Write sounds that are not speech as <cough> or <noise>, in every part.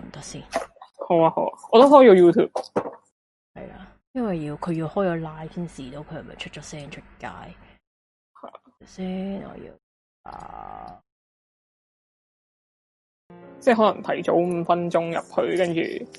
得唔得先？好啊好啊，我都開咗 YouTube。係啊，因為要佢要開咗 live 先視到佢係咪出咗聲出街。先我要啊，即係可能提早五分鐘入去，跟住。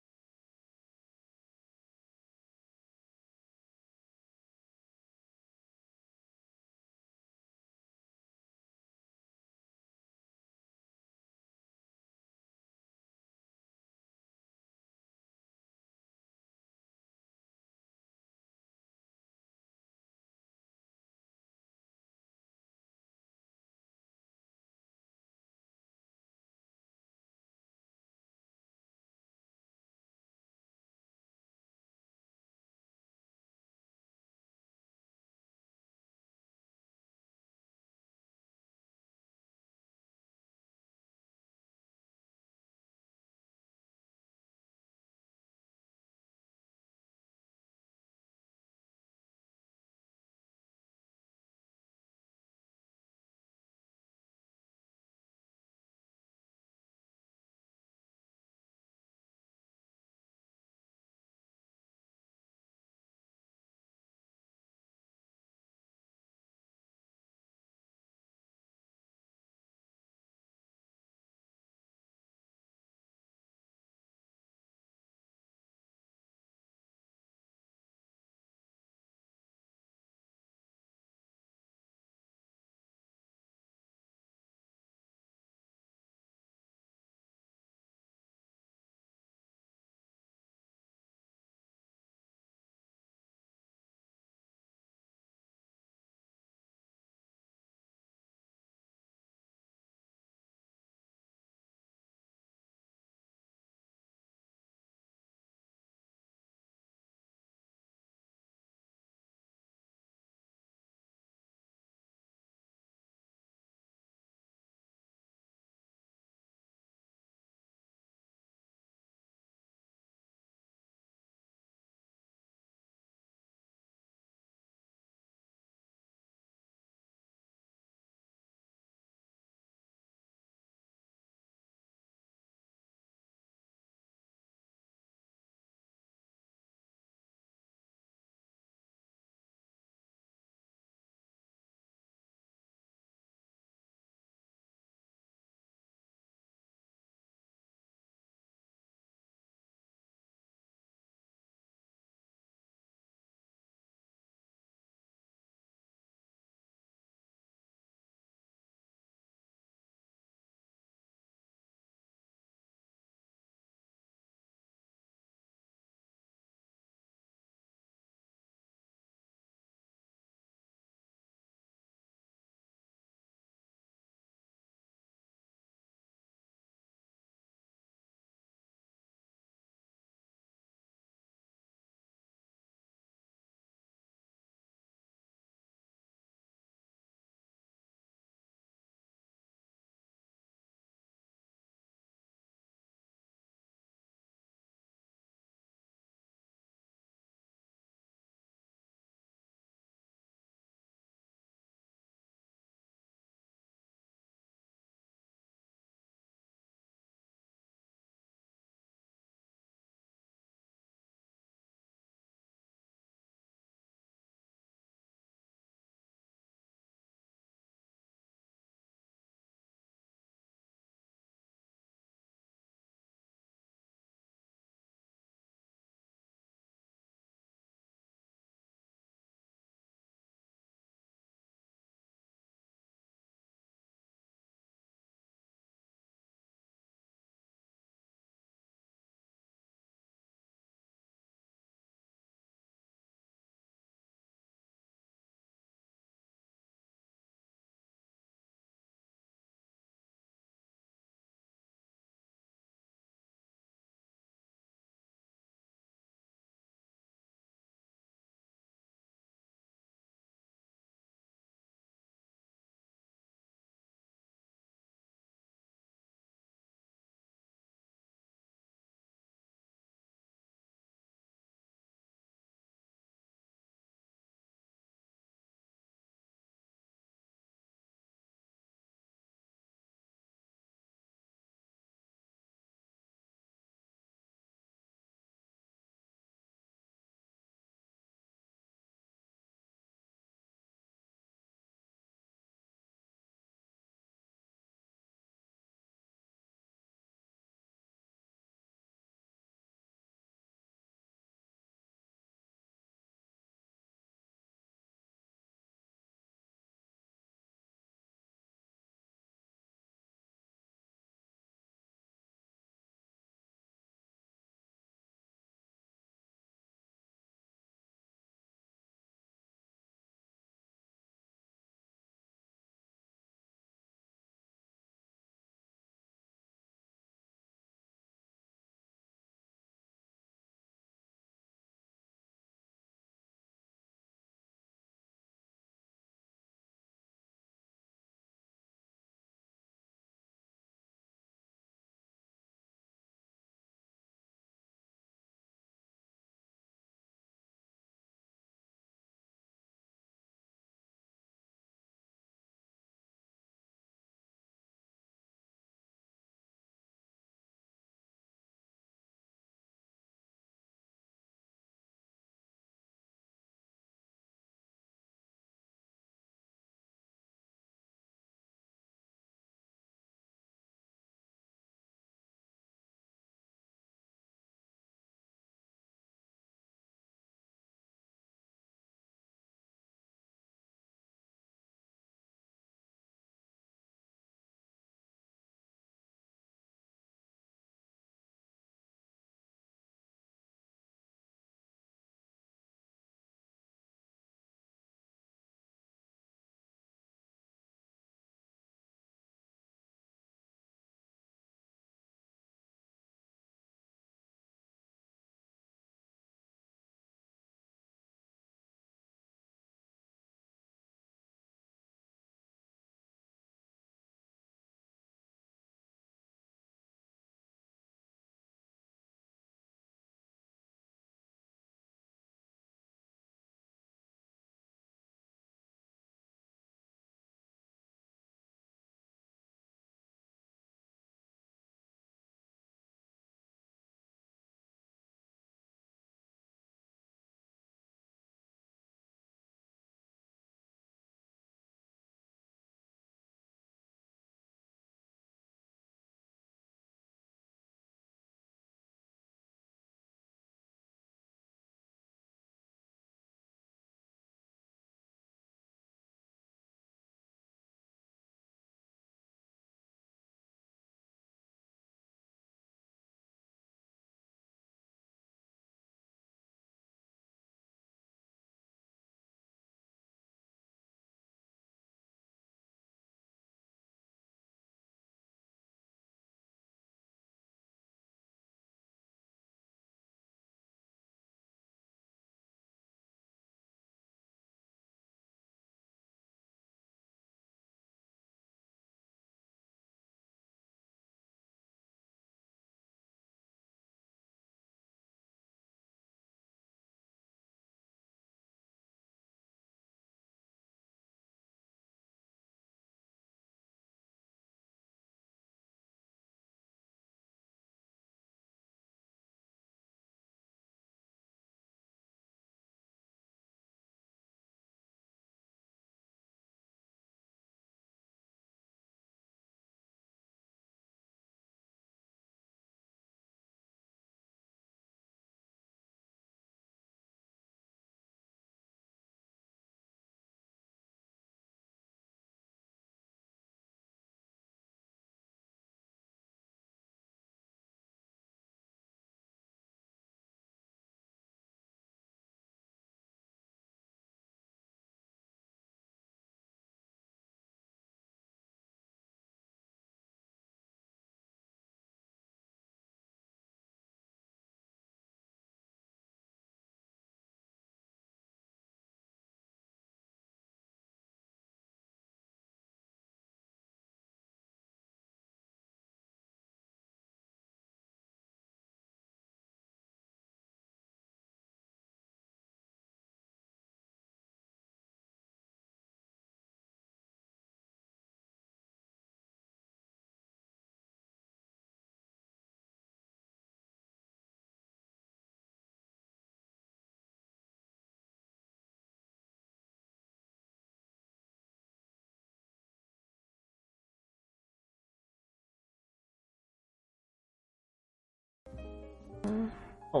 嗯、好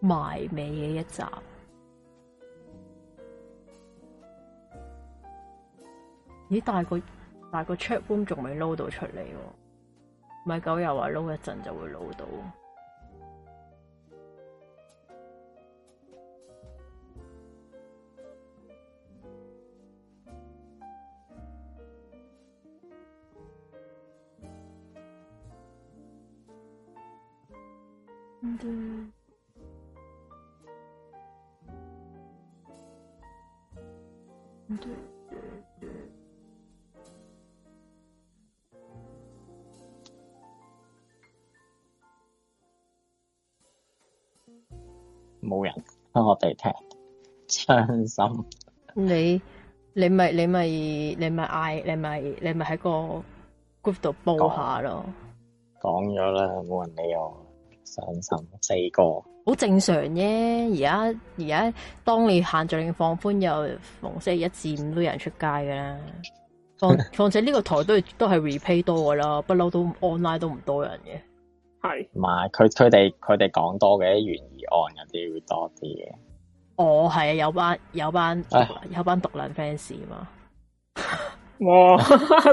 埋尾嘅一集，咦？大個大個 check b o 仲未撈到出嚟喎，啊，咪狗又話撈一陣就會撈到。嗯，對，冇人聽我哋聽，傷心 <laughs> 你你咪你咪你咪嗌，你咪你咪喺個 group 度煲下咯。講咗啦，冇人理我。三十四個，好正常啫。而家而家，當你限聚令放寬，又逢星期一至五都有人出街嘅啦。放，況且呢個台都係 <laughs> 都係 repeat 多噶啦，不嬲都 online 都唔多人嘅。係，唔係佢佢哋佢哋講多嘅懸疑案有啲會多啲嘅。哦，係啊，有班有班有班獨 fans 嘛。哇，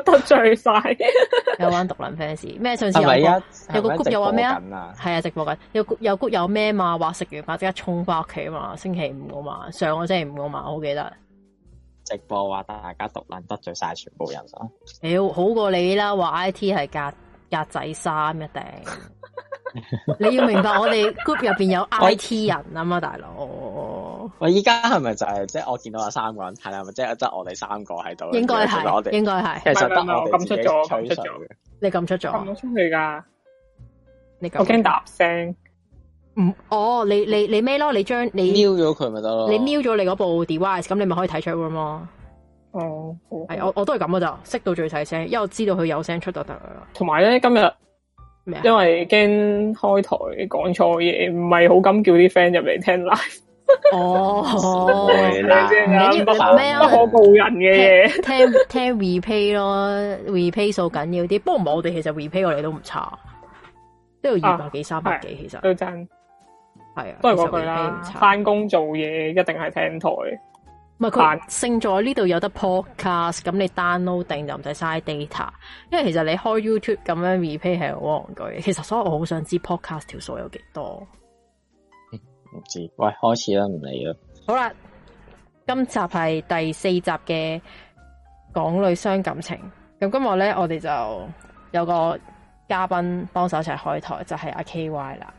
得罪晒。 <laughs> 有玩獨輪 fans 咩？上次有個是是有個谷又話咩啊？係啊，直播緊，有谷有谷有咩嘛？話食完飯即刻衝翻屋企啊嘛！星期五啊嘛，上個星期五啊嘛，我好記得。直播話大家獨輪得罪晒全部人啊！妖、哎、好過你啦，話 I T 係格格仔衫一定。 <laughs> <laughs> 你要明白我，我哋 group 入邊有 I T 人啊嘛，大佬。哦是是就是就是、我依家係咪就係即係我見到有三個人，係啦，係咪即係即我哋三個喺度？應該係，應該係。其實得我撳出咗，出咗嘅。你撳出咗？撳咗出去噶。我驚搭聲。唔，哦，你你你咩咯？你將你瞄咗佢咪得咯？你瞄咗你部 device，咁你咪可以睇出嚟咯。哦，係，我我都係咁噶咋，熄到最細聲，因為我知道佢有聲出就得噶啦。同埋咧，今日。因為驚開台講錯嘢，唔係好敢叫啲 friend 入嚟聽 live。哦、oh, 哦， <laughs> 咩啊？不可告人嘅嘢，聽聽 repay 咯 repay 數緊要啲。不過唔係我哋、啊啊，其實 repay 我哋都唔差，都要二百幾三百幾，其實都真係啊，都係嗰句啦。翻工做嘢一定係聽台。唔係佢勝在呢度有得 podcast，咁你 download 定就唔使嘥 data，因為其實你開 YouTube 咁樣 replay 係好戇居，其實所以我好想知 podcast 條數有幾多？嗯，唔知，喂，開始啦，唔理啦，好啦，今集係第四集嘅港女傷感情，咁今日咧我哋就有個嘉賓幫手一齊開台，就係阿 K Y 啦。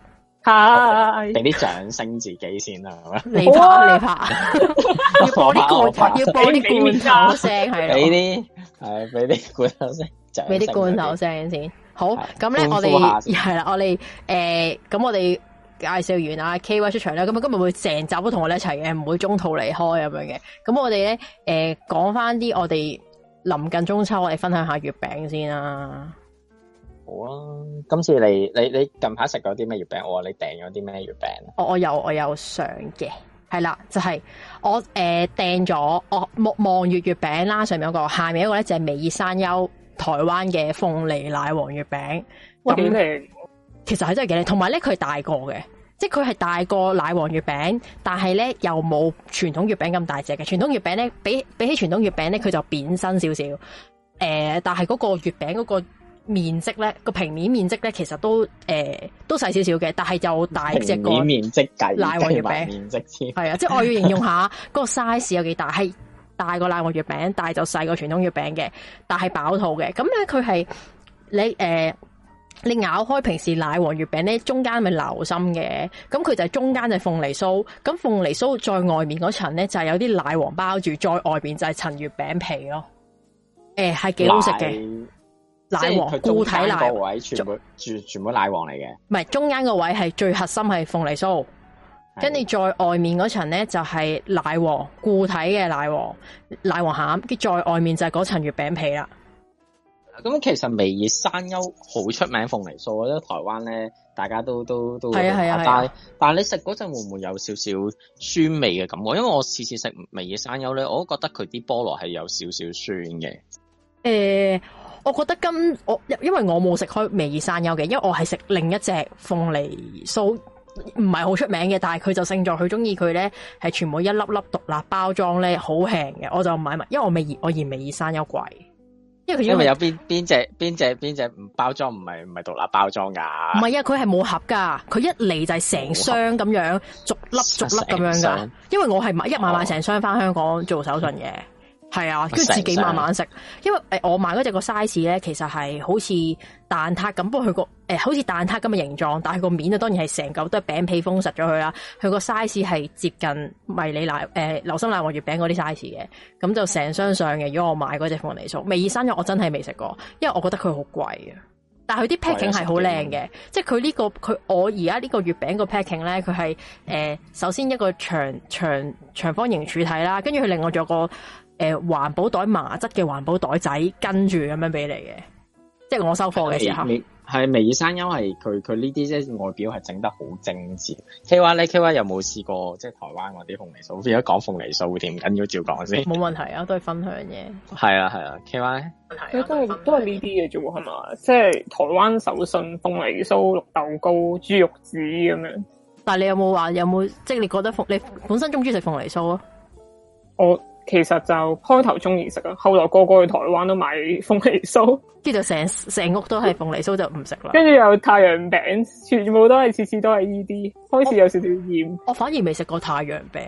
吓，俾啲掌聲自己先啦，係 <laughs> 咪？你拍，哦啊、 <laughs> 你拍，要播啲罐頭，要播啲罐頭聲，係，俾啲，係俾啲罐頭聲，就俾啲罐頭聲先。好，咁咧我哋係啦，我哋誒，咁、呃、我哋介紹完啊 K Y 出場啦，咁今日會成集都同我哋一齊嘅，唔會中途離開咁樣嘅。咁我哋咧誒，講翻啲我哋臨近中秋，我哋分享下月餅先啦。好啊！今次你你近排食咗啲咩月餅？我話你訂咗啲咩月餅啊、哦？我有我有我有上嘅，係啦，就係、是、我誒訂咗我望望月月餅啦，上面有、那個下面一個咧就係、是、美山丘台灣嘅鳳梨奶黃月餅。哇！點、嗯、嚟？其實係真係幾靚，同埋咧佢係大個嘅，即係佢係大個奶黃月餅，但係咧又冇傳統月餅咁大隻嘅。傳統月餅咧比比起傳統月餅咧，佢就扁身少少。誒、呃，但係嗰個月餅嗰、那個。面積咧個平面面積咧其實都誒、呃、都細少少嘅，但係又大隻個奶黃月餅係啊，即係我要形容一下、個 size 有幾大，係大過奶黃月餅，大就細過傳統月餅嘅，但係飽肚嘅。咁咧佢係你誒、呃，你咬開平時奶黃月餅咧中間咪流心嘅，咁佢就係中間就係鳳梨酥，咁鳳梨酥在外面嗰層咧就係、係、有啲奶黃包住，再外邊就係陳月餅皮咯。誒、呃，係幾好食嘅。奶黃固體奶黃嚟嘅。唔係中間個位係最核心係鳳梨酥，跟住再外面嗰層咧就係、是、奶黃固體嘅奶黃奶黃餡，跟住再外面就係嗰層月餅皮啦。咁、嗯、其實微熱山丘好出名鳳梨酥，我覺得台灣咧大家都都都係啊係啊，但係你食嗰陣會唔會有少少酸味嘅感覺？因為我次次食微熱山丘咧，我都覺得佢啲菠蘿係有少少酸嘅。誒、欸。我覺得今我因為我冇食開微熱山丘嘅，因為我係食另一隻鳳梨酥，唔係好出名嘅，但係佢就勝在佢中意佢咧係全部一粒粒獨立包裝咧好輕嘅，我就買埋，因為我未我嫌微熱山丘貴，因為佢因，因為有邊邊隻邊隻邊隻唔包裝唔係唔係獨立包裝噶，唔係啊，佢係冇盒噶，佢一嚟就係成箱咁樣逐粒逐粒咁樣噶，因為我係買一買買成箱翻香港、哦、做手信嘅。係啊，跟住自己慢慢食。因為誒，我買嗰隻個 size 咧，其實係好似蛋撻咁，不過佢個誒，好似蛋撻咁嘅形狀，但係個面啊，當然係成嚿都係餅皮封實咗佢啦。佢個 size 係接近迷你奶誒、呃、流心奶黃月餅嗰啲 size 嘅，咁就成箱上嘅。如果我買嗰隻鳳梨酥，未生咗，我真係未食過，因為我覺得佢好貴嘅。但係佢啲 packing 係好靚嘅，即係佢呢個佢我而家呢個月餅個 packing 咧，佢係誒首先一個長長長方形柱體啦，跟住佢另外仲有個。誒，環保袋麻質嘅環保袋仔跟住咁樣俾你嘅，即係我收貨嘅時候，係微山因為佢佢呢啲即係外表係整得好精致。K Y 咧，K Y 有冇試過即係台灣嗰啲鳳梨酥？而家講鳳梨酥添，唔緊要，照講先，冇問題啊，都係分享嘅。係啊係啊，K Y，、啊、都係都係呢啲嘢啫，係、嗯、嘛，即係台灣手信鳳梨酥、綠豆糕、豬肉子咁樣。但係你有冇話有冇即係你覺得鳳你本身中唔中意食鳳梨酥啊？我。其實就開頭中意食啊，後來個個個去台灣都買鳳梨酥，跟住就成成屋都係鳳梨酥就唔食啦。跟住有太陽餅，全部都係次次都係呢啲，開始有少少厭。我反而未食過太陽餅，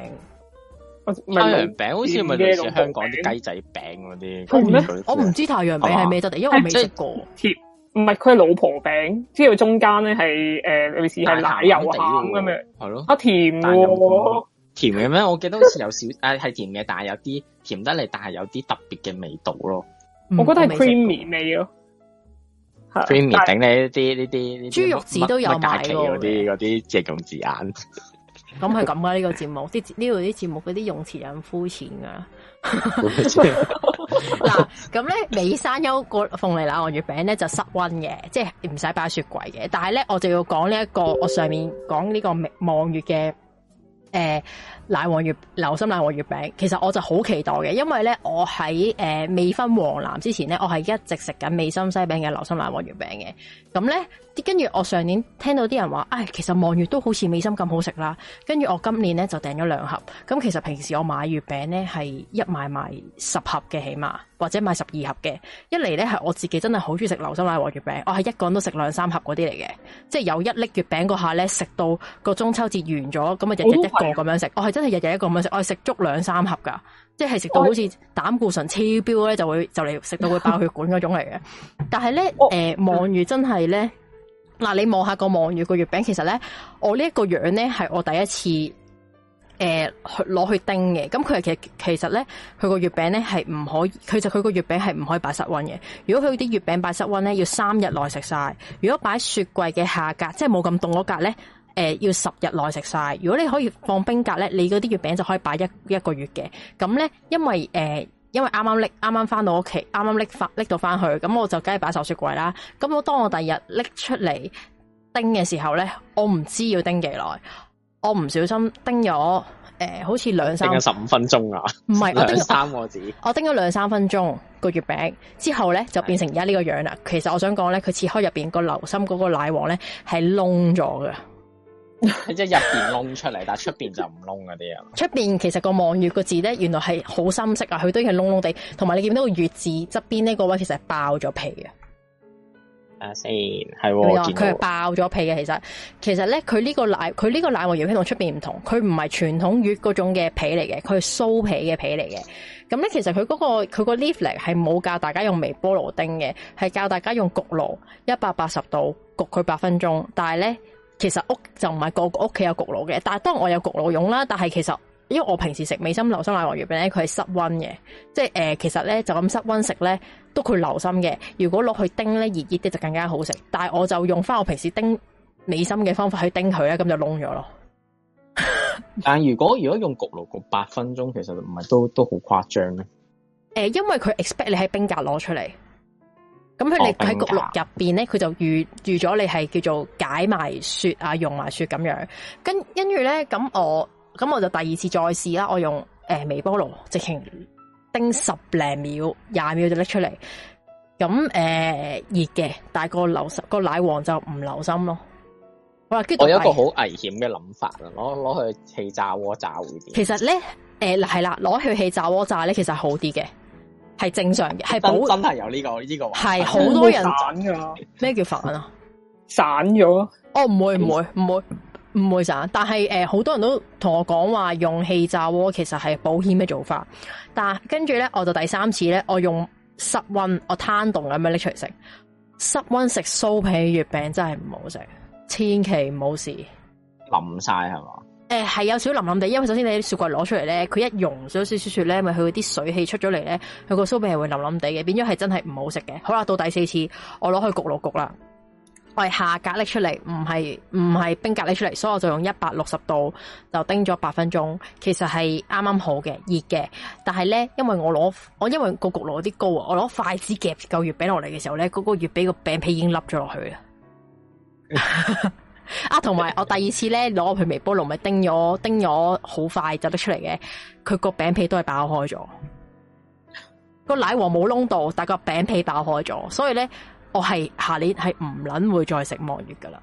太陽餅好似咪類似香港啲雞仔餅嗰啲。我唔知太陽餅係咩質地，因為我未食過是、啊啊。甜？唔係，佢係老婆餅，即係中間咧係誒類似係奶油餡咁樣。係咯、啊，啊甜喎、啊。但但甜嘅咩？ <laughs> 我記得好似有少誒，係甜嘅，但係有啲甜得嚟，但係有啲特別嘅味道咯。我覺得係 creamy 味咯，creamy 頂你一啲呢啲豬肉子都有買嗰啲嗰啲即係貢子眼。咁係咁噶。呢個節目啲呢度啲節目嗰啲用詞有咁膚淺噶。嗱，咁咧美山丘個鳳梨奶黃月餅咧就濕温嘅，即係唔使擺雪櫃嘅。但係咧我就要講呢一個我上面講呢個望月嘅。誒、欸、奶黃月流心奶黃月餅，其實我就好期待嘅，因為咧我喺誒、呃、未分黃藍之前咧，我係一直食緊美心西餅嘅流心奶黃月餅嘅，咁咧。跟住我上年聽到啲人話，唉、哎，其實望月都好似美心咁好食啦。跟住我今年咧就訂咗兩盒。咁其實平時我買月餅咧係一買買十盒嘅起碼，或者買十二盒嘅。一嚟咧係我自己真係好中意食流心奶黃月餅，我係一個人都食兩三盒嗰啲嚟嘅。即、就、係、是、有一粒月餅嗰下咧食到個中秋節完咗，咁啊日日一個咁樣食，我係真係日日一個咁樣食，我係食足兩三盒㗎。即係食到好似膽固醇超標咧，就會就嚟食到會爆血管嗰種嚟嘅。但係咧、呃，望月真係咧～嗱，你望下個望月個月餅，其實咧，我呢一個樣咧係我第一次，誒、呃，攞去、去叮嘅。咁佢係其實其實咧，佢個月餅咧係唔可以，其實佢個月餅係唔可以擺室溫嘅。如果佢啲月餅擺室溫咧，要三日內食晒；如果擺雪櫃嘅下格，即係冇咁凍嗰格咧，誒、呃，要十日內食晒。如果你可以放冰格咧，你嗰啲月餅就可以擺一一個月嘅。咁咧，因為誒。呃因為啱啱拎，啱啱翻到屋企，啱啱拎翻，拎到翻去，咁我就梗係擺喺雪櫃啦。咁我當我第二日拎出嚟叮嘅時候咧，我唔知要叮幾耐，我唔小心叮咗誒、呃，好似兩三十五分鐘啊，唔係，我叮咗兩三個字，我叮咗兩三分鐘個月餅之後咧，就變成而家呢個樣啦。其實我想講咧，佢切開入邊個流心嗰個奶黃咧，係燶咗嘅。即係入邊窿出嚟，但係出邊就唔窿嗰啲啊！出 <laughs> 邊其實個望月個字咧，原來係好深色啊，佢都係窿窿地。同埋你見到個月字側邊呢個位其，啊，其實係爆咗皮嘅。啊，是係，佢係爆咗皮嘅。其實其實咧，佢呢個奶，佢呢個奶黃月，同出邊唔同。佢唔係傳統月嗰種嘅皮嚟嘅，佢係酥皮嘅皮嚟嘅。咁咧，其實佢嗰，嗰個佢個 leaflet 嚟係冇教大家用微波爐叮嘅，係教大家用焗爐一百八十度焗佢八分鐘。但係咧。其實屋就唔係個個屋企有焗爐嘅，但係當然我有焗爐用啦。但係其實因為我平時食美心流心奶黃月餅咧，佢係室溫嘅，即係誒、呃，其實咧就咁室溫食咧都佢流心嘅。如果落去叮咧，熱熱啲就更加好食。但係我就用翻我平時叮美心嘅方法去叮佢咧，咁就燶咗咯。但如果如果用焗爐焗八分鐘，其實唔係都都好誇張咧？誒、呃，因為佢 expect 你喺冰格攞出嚟。咁佢，哦，你喺焗爐入邊咧，佢就預預咗你係叫做解埋雪啊，溶埋雪咁樣。跟跟住咧，咁我咁我就第二次再試啦。我用誒、呃、微波爐直情叮十零秒，廿秒就拎出嚟。咁誒熱嘅，但係個流，那個奶黃就唔流心咯。我有一個好危險嘅諗法啊，攞攞去氣炸鍋炸會點？其實咧，誒係啦，攞去氣炸鍋炸咧，其實好啲嘅。係正常嘅，係保真係有呢個呢個，係、這、好、個啊、多人散噶、啊。咩叫反啊？散咗？哦，唔會唔會唔會唔會散。但係誒，好、呃、多人都同我講，話用氣炸鍋其實係保險嘅做法。但跟住咧，我就第三次咧，我用室溫，我攤凍咁樣拎出嚟食。室溫食酥皮月餅真係唔好食，千祈唔好試。淋晒係嘛？.誒、呃，係有少少腍腍哋，因為首先你啲雪櫃攞出嚟咧，佢一融，所以少少雪咧，因為佢啲水汽出咗嚟咧，佢個酥皮係會腍腍哋嘅，變咗係真係唔好食嘅。好啦，到第四次，我攞去焗爐焗啦，我係下格力出嚟，唔係唔係冰格力出嚟，所以我就用一百六十度就叮咗八分鐘，其實係啱啱好嘅。熱嘅，但係咧，因為我攞我因為個焗爐有啲高啊，我攞筷子夾嚿月餅落嚟嘅時候咧，嗰、那個月餅個餅皮已經凹咗落去啦。 <laughs> 啊，同埋我第二次咧，攞我去微波爐咪叮咗叮咗，好快就得出嚟嘅。佢個餅皮都係爆開咗，個奶黃冇燶到，但個餅皮爆開咗。所以咧，我係下年係唔撚會再食望月噶啦。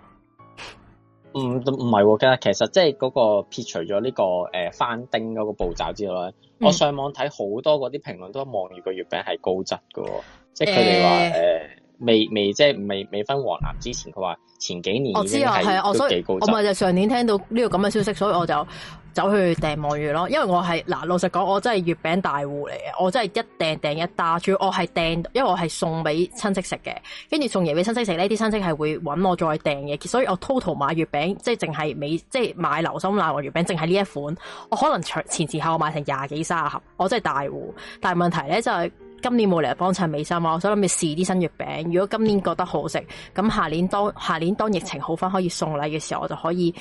唔唔唔係㗎，其實即係嗰個撇除咗呢、這個誒翻叮嗰個步驟之後咧、嗯，我上網睇好多嗰啲評論都望月個月餅係高質噶，即係佢哋話誒。欸未未即係未未分黃藍之前，佢話前幾年我知啊，係啊，我所以我咪就上年聽到呢個咁嘅消息，所以我就走去訂望月咯。因為我係嗱，老實講，我真係月餅大戶嚟嘅，我真係一訂訂一打。主我係訂，因為我係送俾親戚食嘅，跟住送嘢俾親戚食呢啲親戚係會揾我再訂嘅。所以，我 total 買月餅即係淨係美即係買流心奶黃月餅，淨係呢一款，我可能前前後後買成廿幾卅盒，我真係大戶。但係問題咧就係、是。今年冇嚟幫襯美心啊，我想諗住試啲新月餅。如果今年覺得好食，咁下年當下年當疫情好翻可以送禮嘅時候，我就可以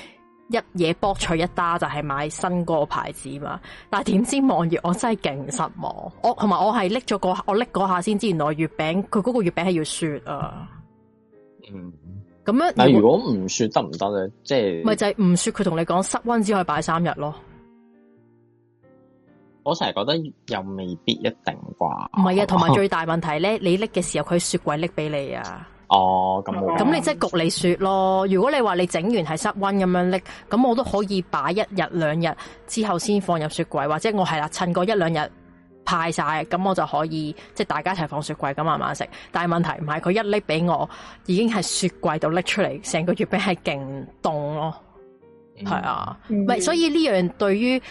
一嘢博取一打，就係買新個牌子嘛。但係點知望月，我真係勁失望。我同埋我係拎咗個我拎嗰下先知，原來月餅佢嗰個月餅係要雪啊。嗯，咁樣，但如果唔雪得唔得咧？即係咪就係、是、唔雪？佢同你講室温只可以擺三日咯。我成日覺得又未必一定啩，唔係啊，同埋最大問題咧， <laughs> 你拎嘅時候佢雪櫃拎俾你啊，哦，咁咁你即係焗你雪咯。如果你話你整完係室溫咁樣拎，咁我都可以擺一日兩日之後先放入雪櫃，或者我係啦，趁嗰一兩日派晒，咁我就可以即係大家一齊放雪櫃咁慢慢食。但係問題唔係佢一拎俾我，已經係雪櫃度拎出嚟，成個月餅係勁凍咯，係、嗯、啊，咪、嗯、所以呢樣對於。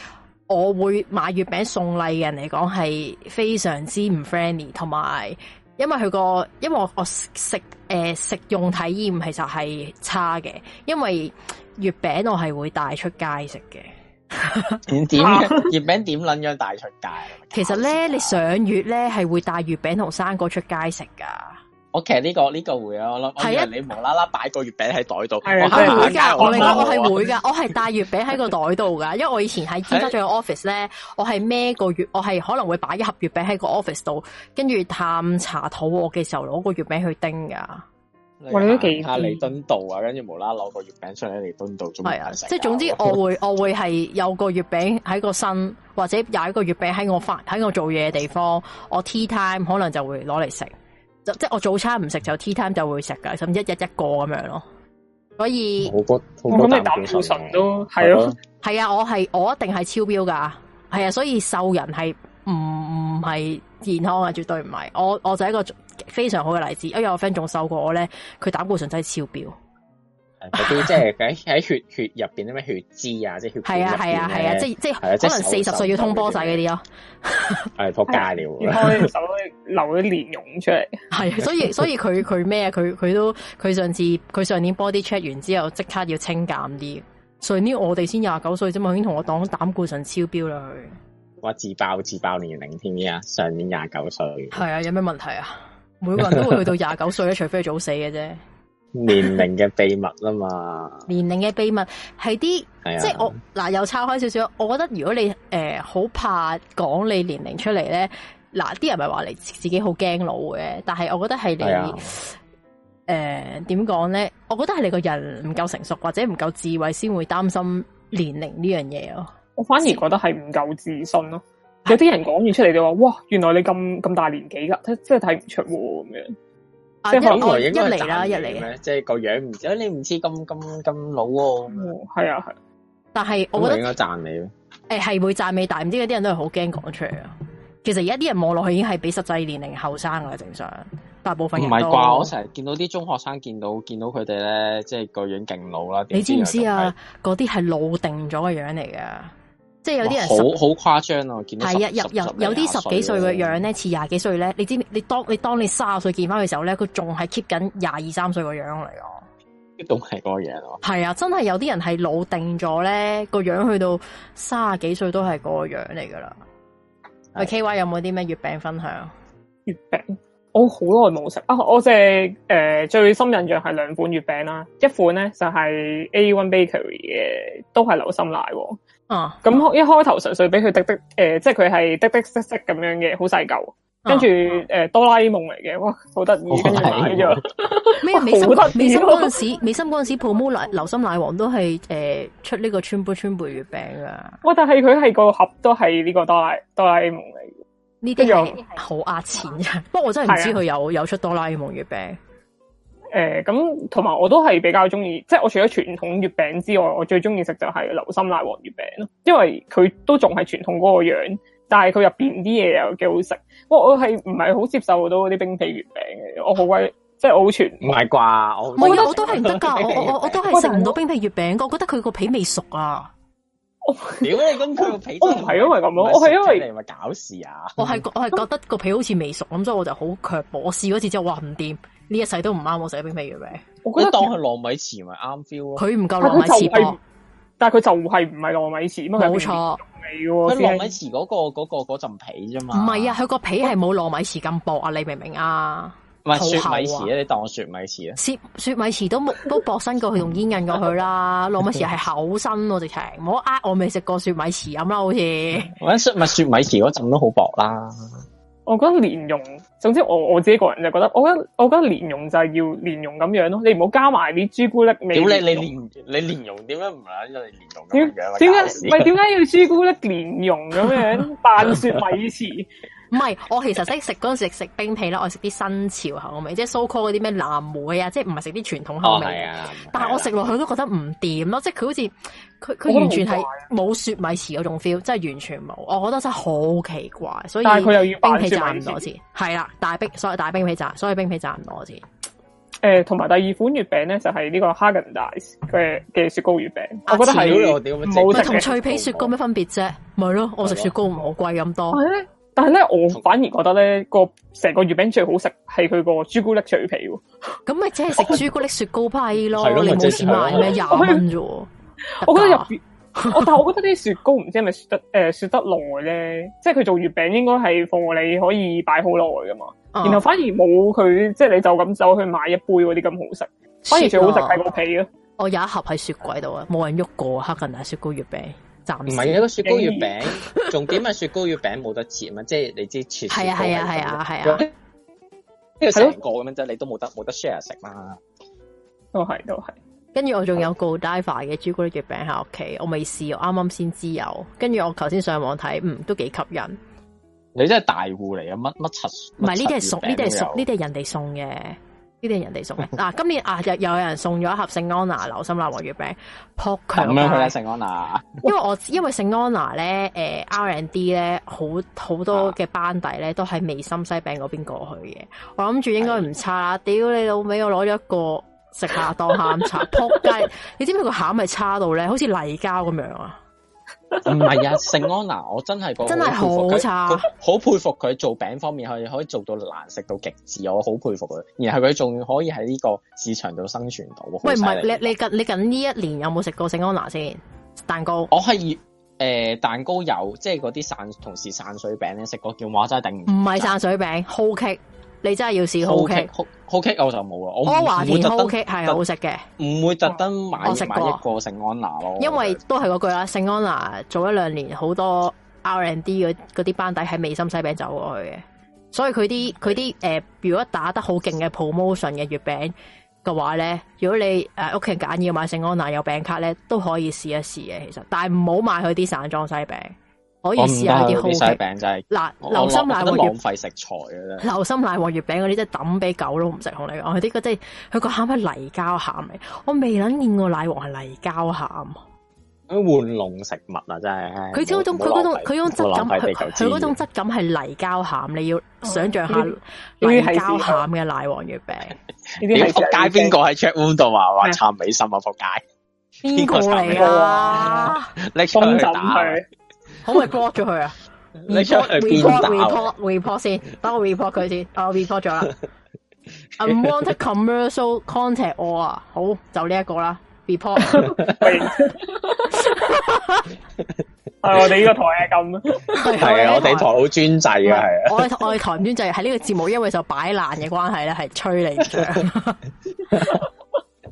我會買月餅送禮嘅人嚟講係非常之唔 friendly，同埋，因為佢個，因為我我食誒、呃、食用體驗其實係差嘅，因為月餅我係會帶出街食嘅。點 <laughs> 點？月餅點撚樣帶出街？ <laughs> 其實咧呢， <laughs> 你上月咧係會帶月餅同生果出街食噶。我其實呢個呢、這個會啊，我諗係啊，你無啦啦擺個月餅喺袋度，係、啊、會噶，我我係會噶， <laughs> 我係帶月餅喺個袋度噶，因為我以前喺依家仲有 office 咧，我係孭個月，我係可能會擺一盒月餅喺個 office 度，跟住探查肚餓嘅時候攞個月餅去叮噶，我哋都幾。阿彌敦道啊，跟住無啦攞個月餅上嚟，彌敦道係啊，即、就、係、是、總之我會 <laughs> 我會係有個月餅喺個身，或者有一個月餅喺我喺我做嘢嘅地方，我 tea time 可能就會攞嚟食。即係我早餐唔食就 tea time 就會食噶，咁一日一,一,一個咁樣咯，所以，所以我覺得你膽固醇都係咯，係啊，啊，我係我一定係超標噶，係啊，所以瘦人係唔唔係健康啊，絕對唔係，我我就係一個非常好嘅例子，因為，我 friend 仲瘦過我咧，佢膽固醇真係超標。嗰、啊、啲即係喺喺血血入邊啲咩血脂啊，即、就、係、是、血係啊係啊係啊，即係即係可能四十歲要通波仔嗰啲咯，係撲街嘅，開手流啲蓮蓉出嚟，係、啊、所以所以佢佢咩啊？佢佢都佢上次佢上年 body check 完之後即刻要清減啲，上年我哋先廿九歲啫嘛，已經同我講膽固醇超標啦佢，哇自爆自爆年齡添啊，上年廿九歲，係啊有咩問題啊？每個人都會去到廿九歲咧，除非早死嘅啫。年齡嘅秘密啊嘛， <laughs> 年齡嘅秘密係啲、哎，即係我嗱又岔開少少。我覺得如果你誒好、呃、怕講你年齡出嚟咧，嗱啲人咪話你自己好驚老嘅，但係我覺得係你誒點講咧？我覺得係你個人唔夠成熟或者唔夠智慧先會擔心年齡呢樣嘢咯。我反而覺得係唔夠自信咯、啊。有啲人講完出嚟就話哇，原來你咁咁大年紀噶，真係係睇唔出咁、啊、樣。啊、即係、啊、一來一嚟啦，一嚟即係個樣唔、哎，你唔似咁咁咁老喎。係啊，係、啊啊。但係我覺得應該讚你誒，係會讚你、哎，但唔知嗰啲人都係好驚講出嚟啊。其實而家啲人望落去已經係比實際年齡後生噶啦，正常。大部分唔係啩？我成日見到啲中學生見到見到佢哋咧，即係個樣勁老啦、就是。你知唔知啊？嗰啲係老定咗個樣嚟嘅。即係有啲人好好誇張咯，見到，係啊，有有有啲十幾歲嘅樣咧，似廿幾歲咧。你知你當，你當你當你卅歲見翻嘅時候咧，佢仲係 keep 緊廿二三歲嘅樣嚟噶，都係嗰個樣咯、啊。係啊，真係有啲人係老定咗咧，樣那個樣去到卅幾歲都係嗰個樣嚟噶啦。阿 K Y 有冇啲咩月餅分享？月餅、oh, oh, 我好耐冇食啊！我食誒，最深印象係兩款月餅啦，一款咧就係 A One Bakery 嘅，都係流心奶。啊！咁、嗯、一開頭純粹俾佢滴滴誒、呃，即係佢係滴滴色色咁樣嘅，好細嚿。跟住誒，哆啦 A 夢嚟嘅，哇，好得意。跟住買咗。咩 <laughs> 美心？美心嗰陣時，美心嗰陣時，鋪摩奶、流心奶黃都係誒、呃、出呢個川貝川貝月餅㗎。哇！但係佢係個盒都係呢個哆啦哆啦 A 夢嚟嘅。呢啲係好呃錢嘅。不過 <laughs> 我真係唔知佢有、啊、有出哆啦 A 夢月餅。誒、嗯，咁同埋我都係比較中意，即係我除咗傳統月餅之外，我最中意食就係流心奶黃月餅咯。因為佢都仲係傳統嗰個樣，但係佢入邊啲嘢又幾好食。我我係唔係好接受到嗰啲冰皮月餅嘅，我好鬼即係我好全唔係啩？我我覺得我都係唔得噶，我我我我都係食唔到冰皮月餅，我覺得佢個皮未熟啊！如果你，咁佢個皮我唔係因為咁樣，我係因為你咪搞事啊！我係我係覺得個皮好似未熟咁，所以我就好怯。我試嗰次之後，話唔掂！呢一世都唔啱我食啲咩嘅餅？我覺得當係糯米糍咪啱 feel 咯。佢唔夠糯米糍薄，但係佢就係唔係糯米糍、那個那個、啊？冇錯，糯米糍嗰個嗰個陣皮啫嘛。唔係啊，佢個皮係冇糯米糍咁薄啊，你明唔明白啊？唔係、啊、雪米糍啊，你當我雪米糍啊？雪雪米糍都都薄身過佢，同煙韌過佢啦。糯 <laughs> 米糍係厚身、啊， <laughs> 我直情。我我未食過雪米糍噉啦，好似。我覺得雪米雪米糍嗰陣都好薄啦、啊。我覺得蓮蓉。總之我我自己個人就覺得，我覺得我覺得蓮蓉就係要蓮蓉咁樣咯，你唔好加埋啲朱古力味，你！你蓮你蓮蓉點解唔揀咗你蓮蓉咁嘅？點解？唔係點解要朱古力蓮蓉咁樣扮 <laughs> 雪米糍。 <laughs> 唔 <laughs> 係，我其實識食嗰陣時食冰皮啦，我食啲新潮口味，即係 so called 嗰啲咩藍莓啊，即係唔係食啲傳統口味。啊、oh, yeah,！Yeah, yeah, yeah. 但係我食落去都覺得唔掂咯，即係佢好似佢佢完全係冇雪米糍嗰種 feel，即係完全冇。我覺得真係好奇怪。所以佢又要冰皮賺唔到錢。係啦，大冰所以大冰皮賺，所以冰皮賺唔到錢誒，同、呃、埋第二款月餅咧就係、是、呢個 Häagen-Dazs 佢嘅雪糕月餅、啊。我覺得係同脆皮雪糕咩分別啫？咪 <laughs> 咯，我食雪糕唔好貴咁多。但係咧，我反而覺得咧個成個月餅最好食係佢個朱古力脆皮喎。咁咪即係食朱古力雪糕批咯，你冇錢買咩廿蚊啫？我覺得入邊， <laughs> 我但係我覺得啲雪糕唔知係咪雪得誒雪得耐咧，即係佢做月餅應該係放你可以擺好耐噶嘛、啊。然後反而冇佢，即係你就咁走去買一杯嗰啲咁好食，反而最好食係個皮咯。我有一盒喺雪櫃度啊，冇人喐過，黑噶奶茶雪糕月餅。唔係啊！個雪糕月餅仲點啊？雪糕月餅冇得切啊！即係你知切時係啊！係啊！係啊！係啊！一個成個咁樣啫，你都冇得冇得 share 食啦。都係都係。跟住我仲有個 diver 嘅朱古力月餅喺屋企，我未試，我啱啱先知有。跟住我頭先上網睇，嗯，都幾吸引。你真係大戶嚟啊！乜乜柒？唔係呢啲係熟，呢啲係熟，呢啲係人哋送嘅。呢啲係人哋送嘅。嗱、啊，今年啊又有人送咗一盒聖安娜流心奶黃月餅，撲牆咁樣去咧，聖安娜。因為我因為聖安娜咧，誒、呃、R&D 咧，好好多嘅班底咧，都喺美心西餅嗰邊過去嘅。我諗住應該唔差啦。屌你老味。我攞咗一個食下當下午茶，撲 <laughs> 街！你知唔知個餡係差到咧，好似泥膠咁樣啊！唔 <laughs> 係啊，聖安娜我真係，個真係好差，好佩服佢做餅方面，佢可以做到難食到極致，我好佩服佢。然後佢仲可以喺呢個市場度生存到。喂，唔係你你，你近你近呢一年有冇食過聖安娜先蛋糕？我係誒、呃、蛋糕有，即係嗰啲散，同事散水餅咧食過叫馬仔定唔係散水餅，好激。你真係要試好。O K O K，我就冇啊。我完全 O K，係好食嘅。唔會特登買過買一個聖安娜咯，因為都係嗰句啦。聖安娜早一兩年好多 R and D 嗰啲班底喺美心西餅走過去嘅，所以佢啲佢啲誒，如果打得好勁嘅 promotion 嘅月餅嘅話咧，如果你誒屋企人揀要買聖安娜有餅卡咧，都可以試一試嘅。其實，但係唔好買佢啲散裝西餅。可以試下啲好食餅，就係嗱，流心奶黃月餅嗰啲真係抌俾狗都唔食，同你講佢啲個真係佢個餡係泥膠餡嚟，我未能見過奶黃係泥膠餡。啲玩弄食物啊，真係佢嗰種佢種佢種質感，佢嗰種質感係泥膠餡，你要想象下泥的、啊，泥膠餡嘅奶黃月餅。你仆街邊個喺 check u 話話撐美心啊？仆街邊個嚟啊？你佢、啊。可唔可以 block 咗佢啊？你 report report report 先，等我 report 佢先。我 report 咗啦。Unwanted commercial contact 我啊，好就呢一個啦。report 係我哋呢個台係咁咯。係啊，我哋台好專制嘅係啊。我我哋台唔專制，係呢個節目因為就擺爛嘅關係咧，係吹你嚟嘅。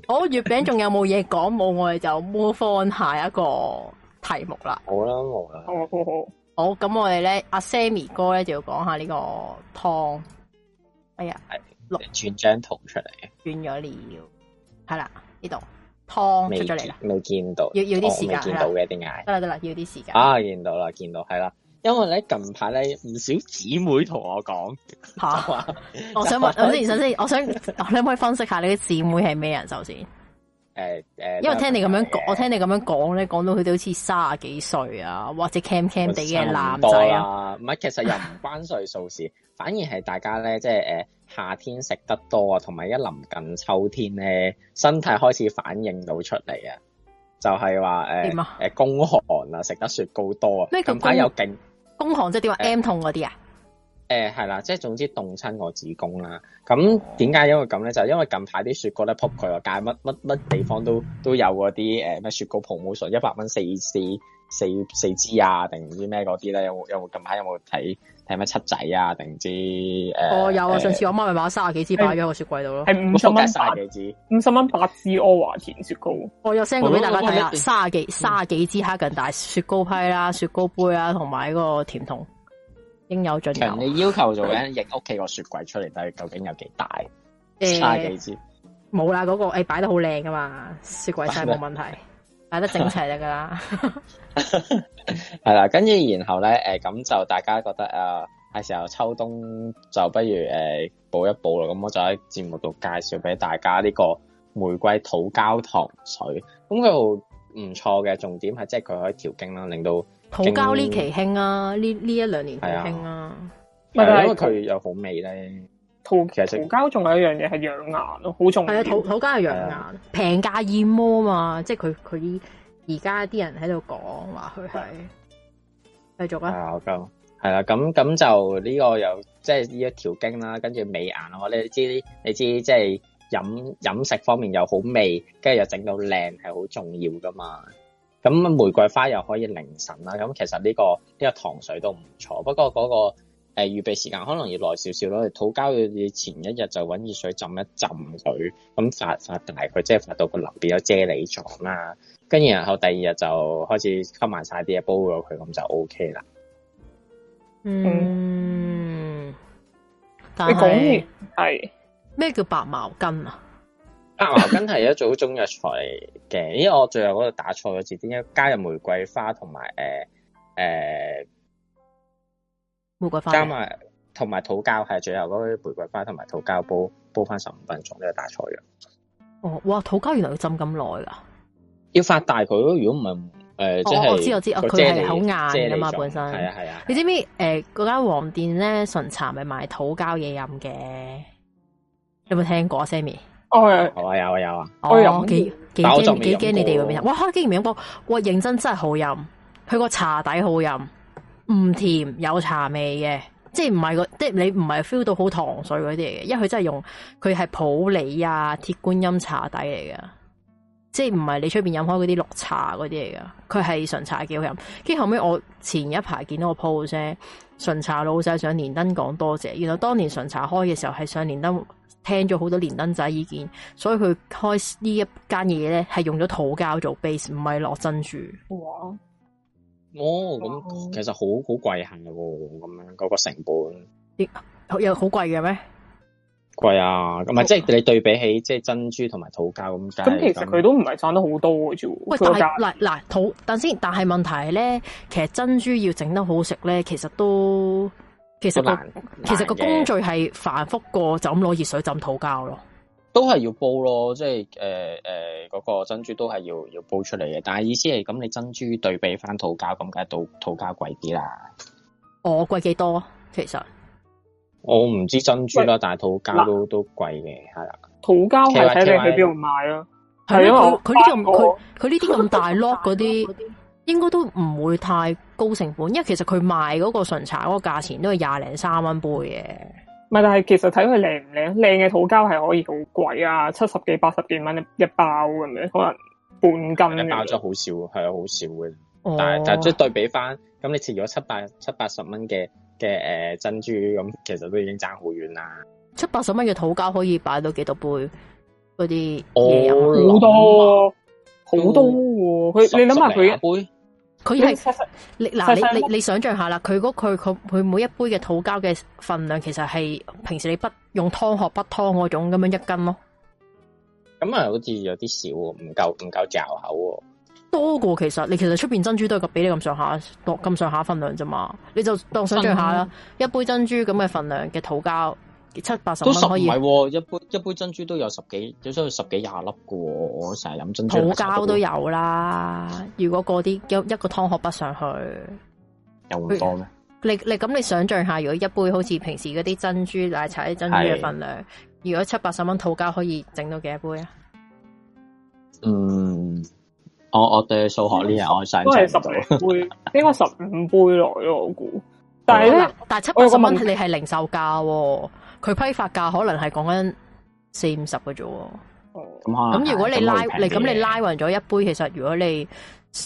好，月餅仲有冇嘢講？冇，我哋就 move on 下一個。題目啦，好啦，好啦，好，好，好，咁，我哋咧阿 Sammi 哥咧就要講下呢個湯。哎呀，攞轉張圖出嚟，轉咗了，係啦呢度湯出咗嚟，未見到，要要啲時間啦，未、哦、見到嘅，點解？得啦得啦，要啲時間啊，見到啦，見到係啦，因為咧近排咧唔少姊妹同我講吓，啊、 <laughs> 我想問，我 <laughs> 先一下，我先，我想你可唔可以分析下你啲姊妹係咩人？首先。誒誒，因為聽你咁樣講，呃，我聽你咁樣講咧，講到佢都好似卅幾歲啊，或者 cam cam 地嘅男仔啊，唔係，其實又唔關歲數事。 <laughs> 反而係大家咧，即係誒夏天食得多啊，同埋一臨近秋天咧，身體開始反應到出嚟啊，就係話誒誒宮寒啊，食得雪糕多啊。咩叫宮寒？近排又勁宮寒即係點啊？M 痛嗰啲啊？呃誒、嗯，係啦，即係總之凍親我子宮啦。咁點解因為咁咧？就因為近排啲雪糕咧撲佢咯，戒乜乜乜地方都都有嗰啲誒咩雪糕 promotion，一百蚊四四四四支啊，定唔知咩嗰啲咧？有有近排有冇睇睇咩七仔啊？定唔知誒？哦，有啊！嗯、上次我媽咪買三十幾支擺咗喺個雪櫃度咯，係五十蚊八支，五十蚊八支阿華田雪糕。我有 send 過俾大家睇啦，三十幾三十幾支哈根達雪糕批啦，嗯、雪糕杯啦，同埋嗰個甜筒。應有盡有。其實你要求做嘅，影屋企個雪櫃出嚟，但係究竟有幾大？差、欸、幾支？冇啦，嗰、那個誒擺、欸、得好靚噶嘛，雪櫃晒冇問題，擺得， <laughs> 得整齊㗎啦。係 <laughs> 啦， <laughs> <laughs> 跟住然後咧，誒咁就大家覺得啊，係時候秋冬就不如誒補、啊、一補啦。咁我就喺節目度介紹俾大家呢個玫瑰土膠糖水，咁佢好唔錯嘅，重點係即係佢可以調經啦，令到。土膠呢期興啊，呢呢一兩年都興啊，係啊，因為佢又好味咧，土其實土膠仲有一樣嘢係養顏咯，好重係啊土土膠係養顏，平價燕窩啊嘛，即係佢佢而家啲人喺度講話佢係繼續啊，係啊咁係啦咁咁就呢個又即係呢一條經啦，跟住美顏我你知你知即係飲飲食方面又好味，跟住又整到靚係好重要噶嘛。咁玫瑰花又可以寧神啦，咁其實呢、這個呢、這個糖水都唔錯，不過嗰、那個誒預、呃、備時間可能要耐少少咯，土膠要前一日就搵熱水浸一浸佢，咁發發大佢，即係發到個淋變咗啫喱狀啦，跟住然後第二日就開始吸埋晒啲嘢煲咗佢，咁就 O K 啦。嗯，你講係咩叫白茅根？啊？白茅根係一組中藥材嘅，因咦？我最後嗰度打錯咗字，點解加入玫瑰花同埋誒誒玫瑰花加埋同埋土膠係最後嗰啲玫瑰花同埋土膠煲煲翻十五分鐘咧，這個、打錯咗。哦，哇！土膠原來要浸咁耐噶，要發大佢咯。如果唔係誒，即、呃、係、就是哦、我知我知，佢係好硬噶嘛，本身係啊係啊。你知唔知誒？嗰、呃、間黃店咧純茶咪賣土膠嘢飲嘅，有冇聽過、啊、？Sammi？哦、oh, oh，有有 oh, 我有啊有啊，哦幾幾驚幾驚你哋嗰邊，哇開竟然飲過，哇認真真係好飲，佢個茶底好飲，唔甜有茶味嘅，即係唔係個即係你唔係 feel 到好糖水嗰啲嚟嘅，因為佢真係用佢係普洱啊鐵觀音茶底嚟嘅，即係唔係你出邊飲開嗰啲綠茶嗰啲嚟噶，佢係純茶幾好飲，跟住後尾我前一排見到個 post 純茶老細上連登講多謝，原來當年純茶開嘅時候係上連登聽咗好多連登仔意見，所以佢開呢一間嘢咧係用咗土膠做 base，唔係落珍珠。哇！哇哦，咁其實好好貴行喎，咁樣嗰個成本，又好貴嘅咩？貴啊，咁咪、哦、即係你對比起即係珍珠同埋桃膠咁解？咁其實佢都唔係賺得好多啫。喂，但係嗱嗱土，但先，但係問題咧，其實珍珠要整得好食咧，其實都其實都其實個工序係繁複過，就咁攞熱水浸桃膠咯。都係要煲咯，即係誒誒，嗰、呃呃那個珍珠都係要要煲出嚟嘅。但係意思係咁，你珍珠對比翻桃膠咁梗係，到桃膠貴啲啦。我貴幾多？其實。我唔知珍珠啦，但係桃膠都都貴嘅，係啦。桃膠係睇你去邊度買啊？係啊，佢佢呢，咁佢佢呢啲咁大 lock 嗰啲，應該都唔會太高成本，因為其實佢賣嗰個純茶嗰個價錢都係廿零三蚊杯嘅。唔係，但係其實睇佢靚唔靚，靚嘅桃膠係可以好貴啊，七十幾、八十幾蚊一包咁樣，可能半斤。一包就好少，係啊，好少嘅。但係、哦、但係即係對比翻，咁你切咗七八七八十蚊嘅。嘅誒、呃、珍珠咁，其實都已經爭好遠啦。七八十蚊嘅土膠可以擺到幾多杯嗰啲嘢飲？好、哦、多好、啊、多喎、啊！佢你諗下佢，佢係你嗱你你你，你，你，你，你想象下啦，佢嗰佢佢佢每一杯嘅土膠嘅份量，其實係平時你不用湯殼不湯嗰種咁樣一斤咯。咁啊，好似有啲少，唔夠唔夠嚼口喎。多過其實，你其實出邊珍珠都係個俾你咁上下，多咁上下份量啫嘛。你就當想象下啦，一杯珍珠咁嘅份量嘅土膠，七八十蚊可以。係、哦，一杯一杯珍珠都有十幾，有需要十幾廿粒㗎。我成日飲珍珠土膠都有啦。 <laughs> 如果嗰啲有一個湯殼不上去，有咁多咩？你你咁你想象下，如果一杯好似平時嗰啲珍珠奶茶啲珍珠嘅份量，如果七八十蚊土膠可以整到幾多杯啊？嗯。我我對數數學呢樣我上即到，係十零杯， <laughs> 應該十五杯來我估。但係、哦、但係七八十蚊你係零售價、哦，佢批發價可能係講緊四五十嘅啫。咁、哦、咁、嗯、如果你拉你咁你拉勻咗一杯，其實如果你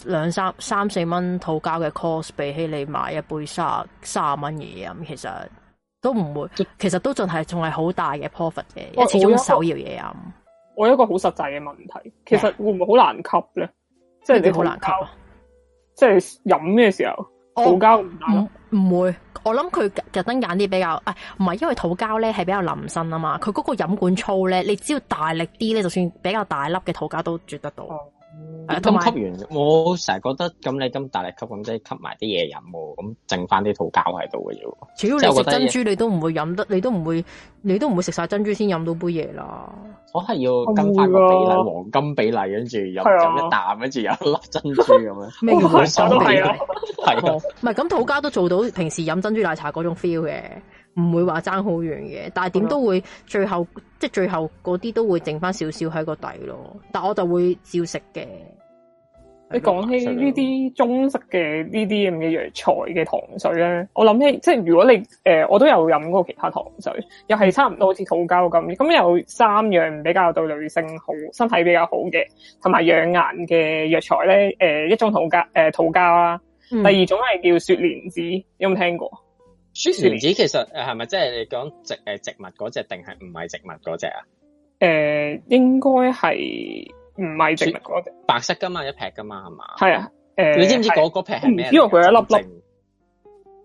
兩三三四蚊套膠嘅 cost 比起你買一杯卅卅蚊嘢飲，其實都唔會，其實都仲係仲係好大嘅 profit 嘅，因為始終首要嘢飲。我有一個好實際嘅問題，其實會唔會好難吸咧？即係你好難吸，即係飲嘅時候土膠唔唔會，我諗佢特登揀啲比較，哎、唔係，因為土膠咧係比較腍身啊嘛，佢嗰個飲管粗咧，你只要大力啲咧，就算比較大粒嘅土膠都絕得到。哦。咁、啊、吸完，我成日覺得咁你咁大力吸，咁即係吸埋啲嘢飲，咁剩翻啲土膠喺度嘅啫。主要你食珍珠，你都唔會飲得，你都唔會，你都唔會食晒珍珠先飲到杯嘢啦。我係要跟翻個比例黃金比例，跟住又飲一啖，跟住又一粒珍珠咁、啊、樣。咩叫黃金比例？係啊，唔係咁土膠都做到平時飲珍珠奶茶嗰種 feel 嘅。唔會話爭好遠嘅，但係點都會最後、嗯、即係最後嗰啲都會剩翻少少喺個底咯。但我就會照食嘅。你講起呢啲中式嘅呢啲咁嘅藥材嘅糖水咧，我諗起即係如果你誒、呃，我都有飲過其他糖水，又係差唔多好似桃膠，咁。咁有三樣比較對女性好、身體比較好嘅，同埋養顏嘅藥材咧。誒、呃，一種桃膠，誒、呃，桃膠啦、啊嗯。第二種係叫雪蓮子，有冇聽過？雪蓮子其實誒係咪即係你講植誒植物嗰隻定係唔係植物嗰隻啊？誒、呃，應該係唔係植物隻白色噶嘛，一劈噶嘛係嘛？係啊，誒、呃，你知唔知嗰嗰撇係咩？因為佢一粒粒，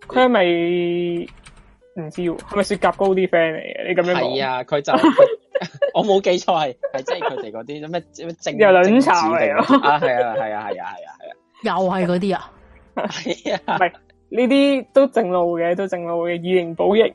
佢係咪唔知？係咪雪蛤膏啲 friend 嚟嘅？你咁樣講係啊？佢就 <laughs> <laughs> 我冇記錯係係即係佢哋嗰啲咩植正又卵巢嚟咯？啊係啊係啊係啊係啊係啊！啊啊 <laughs> 啊啊啊啊啊 <laughs> 又係嗰啲啊係啊咪。 <laughs> <laughs> 呢啲都正路嘅，都正路嘅。以形補形，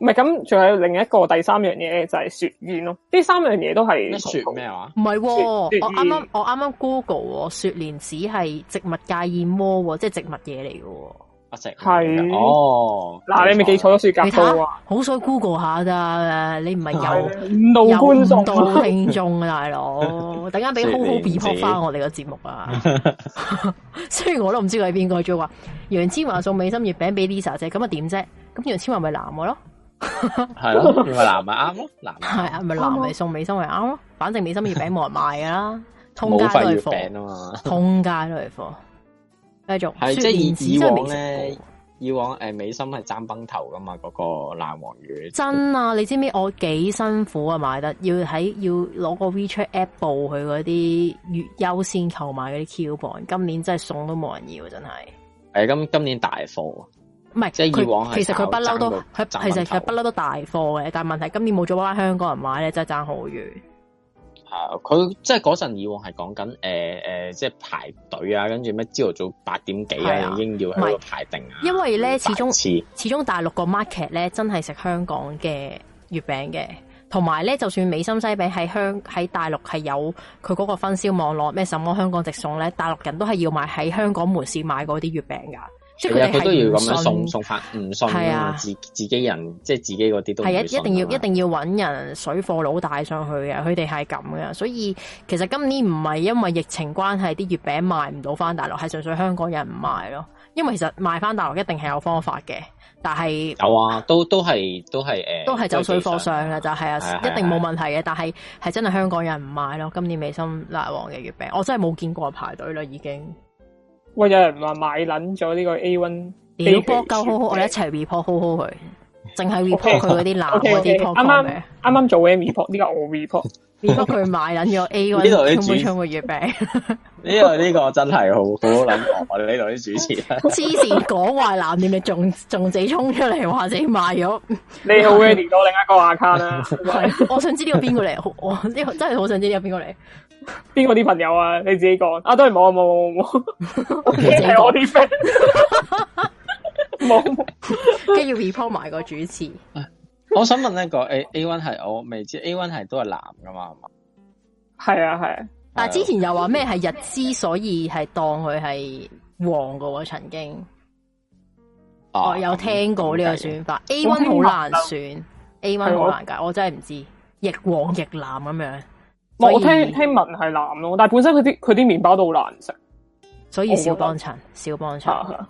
唔係咁，仲有另一個第三樣嘢就係、是、雪燕咯。呢三樣嘢都係雪咩話？唔係、哦，我啱啱我啱啱 Google，哦、雪蓮子係植物界燕窩，哦，即係植物嘢嚟嘅。係、啊、哦，嗱你咪記錯咗書夾數啊！好衰 Google 下咋？你唔係有五萬觀眾聽眾嘅、啊、 <laughs> 大佬？等陣俾好好 report 翻我哋個節目啊！ <laughs> 雖然我都唔知佢係邊個，仲話楊千嬅送美心月餅俾 Lisa 姐，咁啊點啫？咁楊千嬅咪藍咪咯？係 <laughs> 咯， <laughs> 咪藍咪啱咯，藍係咪藍咪送美心咪啱咯？反正美心月餅冇人賣噶啦，通街都係貨，通街都係貨。繼續係，即係以以往咧，以往誒、呃、美心係爭崩頭噶嘛，嗰、那個爛黃魚真啊！你知唔知我幾辛苦啊？買得要喺要攞個 WeChat App 報佢嗰啲月優先購買嗰啲 coupon，今年真係送都冇人要，真係。係、欸、今今年大貨，唔係即係以往其實佢不嬲都，佢其實佢不嬲都大貨嘅，但係問題今年冇咗班香港人買咧，真係爭好遠。Uh, 呃呃、啊！佢即係嗰陣以往係講緊誒誒，即係排隊啊，跟住咩朝頭早八點幾啊，已經要喺度排定啊。因為咧，始終始終大陸個 market 咧，真係食香港嘅月餅嘅，同埋咧，就算美心西餅喺香喺大陸係有佢嗰個分銷網絡，咩什麼香港直送咧，大陸人都係要買喺香港門市買嗰啲月餅噶。即係佢都要咁樣送不送翻，唔信啊！自己自己人即係自己嗰啲都係一、啊、一定要一定要揾人水貨佬帶上去嘅，佢哋係咁嘅。所以其實今年唔係因為疫情關係啲月餅賣唔到翻大陸，係純粹香港人唔賣咯。因為其實賣翻大陸一定係有方法嘅，但係有啊，都都係都係誒，都係走水貨上嘅就係、是、啊，啊，一定冇問題嘅。但係係真係香港人唔賣咯。今年美心辣王嘅月餅，我真係冇見過排隊啦，已經。喂，有人話買撚咗呢個 A one，你 r e 好好，我哋一齊 report 好好佢，淨、okay，係 report 佢嗰啲爛嗰啲 r 啱啱啱啱做 a report，呢 <laughs> 個我 report，report 佢買撚咗 A one 呢度啲主冲個月餅，呢度呢個真係好好諗。我哋呢度啲主持，黐線講壞男你咪仲仲自己衝出嚟，或者賣咗。你好，Amy， <laughs> 我另一個 account 啦 <laughs> 。我想知呢個邊個嚟？我 <laughs> 呢、這個真係好想知呢個邊個嚟。邊個啲朋友啊？你自己講啊，都係冇啊，冇冇冇冇，係 <laughs> 我啲 friend，冇。跟住 <laughs> report 埋個主持 <laughs> 。我想問一個，A one 係我，我未知，A one 係都係男噶嘛？係啊係啊，啊 <laughs> 但係之前又話咩係日資，所以係當佢係黃噶，曾經、啊。哦，有聽過呢個說法。A one 好難選，A one 好難解、啊，我真係唔知，亦黃亦藍咁樣。我聽聽聞係藍咯，但係本身佢啲佢啲麵包都好難食，所以少幫襯，少幫襯係啊，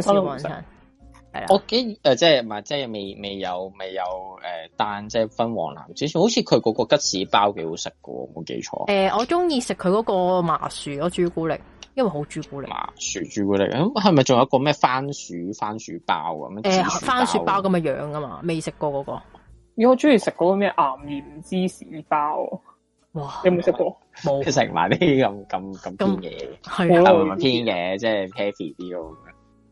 少幫襯係啊。我幾誒、呃，即係唔係即係未未有未有誒單，呃、但即係分黃藍之前，好似佢嗰個吉士包幾好食噶，冇記錯。誒，我中意食佢嗰個麻薯我朱古力，因為好朱古力麻薯朱古力咁，係咪仲有一個咩番薯番薯包咁？誒，番薯包咁嘅、欸、樣噶嘛？未食過嗰、嗰個。欸、我中意食嗰個咩岩鹽芝士包。哇，有冇食過，食埋啲咁咁咁偏嘢？係啊，有有偏嘢，即係 heavy 啲咯。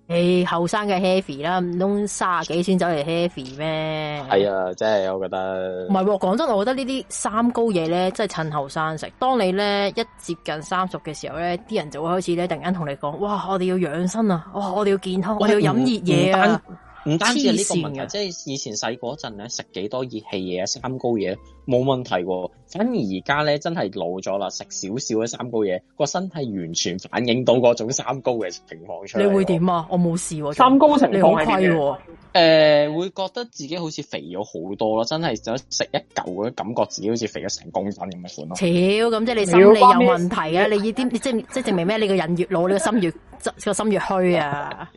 你後生嘅 heavy 啦，唔通卅幾先走嚟 heavy 咩？係啊，即係我覺得，唔係，講真，我覺得呢啲三高嘢咧，即係趁後生食。當你咧一接近三十嘅時候咧，啲人就會開始咧，突然間同你講：哇，我哋要養生啊！哇，我哋要健康，我哋要飲熱嘢唔單止係呢個問題，即係以前細嗰陣咧食幾多熱氣嘢、三高嘢冇問題，反而而家咧真係老咗啦，食少少嘅三高嘢，個身體完全反映到嗰種三高嘅情況出嚟。你會點啊？我冇事啊，三高情況你好虧哦。誒、呃，會覺得自己好似肥咗好多咯，真係想食一嚿嗰啲，感覺自己好似肥咗成公斤咁嘅款咯。超咁即係你心理有問題啊！Is... 你依啲，即係即係證明咩？你個人越老，你個心越個 <laughs> 心越虛虛啊！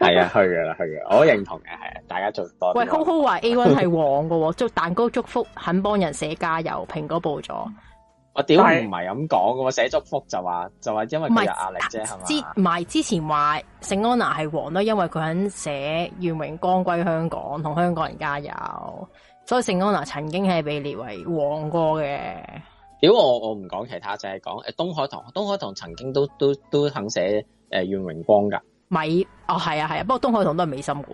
係 <laughs> 啊，虛噶啦，虛噶，我都認同嘅，係啊，大家做多。喂，Coco 話 A one 係黃喎，噶， <laughs> 祝 <laughs> 蛋糕祝福肯幫人寫加油，蘋果報咗。屌，唔係咁講噶？寫祝福就話就話，因為佢有壓力啫，係嘛？之，唔係之前話聖安娜係黃咯，因為佢肯寫願榮光歸香港，同香港人加油，所以聖安娜曾經係被列為黃過嘅。屌我我唔講其他，就係講誒，東海堂東海堂曾經都都都肯寫誒願榮光噶。咪？哦係啊係啊，不過東海堂都係美心噶。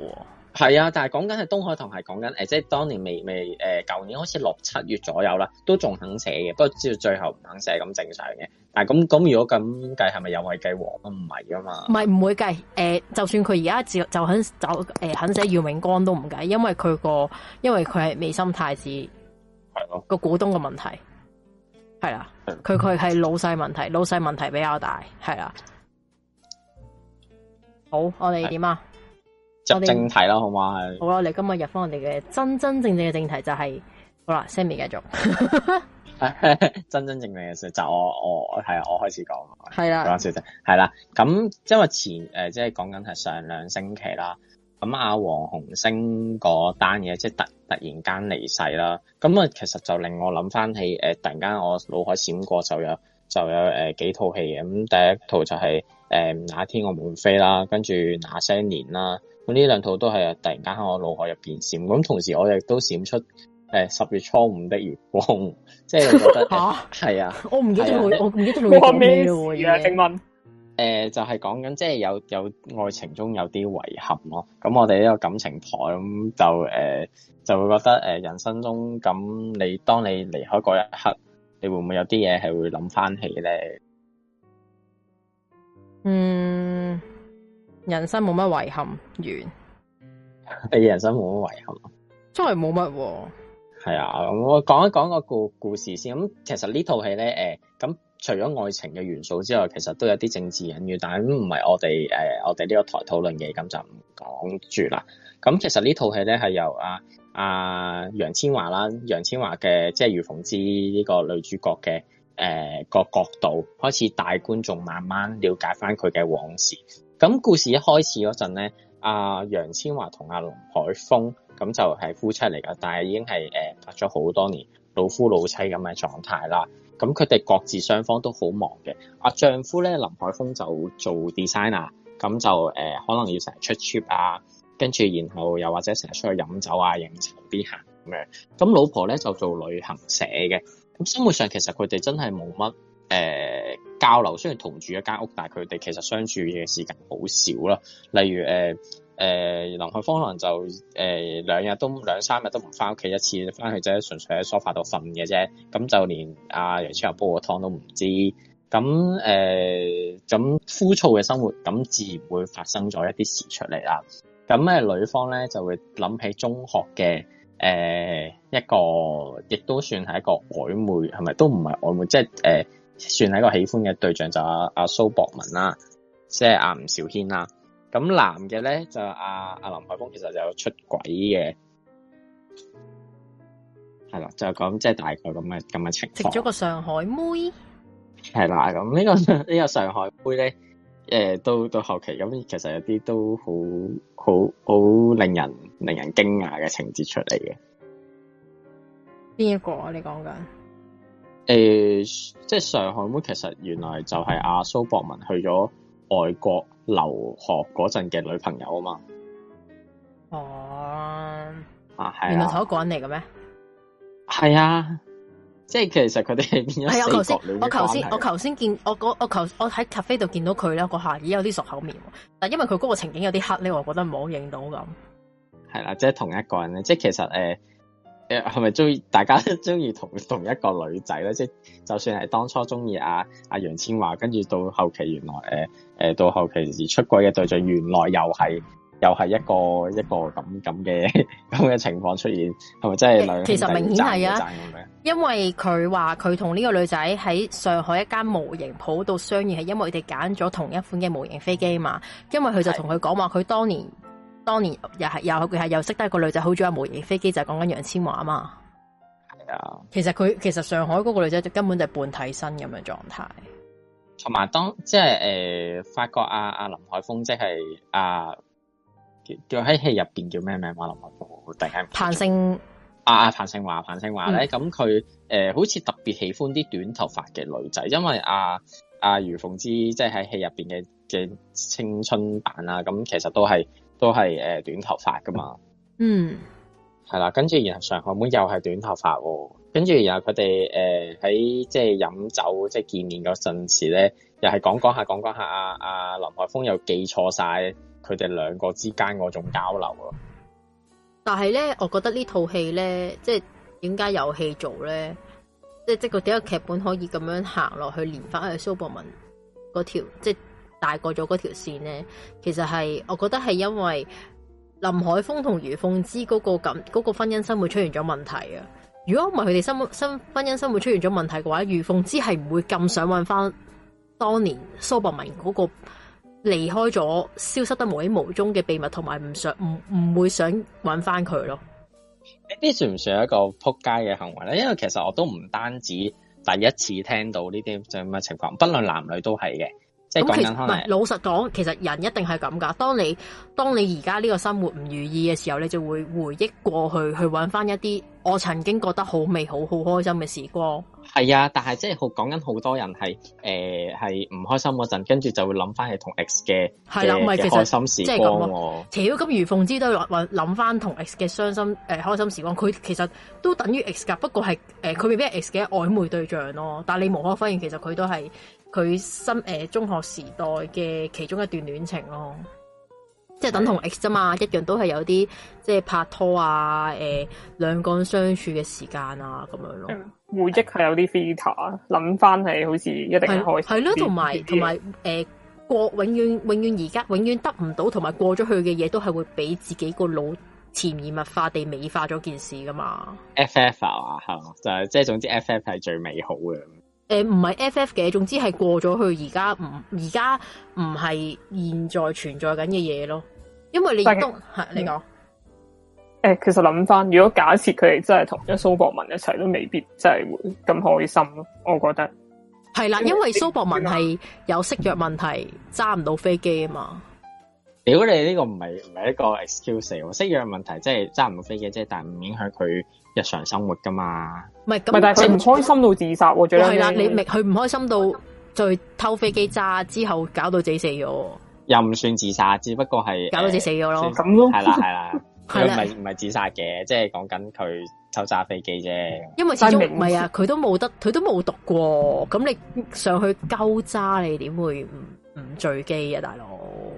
係啊，但係講緊係東海堂，係講緊誒，即係當年未未誒，舊年好似六七月左右啦，都仲肯寫嘅，不過至到最後唔肯寫咁正常嘅。但係咁咁如果咁計，係咪又係計王啊？唔係啊嘛，唔係唔會計誒、呃，就算佢而家就就肯走誒、呃，肯寫姚永剛都唔計，因為佢個因為佢係美心太子係咯個股東嘅問題係啦，佢佢係老細問題，老細問題比較大係啦。好，我哋點啊？正題啦，好嘛？好啦，你今日入翻我哋嘅真真正正嘅正，正題就係、是、好啦 Sammi 繼續 <laughs> <laughs> 真真正正嘅事就是、我我係我開始講，係啦，開始啫，係啦。咁因為前、呃、即係講緊係上兩星期啦，咁阿、啊、黃鴻升嗰單嘢即係突突然間離世啦。咁啊，其實就令我諗翻起、呃、突然間我腦海閃過就有就有誒、呃、幾套戲嘅咁第一套就係誒那一天我們會飛啦，跟住那些年啦。咁呢兩套都係突然間喺我腦海入邊閃，咁同時我亦都閃出誒十、呃、月初五的月光，即、就、係、是、覺得係啊，啊， <laughs> 啊，我唔記得咗、啊、我唔記得咗講咩嘢。而家、啊、請問，誒、呃、就係講緊即係有有愛情中有啲遺憾咯。咁我哋呢個感情台咁就誒、呃、就會覺得誒、呃、人生中咁你當你離開嗰一刻，你會唔會有啲嘢係會諗翻起咧？嗯。人生冇乜遺憾，完。你 <laughs> 人生冇乜遺憾，真係冇乜。係啊，我講一講個故故事先。咁其實戲，呢套戲咧，誒，咁除咗愛情嘅元素之外，其實都有啲政治隱喻。但係唔係我哋誒，我哋呢個台討論嘅，咁就唔講住啦。咁其實呢套戲咧係由阿阿楊千嬅啦，楊千嬅嘅即係余鳳芝呢個女主角嘅誒個角度開始，帶觀眾慢慢了解翻佢嘅往事。咁故事一開始嗰陣咧，阿、啊、楊千嬅同阿林海峰咁就係夫妻嚟噶，但係已經係誒隔咗好多年老夫老妻咁嘅狀態啦。咁佢哋各自雙方都好忙嘅。阿、啊、丈夫咧林海峰就做 designer，咁就誒、呃、可能要成日出 trip 啊，跟住然後又或者成日出去飲酒啊，應酬啲客咁樣的。咁老婆咧就做旅行社嘅，咁生活上其實佢哋真係冇乜。誒、呃、交流，雖然同住一間屋，但佢哋其實相處嘅時間好少啦。例如誒誒林海峰可能就誒、呃、兩日都兩三日都唔翻屋企一次去，翻去即係純粹喺梳化度瞓嘅啫。咁就連阿楊千嬅煲個湯都唔知。咁誒咁枯燥嘅生活，咁自然會發生咗一啲事出嚟啦。咁誒、呃、女方咧就會諗起中學嘅誒、呃、一個，亦都算係一個曖昧，係咪都唔係曖昧，即係算係一個喜歡嘅對象，就阿阿蘇博文啦，即係阿吳兆軒啦。咁男嘅咧就阿、啊、阿、啊、林海峰，其實就出軌嘅，係啦，就係咁，即係大概咁嘅咁嘅情況。食咗個上海妹，係啦，咁呢、這個呢、這個上海妹咧，誒、欸，到到後期咁，其實有啲都好好好令人令人驚訝嘅情節出嚟嘅。邊一個啊？你講緊？誒、eh,，即係上海妹，其實原來就係阿蘇博文去咗外國留學嗰陣嘅女朋友啊嘛。哦、uh, 啊，啊係原來同一個人嚟嘅咩？係啊，即係其實佢哋係變咗四角、啊。我頭先我頭先見我我頭我喺咖啡度見到佢咧個下已有啲熟口面，但因為佢嗰個情景有啲黑咧，我覺得唔好認到咁。係啦、啊，即係同一個人咧，即係其實誒。欸誒，係咪中意？大家都中意同同一個女仔，咧，即係就算係當初中意阿阿楊千嬅，跟住到後期原來誒誒、呃，到後期時出軌嘅對象原來又係又係一個一個咁咁嘅咁嘅情況出現，係咪真係兩？其實明顯係啊，因為佢話佢同呢個女仔喺上海一間模型鋪度相遇，係因為佢哋揀咗同一款嘅模型飛機嘛，因為佢就同佢講話佢當年。當年又係又佢係又，又識得個女仔好中意模型飛機，就係講緊楊千嬅啊嘛，係啊。其實佢其實上海嗰個女仔就根本就係半替身咁嘅狀態。同埋當即係誒、呃，發覺阿、啊、阿林海峰即係阿、啊、叫喺戲入邊叫咩名話林海峰定係？彭星，阿、啊、阿彭星華彭星華咧，咁佢誒好似特別喜歡啲短頭髮嘅女仔，因為阿、啊、阿、啊、余鳳芝，即係喺戲入邊嘅嘅青春版啊，咁其實都係。都係誒短頭髮噶嘛，嗯，係啦，跟住然後上海門又係短頭髮，跟住然後佢哋誒喺即係飲酒即係見面嗰陣時咧，又係講講下講講下，阿、啊、阿林海峰又記錯晒佢哋兩個之間嗰種交流咯。但係咧，我覺得呢套戲咧，即係點解有戲做咧？即係即係點樣劇本可以咁樣行落去連返去蘇博文嗰條即係？大過咗嗰條線咧，其實係，我覺得係因為林海峰同余鳳芝嗰個感，嗰個婚姻生活出現咗問題啊！如果唔係佢哋生生婚姻生活出現咗問題嘅話，余鳳芝係唔會咁想揾翻當年蘇博文嗰個離開咗、消失得無影無蹤嘅秘密，同埋唔想唔唔會想揾翻佢咯。呢啲算唔算係一個撲街嘅行為咧？因為其實我都唔單止第一次聽到呢啲咁嘅情況，不論男女都係嘅。咁其實唔係，老實講，其實人一定係咁噶。當你當你而家呢個生活唔如意嘅時候，你就會回憶過去，去揾翻一啲我曾經覺得好美好、好開心嘅時光。係、呃、啊，但係即係好講緊好多人係誒係唔開心嗰陣，跟住就會諗翻係同 X 嘅係啦，唔係其實開心時光。屌，咁如鳳之都話諗翻同 X 嘅傷心誒開心時光，佢其實都等於 X 噶，不過係誒佢未必係 X 嘅曖昧對象咯、啊。但係你無可否認，其實佢都係。佢心誒，中學時代嘅其中一段戀情咯、啊，即係等同 ex 啫嘛，一樣都係有啲即係拍拖啊，誒、呃，兩個人相處嘅時間啊，咁樣咯，回憶係有啲 fitter，諗翻係好似一定係開心，係咯，同埋同埋誒過永遠永遠而家永遠得唔到，同埋過咗去嘅嘢，都係會俾自己個腦潛移默化地美化咗件事噶嘛。FF 啊，係就係即係，總之 FF 係最美好嘅。誒、欸，唔係 FF 嘅，總之係過咗去而家，唔而家唔係現在存在緊嘅嘢咯。因爲你都你講，誒、欸，其實諗翻，如果假設佢哋真係同咗蘇博文一齊，都未必真係會咁開心咯。我覺得係啦，因爲蘇博文係有色弱問題，揸唔到飛機啊嘛。如果你呢個唔係唔係一個 excuse，色弱問題即係揸唔到飛機，即係但係唔影響佢。日常生活噶嘛，唔係咁，但係佢唔開心到自殺喎、啊，最係啦，你明佢唔開心到再偷飛機炸之後，搞到自己死咗，又唔算自殺，只不過係搞到自己死咗咯，咁咯，係啦，係啦，佢唔係唔係自殺嘅，即係講緊佢偷炸飛機啫，因為始終唔係啊，佢都冇得，佢都冇讀過，咁你上去鳩揸你點會唔唔墜機啊，大佬？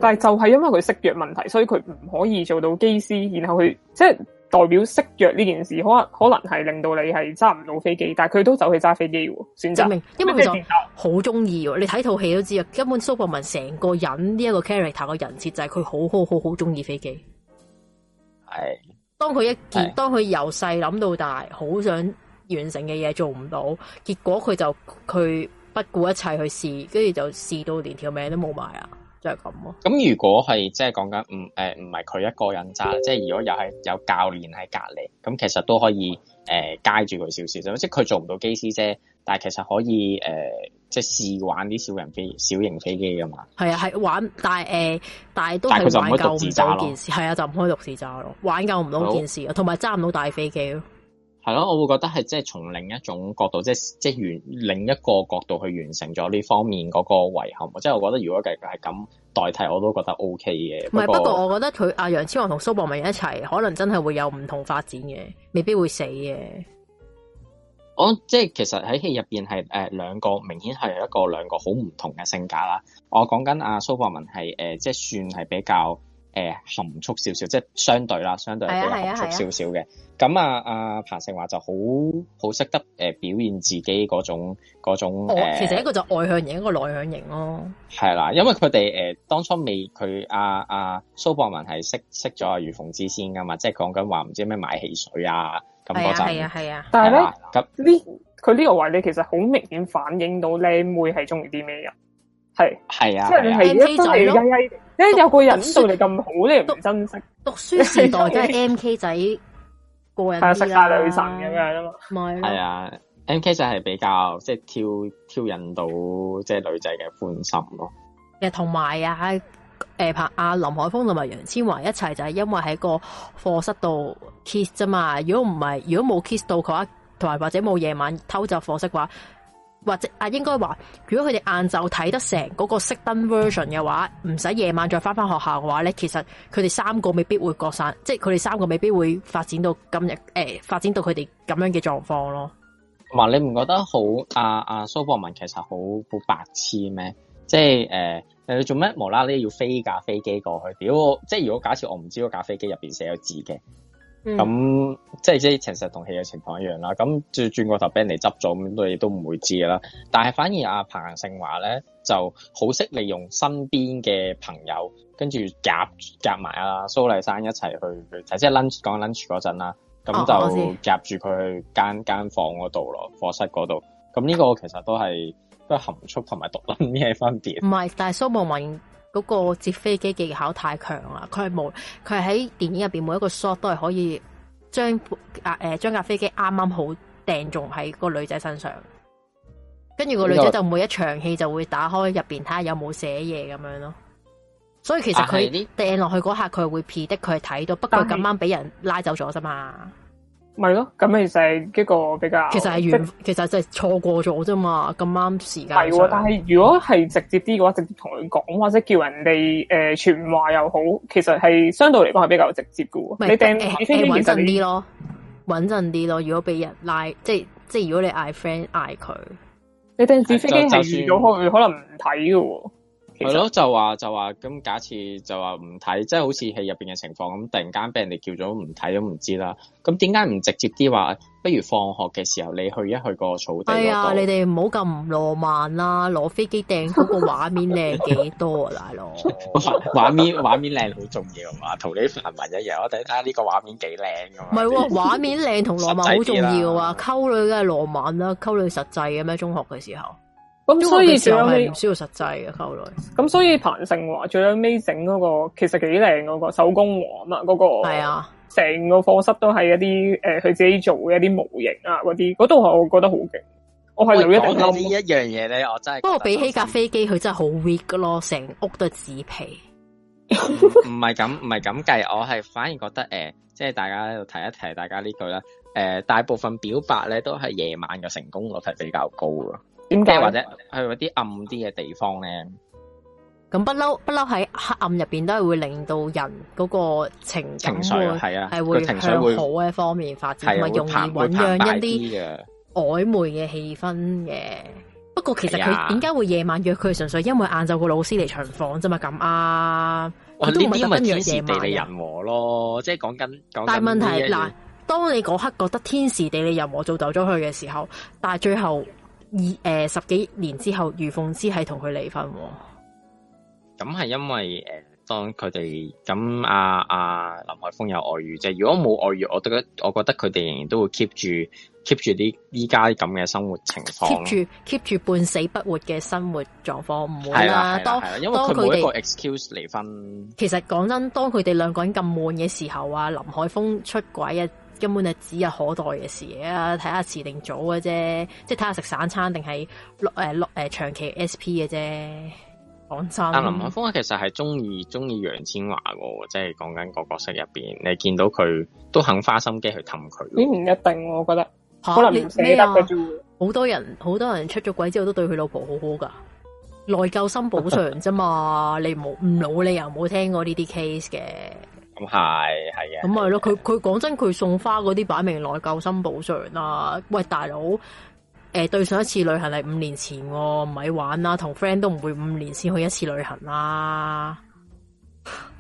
但係就係因為佢色弱問題，所以佢唔可以做到機師，然後佢即係。代表色弱呢件事，可能可能係令到你係揸唔到飛機，但係佢都走去揸飛機喎，選擇明明，因為佢就好中意喎，你睇套戲都知啊，根本蘇博文成個人呢一個 character 嘅人設就係佢好好好好中意飛機，係，當佢一件，當佢由細諗到大，好想完成嘅嘢做唔到，結果佢就佢不顧一切去試，跟住就試到連條命都冇埋啊！即係咁咯。咁如果係即係講緊唔，誒，唔係佢一個人揸，即係如果又係有教練喺隔籬，咁其實都可以誒街住佢少少啫。即係佢做唔到機師啫，但係其實可以誒、呃、即係試玩啲小型飛機小型飛機噶嘛。係啊，係玩，但係誒、呃，但係都係玩夠唔到件事。係啊，就唔可以獨自揸咯，玩夠唔到件事，同埋揸唔到大飛機咯。係咯，我會覺得係即係從另一種角度，即係即係完另一個角度去完成咗呢方面嗰個遺憾。即係我覺得如果繼續咁代替，我都覺得 O K 嘅。唔係，不過我覺得佢阿楊千嬅同蘇博文一齊，可能真係會有唔同發展嘅，未必會死嘅。我即係其實喺戲入邊係誒兩個明顯係一個兩個好唔同嘅性格啦。我講緊阿蘇博文係誒、呃、即係算係比較。誒、欸，含蓄少少，即係相對啦，相對係啊，係啊，比較含蓄少少嘅。咁啊，阿、啊啊、彭成華就好好識得誒，表現自己嗰種嗰種、哦欸。其實一個就外向型，一個內向型咯、哦。係啦、啊，因為佢哋誒，當初未佢阿阿蘇柏文係識識咗阿余鳳芝先噶嘛，即係講緊話唔知咩買汽水啊咁嗰陣。係呀，係啊，係啊，啊，啊。但係咧，咁呢佢呢個話，你其實好明顯反映到靚妹係中意啲咩人。係係啊，即係 M K 仔咯，即係有個人對你咁好，啲人唔珍惜。讀書時代都係 M K 仔，個 <laughs> 人、啊、識晒女神咁樣咯。係啊，M K 仔係比較即係、就是、挑挑引到即係、就是、女仔嘅歡心咯。其實同埋啊，誒，彭阿林海峰同埋楊千嬅一齊就係因為喺個課室度 kiss 啫嘛。如果唔係，如果冇 kiss 到嘅話，同埋或者冇夜晚偷襲課室嘅話。或者啊，應該話，如果佢哋晏晝睇得成嗰個熄燈 version 嘅話，唔使夜晚再翻翻學校嘅話咧，其實佢哋三個未必會各散，即係佢哋三個未必會發展到今日誒、欸，發展到佢哋咁樣嘅狀況咯。嗱，你唔覺得好啊？啊，蘇博文其實好好白痴咩？即係誒誒，你做咩無啦啦要飛架飛機過去？如果即係如果假設我唔知嗰架飛機入邊寫有字嘅？咁、嗯嗯、即即其實同戲嘅情況一樣啦。咁轉轉過頭俾人哋執咗，咁都亦都唔會知啦。但係反而阿、啊、彭勝華咧就好識利用身邊嘅朋友，跟住夾夾埋阿蘇麗珊一齊去，就即係 lunch 講 lunch 嗰陣啦。咁就夾住佢間間房嗰度咯，課室嗰度。咁呢個其實都係都含蓄同埋獨立嘅分別。唔係，但係蘇慕雲。嗰、那個接飛機技巧太強啦，佢係冇，佢係喺電影入邊每一個 shot 都係可以將啊誒將、呃、架飛機啱啱好掟中喺個女仔身上，跟住個女仔就每一場戲就會打開入邊睇下有冇寫嘢咁樣咯，所以其實佢掟落去嗰下佢係會 P 的，佢係睇到，不過咁啱俾人拉走咗啫嘛。咪咯，咁 <noise> <noise> <noise> <noise> 其實係一個比較，其實係原，其實就係錯過咗啫嘛，咁啱時間。係， <noise> 但係如果係直接啲嘅話，直接同佢講，或者叫人哋誒傳話又好，其實係相對嚟講係比較直接喎。你掟紙、欸、飛機其實穩陣啲咯，穩陣啲咯。如果俾人拉，即係即係如果你嗌 friend 嗌佢， <noise> 你掟紙飛機係遇咗佢，可能唔睇喎。係咯，就話就話，咁假設就話唔睇，即係好似戲入邊嘅情況咁，突然間俾人哋叫咗唔睇都唔知啦。咁點解唔直接啲話？不如放學嘅時候你去一去個草地，嗰個。係、哎、 <laughs> 啊，你哋唔好咁唔浪漫啦，攞飛機掟嗰個畫面靚幾多啊，大佬！畫面畫面靚好重要啊，同你啲範文一樣，我睇睇下呢個畫面幾靚噶嘛。唔係畫面靚同浪漫好重要實際啊，溝女梗係浪漫啦，溝女實際嘅咩？中學嘅時候。咁所以最屘唔需要實際嘅溝女。咁所以彭盛華最尾整嗰個其實幾靚嗰個手工王啊嗰、那個係啊，成個課室都係一啲誒，佢、呃、自己做嘅一啲模型啊，嗰啲嗰度係我覺得好勁。我係講緊呢一樣嘢咧，我真係不過比起架飛機，佢真係好 weak 咯，成屋都係紙皮。唔係咁，唔係咁計，我係反而覺得誒、呃，即係大家喺度提一提大家呢句啦。誒、呃，大部分表白咧都係夜晚嘅成功率係比較高點解或者去嗰啲暗啲嘅地方咧？咁不嬲不嬲喺黑暗入邊都係會令到人嗰個情情緒係啊，係會情會向好嘅方面發展，同埋、啊、容易醞釀一啲曖昧嘅氣氛嘅。不過其實佢點解會夜晚約佢？純粹因為晏晝個老師嚟巡房啫嘛，咁啊，我、哦、都唔係咁樣夜晚。天時、哦、地利人和咯，即係講緊講緊。但係問題嗱，當你嗰刻覺得天時地利人和做走咗去嘅時候，但係最後。二誒，十幾年之後，余鳳芝係同佢離婚的。咁係因為誒，當佢哋咁啊。阿、啊、林海峰有外遇啫。即如果冇外遇，我得我覺得佢哋仍然都會 keep 住 keep 住啲依家咁嘅生活情況，keep 住 keep 住半死不活嘅生活狀況唔會啦。是啊是啊、當是、啊、因為佢冇一個 excuse 離婚。其實講真，當佢哋兩個人咁悶嘅時候啊，林海峰出軌啊。根本就指日可待嘅事啊！睇下遲定早嘅啫，即係睇下食散餐定係誒誒長期 S P 嘅啫。講真，但林海峰其實係中意中意楊千嬅嘅，即係講緊個角色入邊，你見到佢都肯花心機去氹佢。唔一定，我覺得、啊、可能不你咩啊？好多人好多人出咗軌之後都對佢老婆好好噶，內疚心補償啫嘛。 <laughs> 你冇唔老，你又冇聽過呢啲 case 嘅？咁、嗯、係，係啊，咁咪咯，佢佢講真，佢送花嗰啲擺明內疚心補償啦。喂，大佬，誒、呃，對上一次旅行係五年前，哦，唔係玩啦，同 friend 都唔會五年先去一次旅行啦，啊。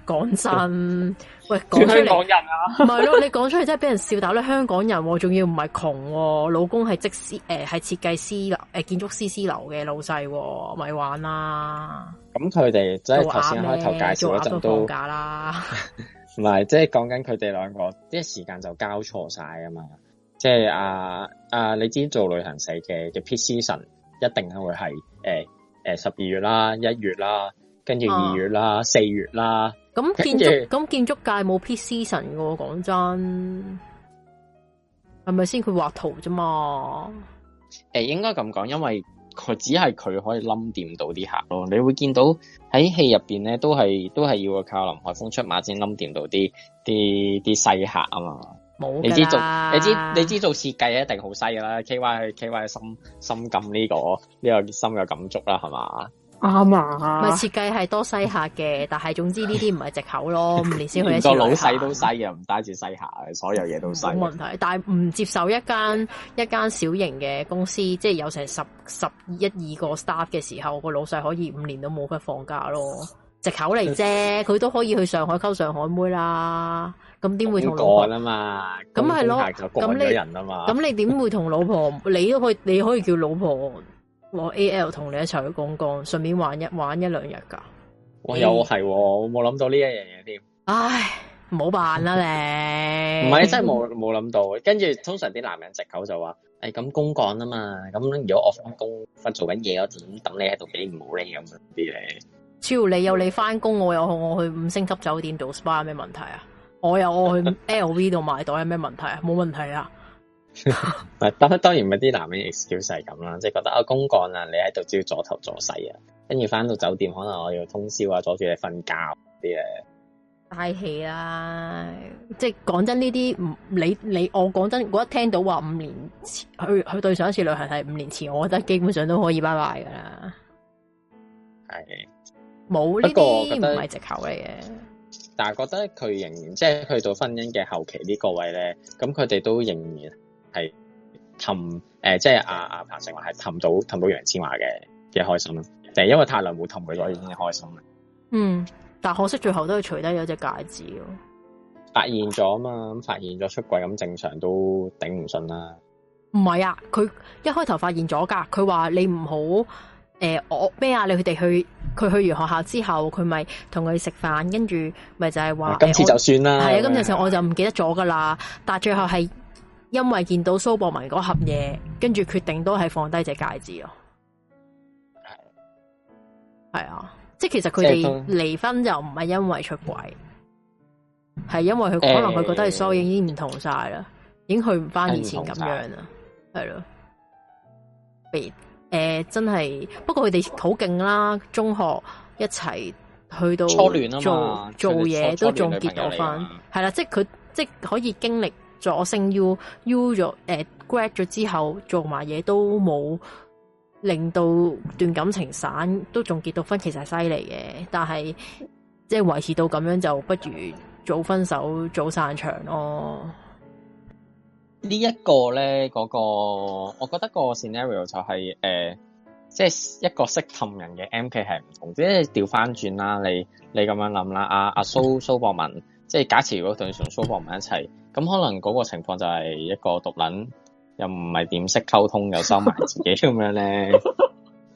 講真， <laughs> 喂，講出嚟，唔係咯，你講出嚟真係俾人笑打。咧，香港人仲要唔係窮，老公係、呃、設計誒，係設計師樓，誒，建築師師樓嘅老細，哦，咪玩啦。咁佢哋即係頭先開頭介紹嗰陣都放假啦。 <laughs> 同埋即係講緊佢哋兩個，即係時間就交錯晒啊嘛！即係啊啊，你知做旅行社嘅嘅 peak season 一定係會係誒誒十二月啦、一月啦，跟住二月啦、四、啊、月啦。咁建築咁建築界冇 peak season 嘅，講真，係咪先佢畫圖啫嘛？誒、欸，應該咁講，因為。佢只係佢可以冧掂到啲客咯，你會見到喺戲入面咧都係都係要靠林海峰出馬先冧掂到啲啲啲細客啊嘛，冇，你知做你知你知做設計一定好細㗎啦，K Y K Y 心心感呢、呢個呢、呢個心嘅感觸啦，係嘛？啱啊！設計係多西客嘅，但係總之呢啲唔係藉口咯。五 <laughs> 年先去一次，老細都西啊，唔單止西下，所有嘢都西。冇問題，但係唔接受一間一間小型嘅公司，即係有成十十一二個 staff 嘅時候，個老細可以五年都冇佢放假咯。藉口嚟啫，佢 <laughs> 都可以去上海溝上海妹啦。咁點會同老婆啊嘛？咁係咯，咁 <laughs> 你咁你點會同老婆？你都可以，你可以叫老婆。我 A L 同你一齊去公幹，順便玩一玩一兩日噶。我又係我冇諗到呢一樣嘢添。唉，唔好扮啦你。唔 <laughs> 係真係冇冇諗到。跟住通常啲男人借口就話，誒、哎、咁公幹啊嘛，咁如果我翻工翻做緊嘢，我點等你喺度俾唔好理呢？咁樣啲嘢。超，你有你翻工，我有我去五星級酒店做 SPA 有咩問題啊？我有我去 L V 度買袋有咩問題啊？冇 <laughs> 問題啊！唔係，當當然唔係啲男人 excuse 係咁啦，即係覺得啊，公幹啊，你喺度只要左頭左勢啊，跟住翻到酒店可能我要通宵啊，阻住你瞓覺啲嘢。大氣啦，即係講真呢啲唔你你我講真，我一聽到話五年前去去對上一次旅行係五年前，我覺得基本上都可以拜拜噶啦。係冇呢啲唔係借口嚟嘅，但係覺得佢仍然即係去到婚姻嘅後期呢個位咧，咁佢哋都仍然。係氹，誒，即係阿阿彭成華係氹到氹到楊千嬅嘅嘅開心咯，就係因為太耐冇氹佢，咗已先至開心。嗯，但可惜最後都係除低咗隻戒指咯。發現咗嘛？咁發現咗出軌咁正常都頂唔順啦。唔係啊，佢一開頭發現咗噶，佢話你唔好誒，我咩啊？你佢哋去佢去完學校之後，佢咪同佢食飯，跟住咪就係話今次就算啦。係啊，今次就算了，欸我，啊啊，今次我就唔記得咗噶啦，但係最後係。因為見到蘇博文嗰盒嘢，跟住決定都係放低隻戒指咯。係啊，即係其實佢哋離婚又唔係因為出軌，係、就是、因為佢、呃、可能佢覺得係疏影已經唔同曬啦，已經去唔翻以前咁樣啦。係咯，別誒、啊呃，真係不過佢哋好勁啦，中學一齊去到做初聯做嘢都仲結到婚，係啦、啊，即係佢即係可以經歷。左升 U U 咗，誒、呃、Grad 咗之後做埋嘢都冇，令到段感情散都仲結到婚，其實係犀利嘅。但係即係維持到咁樣，就不如早分手早散場咯。這個，呢一，那個咧，嗰個我覺得個 scenario 就係，是，誒、呃，即係一個識氹人嘅 M K 係唔同，即係調翻轉啦。你你咁樣諗啦，阿阿蘇蘇博文，即係假設如果同你同蘇博文一齊。咁、嗯、可能嗰個情況就係一個獨撚，又唔係點識溝通，又收埋自己咁樣咧。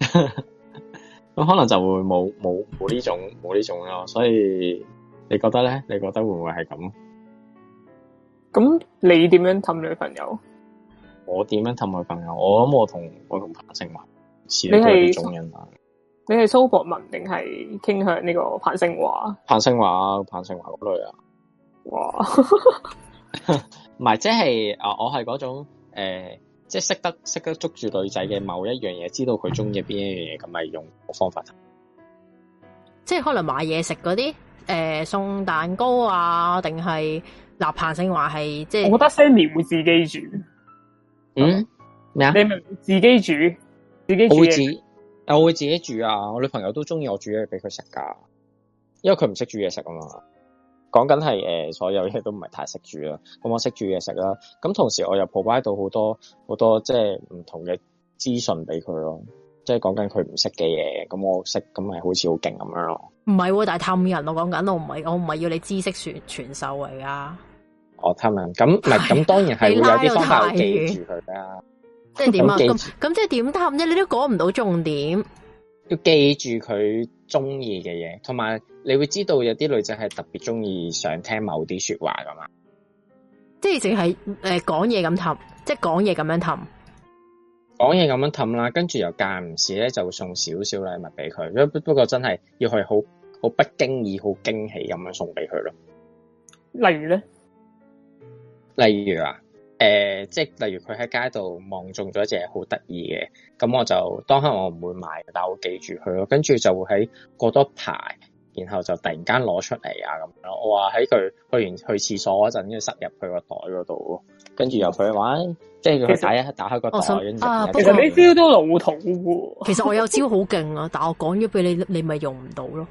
咁、 <laughs> <laughs> 嗯、可能就會冇冇冇呢種冇呢種咯。所以你覺得咧？你覺得會唔會係咁？咁你點樣氹女朋友？我點樣氹女朋友？我諗我同我同彭勝華似呢種人啊。你係蘇博文定係傾向呢個彭勝華？彭勝華，彭勝華嗰類啊。哇！ <laughs> 唔 <laughs> 係，即係，誒，我係嗰種誒、呃，即係識得識得捉住女仔嘅某一樣嘢，知道佢中意邊一樣嘢，咁、就、咪、是、用方法。即係可能買嘢食嗰啲，誒、呃，送蛋糕啊，定係立彭勝華係即係，我覺得 Sammi 會自己煮。嗯，咩啊？你咪自己煮，自己煮嘅。我會自己，我會自己煮啊！我女朋友都中意我煮嘢俾佢食噶，因為佢唔識煮嘢食啊嘛。講緊係誒，所有嘢都唔係太識煮啦，咁我識煮嘢食啦。咁同時我又 provide 到好多好多即係唔同嘅資訊俾佢咯，即係講緊佢唔識嘅嘢，咁我識，咁咪好似好勁咁樣咯。唔係，但係探人我講緊我唔係我唔係要你知識傳傳授佢 <laughs> 啊。哦，探人，咁唔咁當然係會有啲方法記住佢㗎。即係點啊？咁咁即係點探啫？你都講唔到重點。要記住佢中意嘅嘢，同埋你會知道有啲女仔係特別中意想聽某啲說話噶嘛，即係淨係誒講嘢咁氹，即係講嘢咁樣氹，講嘢咁樣氹啦。跟住又間唔時咧，就會送少少禮物俾佢。如果不過真係要去，好好不經意、好驚喜咁樣送俾佢咯，例如咧，例如啊。誒、呃，即係例如佢喺街度望中咗一隻好得意嘅，咁我就當刻我唔會買，但我記住佢咯，跟住就會喺過多排，然後就突然間攞出嚟啊咁樣。我話喺佢去完去廁所嗰陣，跟住塞入佢個袋嗰度，跟住由佢玩，即係佢打一打開個袋，啊，開個袋啊，其實啊，其實你招都老土喎，其實我有招好勁啊， <laughs> 但係我講咗俾你，你咪用唔到咯。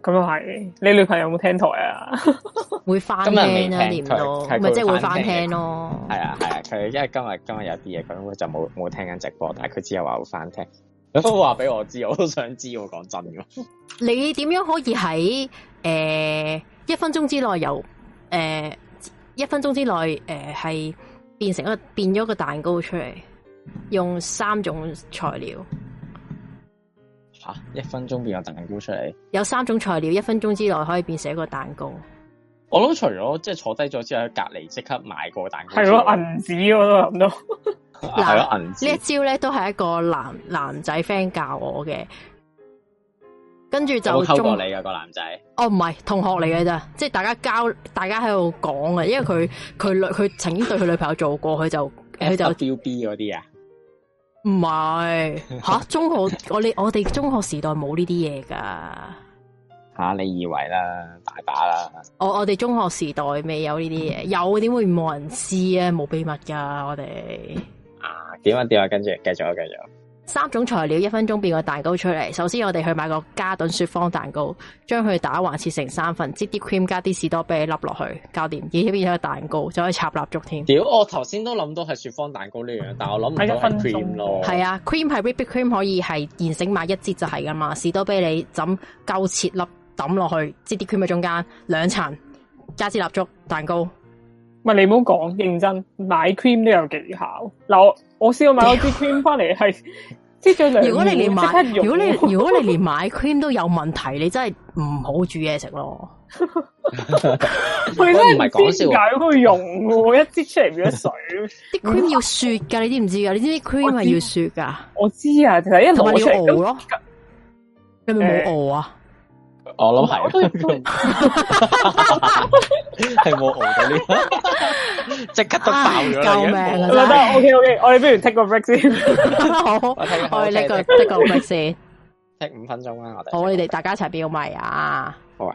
咁又係，你女朋友有冇聽台啊？ <laughs> 會，翻，啊會翻聽啊，年唔到，咪即係會翻聽咯。係啊係啊，佢因為今日今日有啲嘢，咁佢就冇冇 <laughs> 聽緊直播，但係佢之後話會翻聽。佢都話俾我知，我都想知。我講真噶，你點樣可以喺誒、呃、一分鐘之內由誒一分鐘之內誒係變成變一個變咗個蛋糕出嚟，用三種材料？啊、一分鐘變個蛋糕出嚟，有三種材料，一分鐘之內可以變成一個蛋糕。我諗除咗即係坐低咗之後，喺隔籬即刻買個蛋糕。係咯，銀紙我都諗到。係、啊、咯，銀、啊、呢一招咧都係一個男男仔 friend 教我嘅。跟住就偷過你嘅、啊、個男仔。哦，唔係同學嚟嘅咋？即係大家交，大家喺度講啊。因為佢佢佢曾經對佢女朋友做過，佢就佢就 FWB 嗰啲啊。唔係吓，中學我哋我哋中學時代冇呢啲嘢噶吓，你以為啦，大把啦。我我哋中學時代未有呢啲嘢，有點會冇人知啊？冇秘密噶，我哋啊，點啊點啊，跟住繼續啊，繼續。繼續三種材料，一分鐘變個蛋糕出嚟。首先我哋去買個加頓雪芳蛋糕，將佢打橫切成三份，擠啲 cream 加啲士多啤梨粒落去，搞掂。而且有個蛋糕，就可以插蠟燭添。屌，我頭先都諗到係雪芳蛋糕呢樣，但係我諗唔到 cream 咯。係啊，cream 係 whip cream 可以係現成買一支就係噶嘛。士多啤梨咁夠切粒抌落去，擠啲 cream 喺中間，兩層加支蠟燭，蛋糕。唔，你唔好講，認真買 cream 都有技巧。嗱，我我試過買咗支 cream 翻嚟，係支咗兩秒即刻溶，如果你如果你，如果你連買 cream 都有問題，你真係唔好煮嘢食咯。我 <laughs> <laughs> <laughs> 真係唔知點解會溶，我一支出嚟變咗水。啲 cream 要雪噶，你知唔知啊？你知啲 cream 係要雪噶？我知啊，就係因為同埋要熬咯。你咪冇熬啊？嗯我諗係，係冇熬到呢，即刻都爆咗！救命啊！O K O K，我哋不如 take 個 break 先，好，我哋呢個 take 個 break 先，take 五分鐘啦！我哋，好，你哋大家一齊表迷啊！好啊。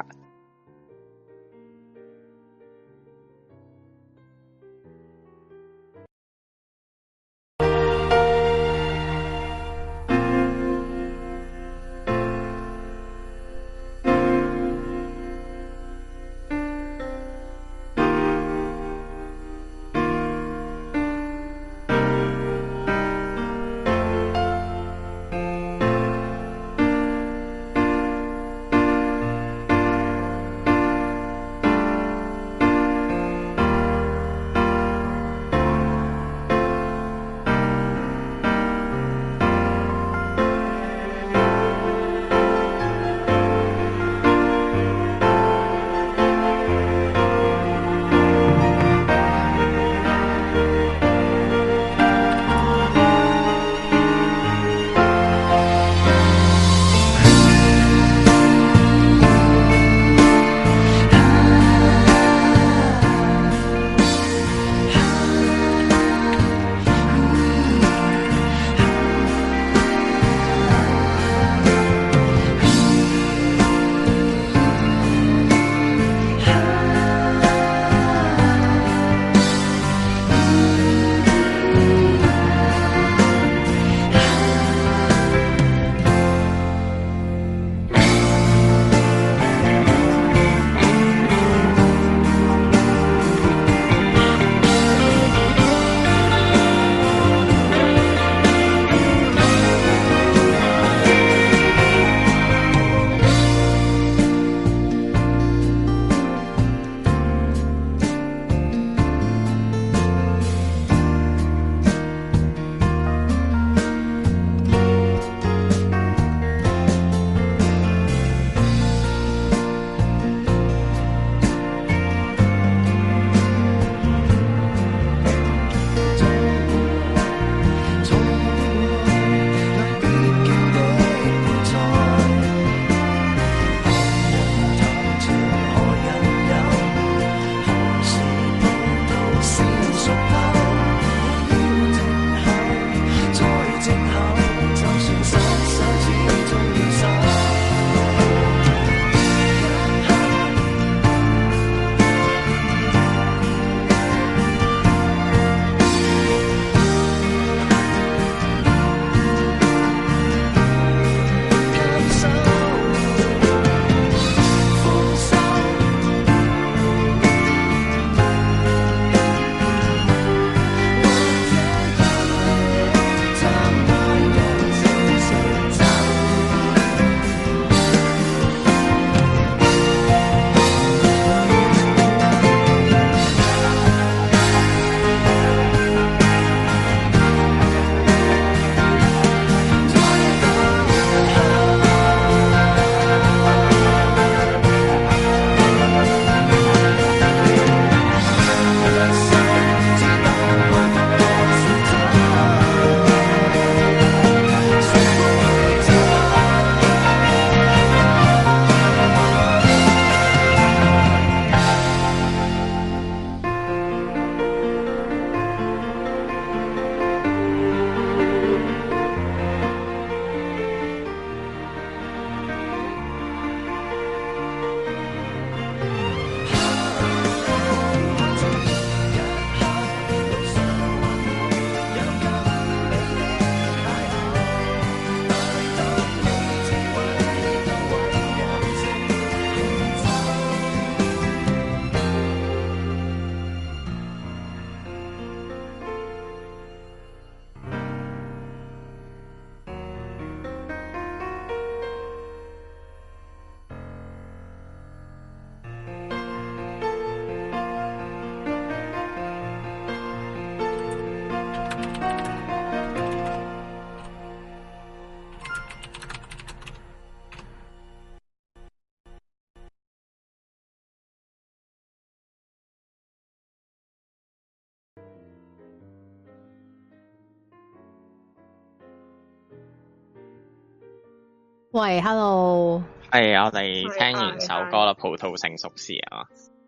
喂，Hello，係、hey, 我哋聽完首歌啦、啊啊啊，葡萄成熟時啊，嘛，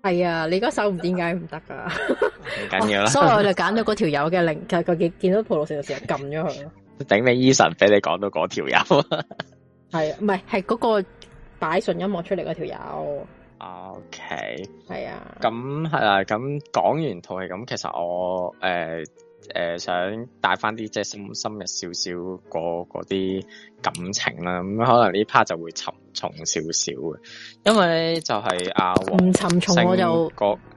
係啊，你嗰首點解唔得噶？唔緊要啦，所 <laughs> 以、哦、 <laughs> Sorry, <laughs> 我就揀到嗰條友嘅，另其實佢見見到葡萄成熟時，撳咗佢咯。頂 <laughs> 你 Eason 俾你講到嗰條友， <laughs> 是啊，係唔係？係嗰個擺順音樂出嚟嗰條友。OK，係啊。咁係啊，咁講完套戲咁，其實我誒。呃誒、呃，想帶翻啲即係深深嘅少少嗰嗰啲感情啦，咁可能呢 part 就會沉重少少嘅，因為呢就係、是、阿、啊、黃唔沉重我就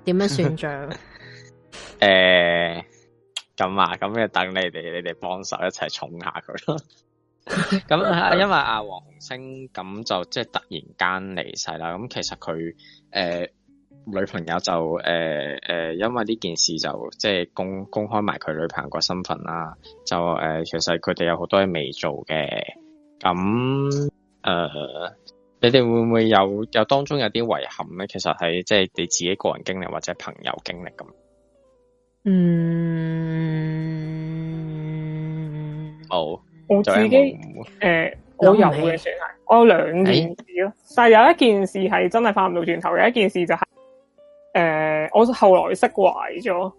點樣算賬？誒、 <laughs> 呃，咁啊，咁就等你哋你哋幫手一齊重下佢咯。咁、 <laughs> 嗯、 <laughs> 因為阿、啊、黃星咁就即係突然間離世啦，咁、嗯、其實佢誒。呃女朋友就誒誒、呃呃，因為呢件事就即係公公開埋佢女朋友個身份啦。就誒、呃，其實佢哋有好多嘢未做嘅。咁誒、呃，你哋會唔會有有當中有啲遺憾咧？其實係即係你自己個人經歷或者朋友經歷咁。嗯，哦、oh,，我自己誒、oh, uh,，我有嘅算係，我有兩件事咯、欸，但係有一件事係真係翻唔到轉頭嘅，有一件事就係、是。誒、呃，我後來釋懷咗。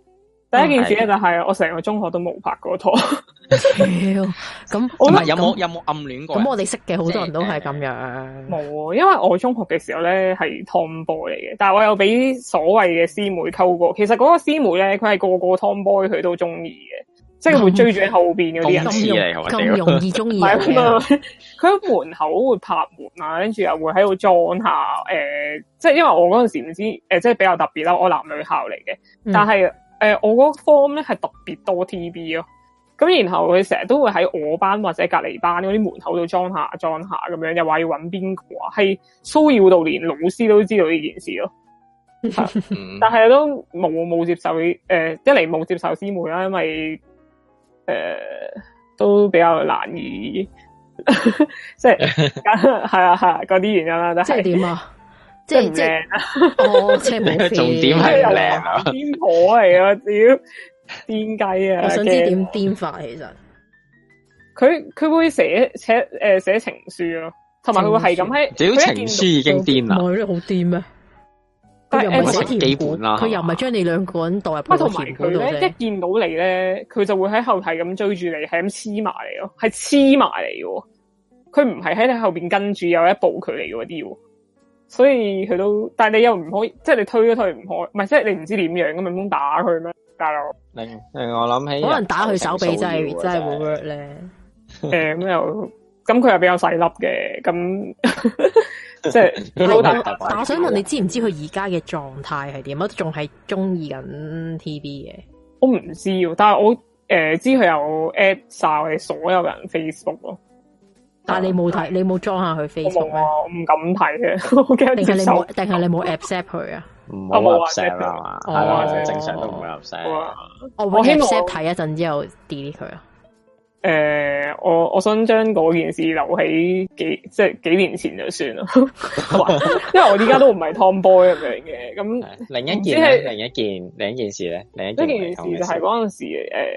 第一件事就係我成個中學都冇拍過拖。咁、嗯， <laughs> <laughs> 有冇有冇暗戀過？咁我哋識嘅好多人都係咁樣。冇、就是呃，因為我中學嘅時候咧係 Tomboy 嚟嘅，但係我有俾所謂嘅師妹溝過。其實嗰個師妹咧，佢係個個 Tomboy 佢都中意嘅。即係會追住喺後邊嗰啲人似你，係咪先？咁、嗯啊、容易中意佢喺門口會拍門啊，跟住又會喺度裝下，誒、呃，即係因為我嗰陣時唔知，誒、呃，即係比較特別啦，我男女校嚟嘅、嗯，但係誒、呃、我嗰 form 咧係特別多 TB 咯、哦，咁然後佢成日都會喺我班或者隔離班嗰啲門口度裝下裝下咁樣，又話要搵邊個啊，係騷擾到連老師都知道呢件事咯、哦， <laughs> 但係都冇冇接受，誒、呃，一嚟冇接受師妹啦，因為。誒、呃，都比較難以 <laughs> 即係係 <laughs> <laughs> 啊係啊嗰啲原因啦。即係點啊？啊即係唔正、 <laughs> 哦、啊， <laughs> 來啊！哦，重點係靚啊！癲婆嚟啊！屌癲雞啊！我想知點癲法，其實佢 <laughs> 佢會寫寫誒寫情書咯、啊，同埋佢會係咁喺。屌情，情書已經癲啦！好癲咩、啊？佢又唔係成幾管啦，佢又唔係將你兩個人代入，同埋佢一見到你咧，佢就會喺後提咁追住你，係咁黐埋嚟咯，係黐埋嚟嘅。佢唔係喺你後邊跟住有一步距離嗰啲，所以佢都。但係你又唔可以，即係你推都推唔開，唔係即係你唔知點樣咁樣打佢咩？大佬，令、嗯、令、嗯、我諗起，可能打佢手臂真係 <laughs> 真係好叻。誒咁又。咁佢又比較細粒嘅，咁即係佢好大塊。我想問你知唔知佢而家嘅狀態係點？我仲係中意緊 TV 嘅。我唔知，但係我誒、呃、知佢有 at ad- 晒所有人 Facebook 咯。但你冇睇，你冇裝下佢 Facebook 咩？我唔敢睇嘅，我驚接受。定係你冇 accept 佢啊？唔好 accept 啊嘛，係啦、哦，正常都唔好 accept，我希望 app 睇一陣之後 delete 佢啊。刷刷誒、呃，我我想將嗰件事留喺幾即係幾年前就算啦， <laughs> <laughs> 因為我依家都唔係 Tomboy 咁樣嘅。咁，另一件係、啊、另一件另一件事咧，另一件事就係嗰陣時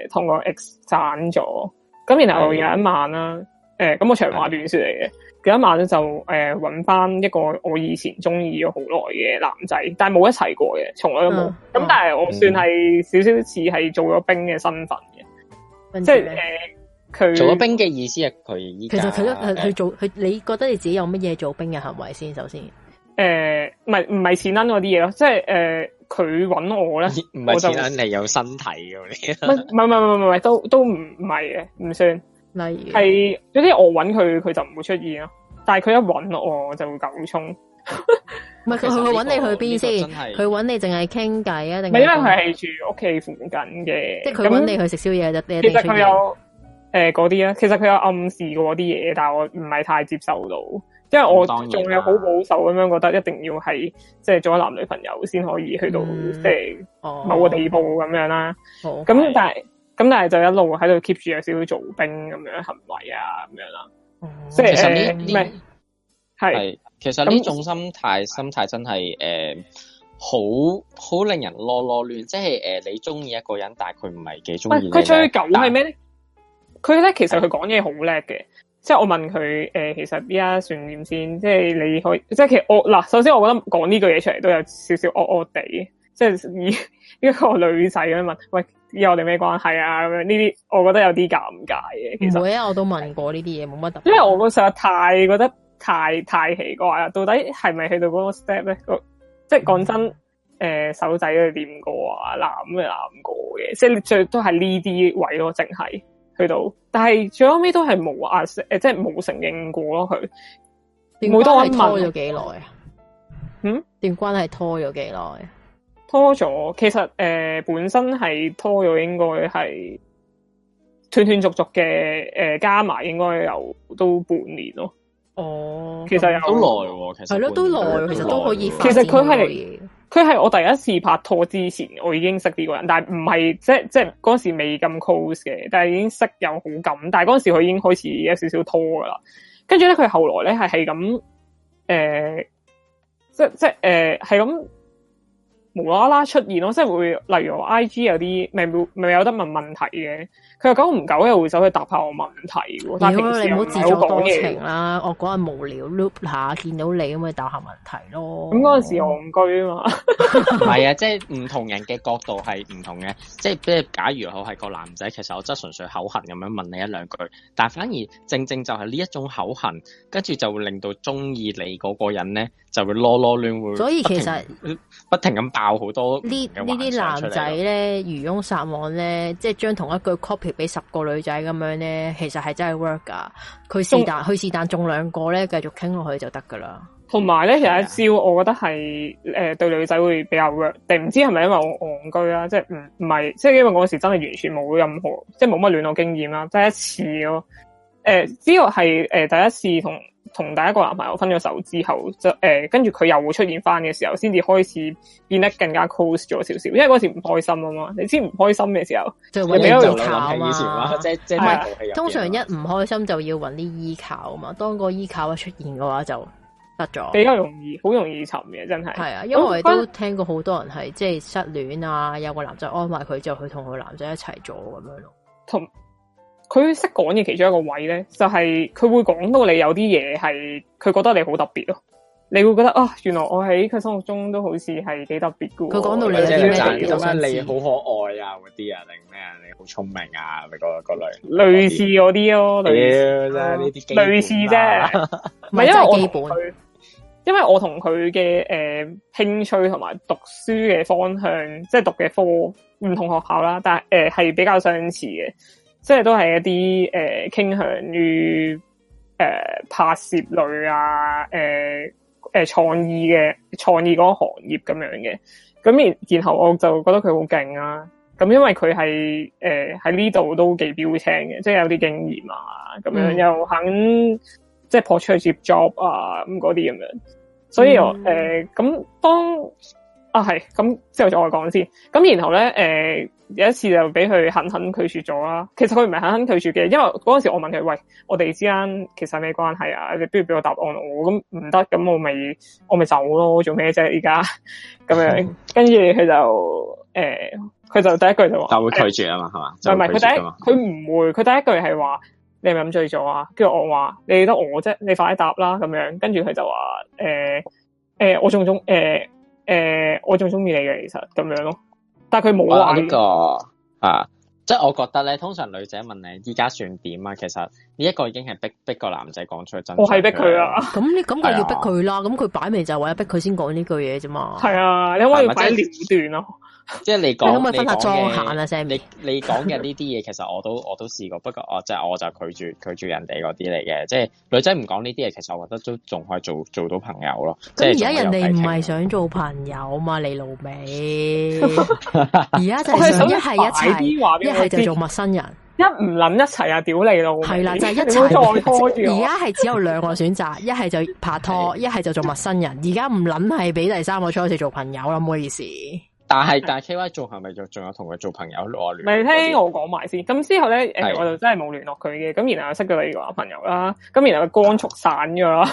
誒，同、呃、個 ex 散咗，咁然後有一晚啦，誒，咁、呃、我長話短說嚟嘅，有一晚咧就誒，揾、呃、翻一個我以前中意咗好耐嘅男仔，但係冇一齊過嘅，從來都冇。咁、啊、但係我算係、嗯、少少似係做咗兵嘅身份嘅、嗯，即係誒。呃做咗兵嘅意思係佢依家。其實佢咧，佢做佢，你覺得你自己有乜嘢做兵嘅行為先？首先，誒、呃，唔係唔係錢拎嗰啲嘢咯，即係誒，佢、呃、揾我咧，唔係錢拎你有身體啲。唔唔唔唔唔，都都唔係嘅，唔算。例如係有啲我揾佢，佢就唔會出現咯。但係佢一揾我，就會咁衝。唔係佢佢揾你去邊先？佢揾你淨係傾偈啊？定係因為佢係住屋企附近嘅，即係佢揾你去食宵夜就。其實佢有。誒、呃，嗰啲啊，其實佢有暗示過嗰啲嘢，但係我唔係太接受到，因為我仲有好保守咁樣，覺得一定要係即係做咗男女朋友先可以去到、嗯、即係某個地步咁、嗯、樣啦。咁、嗯嗯嗯嗯嗯嗯嗯、但係咁但係就一路喺度 keep 住有少少做兵咁樣行為啊，咁樣啦、嗯。即係其係其實呢、呃、種心態、嗯、心態真係誒、呃、好好令人囉囉亂，即係誒你中意一個人，但係佢唔係幾中意去狗係咩咧？佢咧，其實佢講嘢好叻嘅，即係我問佢、呃、其實而家算唔算先？即係你可以，即係其實我嗱，首先我覺得講呢句嘢出嚟都有少少惡惡地，即係依一個女仔咁樣問，喂，以我哋咩關係啊？咁樣呢啲我覺得有啲尷尬嘅。唔會啊，我都問過呢啲嘢冇乜特別，因為我覺得實在太覺得太太奇怪啦。到底係咪去到嗰個 step 咧、嗯？即係講真、呃，手仔都掂過啊，攬都攬過嘅，即係最都係呢啲位咯，淨係。去到，但係最後尾都係冇阿誒，即係冇承認過咯。佢，冇軍係拖咗幾耐啊？嗯，段關係拖咗幾耐？拖咗，其實誒、呃，本身係拖咗，應該係斷斷續續嘅誒、呃，加埋應該有都半年咯。哦，其實有好耐，其實係咯，都耐，其實都可以都。其實佢係。佢係我第一次拍拖之前，我已經識呢個人，但係唔係即係即係嗰時未咁 close 嘅，但係已經識有好感。但係嗰時佢已經開始有少少拖㗎喇。跟住咧，佢後來咧係係咁，誒、呃，即即係誒，係、呃、咁無啦啦出現咯，即係會例如我 IG 有啲咪咪有得問問題嘅。佢久唔久又會走去答下我問題，哎、你唔好自作多情啦！我嗰日無聊 loop 下，見到你咁咪答下問題咯。咁嗰陣時憨居啊嘛～唔 <laughs> 係 <laughs> 啊，即係唔同人嘅角度係唔同嘅。即係即係，假如我係個男仔，其實我真係純粹口痕咁樣問你一兩句，但係反而正正就係呢一種口痕，跟住就會令到中意你嗰個人咧就會囉囉亂會。所以其實不停咁爆好多呢呢啲男仔咧，漁翁撒網咧，即係將同一句 copy。俾十個女仔咁樣咧，其實係真係 work 噶。佢是但，佢是但中兩個咧，繼續傾落去就得噶啦。同埋咧，其實一招我覺得係誒、呃、對女仔會比較 work 定唔知係咪因為我戇居啦？即係唔唔係？即係因為嗰時真係完全冇任何，即係冇乜戀愛經驗啦、啊，第一次咯。誒、呃，只要係係誒第一次同。同第一個男朋友分咗手之後，就誒、欸，跟住佢又會出現翻嘅時候，先至開始變得更加 close 咗少少。因為嗰時唔開心啊嘛，你知唔開心嘅時候就揾啲依靠啊。即即係通常一唔開心就要搵啲依靠啊嘛，當個依靠一出現嘅話就得咗，比較容易，好容易沉嘅真係。係啊，因為我哋都聽過好多人係即係失戀啊，有個男仔安慰佢就去同個男仔一齊咗咁樣咯。同佢識講嘅其中一個位咧，就係、是、佢會講到你有啲嘢係佢覺得你好特別咯。你會覺得啊，原來我喺佢心目中都好似係幾特別嘅。佢講到你有啲咩嘢，你好可愛啊，嗰啲啊，定咩啊，你好聰明啊，嗰、那、類、個那個那個那個、類似嗰啲咯。屌真係呢類似啫，唔係因為我同佢，因為我同佢嘅誒興趣同埋讀書嘅方向，即、就、係、是、讀嘅科唔同學校啦，但係誒係比較相似嘅。即係都係一啲誒、呃、傾向於誒、呃、拍攝類啊，誒、呃呃、創意嘅創意嗰個行業咁樣嘅，咁然然後我就覺得佢好勁啊！咁因為佢係誒喺呢度都幾標青嘅，即係有啲經驗啊，咁樣、嗯、又肯即係撲出去接 job 啊咁嗰啲咁樣，所以我誒咁、嗯呃、當啊係咁之後再講先，咁然後咧誒。呃有一次就俾佢狠狠拒絕咗啦。其實佢唔係狠狠拒絕嘅，因為嗰陣時我問佢：喂，我哋之間其實係咩關係啊？你不如俾我答案我。咁唔得，咁我咪我咪走咯。做咩啫？而家咁樣，跟住佢就誒，佢、欸、就第一句就話：但會拒絕啊嘛，係、欸、嘛？唔係佢第一，佢 <laughs> 唔會。佢第一句係話：你係咪咁飲醉咗啊？跟住我話：你得我啫，你快啲答啦。咁樣跟住佢就話：誒、欸、誒、欸，我仲中誒誒，我仲中意、欸、你嘅，其實咁樣咯。但係、啊，佢冇話呢個吓、啊，即係我覺得咧，通常女仔問你依家算點啊，其實。呢一個已經係逼逼個男仔講出真了，我係逼佢啊！咁你咁就要逼佢啦。咁佢擺明就係為咗逼佢先講呢句嘢啫嘛。係啊，因為要擺段咯。即係你講，你咁咪分下莊閒啊？你可可啊、就是就是、你講嘅呢啲嘢，可可啊、其實我都我都試過。不過我即係、就是、我就拒絕拒絕人哋嗰啲嚟嘅。即、就、係、是、女仔唔講呢啲嘢，其實我覺得都仲可以做做到朋友咯。咁而家人哋唔係想做朋友嘛？你老味，而 <laughs> 家就一係一齊，一係就做陌生人。 <laughs> 一唔諗一齊啊，屌你咯！係啦，就係、是、一齊。而家係只有兩個選擇， <laughs> 一係就拍拖，一係就做陌生人。而家唔諗係俾第三個初始做朋友咯，唔好意思。但係但係 K Y 做係咪仲仲有同佢做朋友聯絡？咪聽我講埋先。咁之後咧，誒，我就真係冇聯絡佢嘅。咁然後我識佢第二個朋友啦。咁 <laughs> 然後佢光速散咗啦。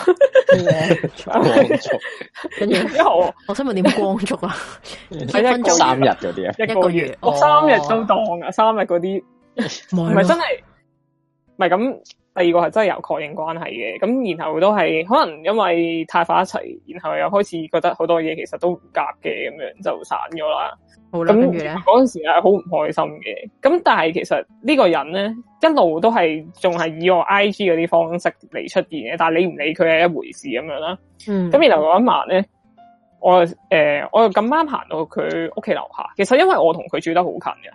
<laughs> 光速。咁然之後 <laughs> ，我想問點光速啊？係 <laughs> 分鐘三日嗰啲啊，一個月。三日都當啊，三日嗰啲。唔 <laughs> 係真係，唔係咁。第二個係真係有確認關係嘅，咁然後都係可能因為太快一齊，然後又開始覺得好多嘢其實都唔夾嘅，咁樣就散咗啦。好啦，咁嗰陣時係好唔開心嘅。咁但係其實呢個人咧，一路都係仲係以我 I G 嗰啲方式嚟出現嘅。但係理唔理佢係一回事咁樣啦。咁、嗯、然後嗰一晚咧，我誒、呃、我又咁啱行到佢屋企樓下。其實因為我同佢住得好近嘅。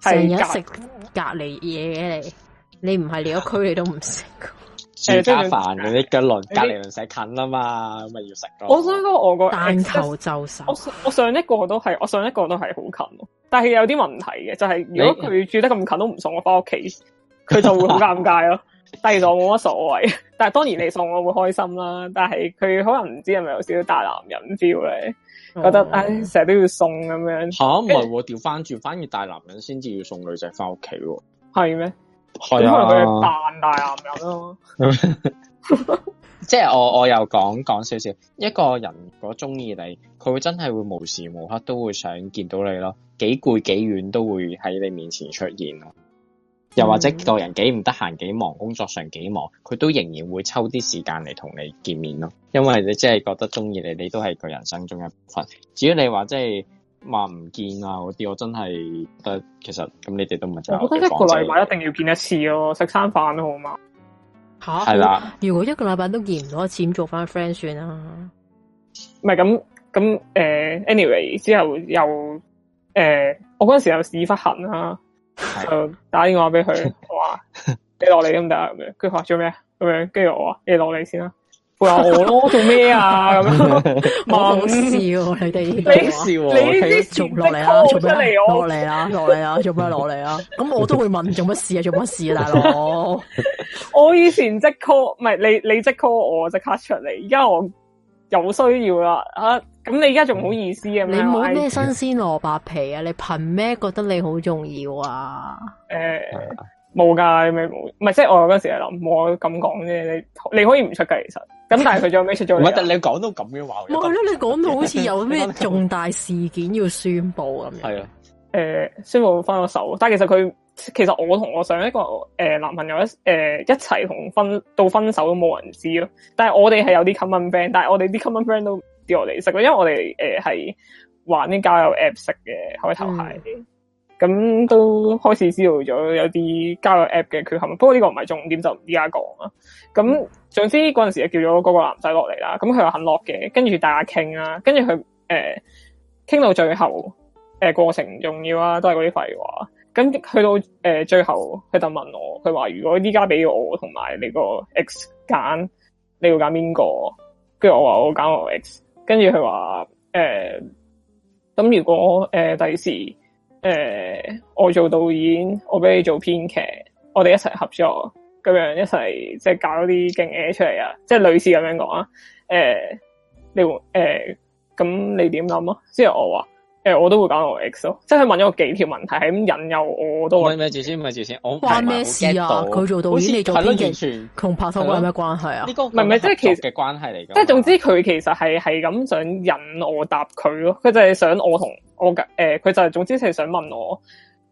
成日食隔離嘢嘅你，你唔係你嗰區你都唔食。住、 <laughs> 嗯、 <laughs> <laughs> 家飯嘅，你隔鄰隔鄰唔使近啦嘛，咁 <laughs> 咪要食。我想嗰我、嗰個但求就手。我我上一個都係，我上一個都係好近，但係有啲問題嘅，就係、是、如果佢住得咁近都唔送我返屋企，佢就會好尷尬咯、啊。低檔冇乜所謂，但係當然你送我會開心啦。但係佢可能唔知係咪有少少大男人 feel。咧。覺得唉，成日都要送咁、哦、樣吓，唔係喎，調翻轉，反而大男人先至要送女仔翻屋企喎。係咩？係啊，佢扮大男人咯。 <laughs> <laughs> <laughs> <laughs> 即係我我又講講少少，一個人如果中意你，佢會真係會無時無刻都會想見到你咯，幾攰幾遠都會喺你面前出現咯。又或者個人幾唔得閒，幾忙工作上幾忙，佢都仍然會抽啲時間嚟同你見面咯。因為你真係覺得中意你，你都係個人生中一 part。至於你話即係話唔見啊嗰啲，我真係得其實咁，你哋都唔係真。我覺得一個禮拜一定要見一次咯，喔，食餐飯都好嘛。吓，啊，係啦，如果一個禮拜都見唔到一次，做翻 friend 算啦。唔係咁咁誒，anyway 之後又誒，呃，我嗰陣時候又屎忽痕啦。就打電話俾佢，哇，你落嚟得唔得啊？咁樣，佢話做咩啊？咁樣，跟 <laughs> 住、嗯、我話你落嚟先啦，配合我咯，做咩啊？咁樣，冇事，你哋，你笑，你呢做落嚟啊？做咩？落嚟啊？落嚟啊？做咩？落嚟啊？咁我都會問做乜事啊？你事啊你事 <laughs> <laughs> 做乜事啊？大佬， <laughs> 我以前即 call，唔係你你即 call 我即 call 出嚟，而家我。有需要啦，咁、啊、你而家仲好意思啊？你冇咩新鮮蘿蔔皮啊？你憑咩覺得你好重要啊？誒、呃，冇噶，咪冇，唔係即係我嗰時係諗，我咁講啫。你你，你可以唔出噶，其實咁，但係佢仲有咩出咗？唔 <laughs> 係，但你講到咁樣話，我覺得你講到好似有咩重大事件要宣布咁樣。係 <laughs> 啊、嗯，誒、呃，宣布翻咗手，但係其實佢。其實我同我上一個誒、呃、男朋友一誒、呃、一齊同分到分手都冇人知咯，但係我哋係有啲 common friend，但係我哋啲 common friend 都跌落嚟識咯，因為我哋誒係玩啲交友 app 識嘅。開頭係，咁、嗯、都開始知道咗有啲交友 app 嘅缺陷，不過呢個唔係重點，就唔依家講啦。咁總之嗰陣時就叫咗嗰個男仔落嚟啦，咁佢話肯落嘅，跟住大家傾啦，跟住佢誒傾到最後誒、呃、過程唔重要啊，都係嗰啲廢話。咁去到誒最後，佢就問我，佢話：如果依家俾我同埋你個 ex 揀，你要揀邊個？跟住我話我揀我 ex。跟住佢話誒，咁如果誒第時誒我做導演，我俾你做編劇，我哋一齊合作，咁樣一齊即係搞啲勁嘢出嚟啊！即係類似咁樣講啊。誒你誒咁你點諗啊？即係我話。我都會講到我 X 咯，即係佢問咗我幾條問題，係咁引誘我都。咪咪住先，咪住先，我關咩事啊？佢做到，好似你做嘅嘢，同 part time 有咩關係啊？呢、這個唔係咪即係其實嘅關係嚟㗎，即係總之佢其實係係咁想引我答佢咯，佢、啊、就係想我同我嘅誒，佢、欸、就係總之係想問我。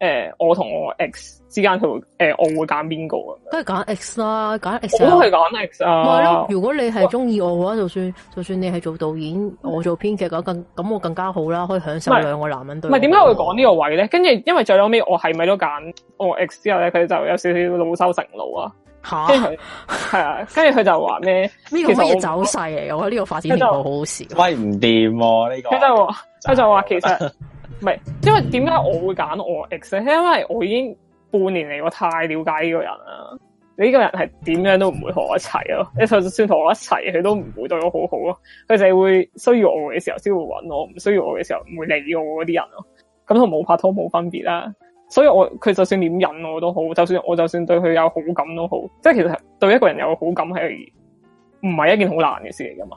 誒、欸，我同我 X 之間佢誒，我會揀邊個啊？都係揀 X, 選 X, 是選 X 是啦，揀 X。都係揀 X 啊。唔係咯，如果你係中意我嘅話，就算就算你係做導演，嗯、我做編劇，咁更咁我更加好啦，可以享受兩個男人對我。唔係點解會講呢個位咧？跟住因為最後尾我係咪都揀我 X 之後咧，佢就有少少惱羞成怒 <laughs> 啊？吓，係啊，跟住佢就話咩？呢個咩走勢嚟？我覺得呢個發展好好笑。喂，唔掂哦呢個。跟住我佢就話其實。 <laughs> 唔係，因為點解我會揀我 X 咧？因為我已經半年嚟，我太了解呢個人啦。你、這、呢個人係點樣都唔會同我一齊咯。你就算同我一齊，佢都唔會對我好好咯。佢淨係會需要我嘅時候先會搵我，唔需要我嘅時候唔會理我嗰啲人咯。咁同冇拍拖冇分別啦。所以我佢就算點引我都好，就算我就算對佢有好感都好。即、就、係、是、其實對一個人有好感係唔係一件好難嘅事嚟噶嘛？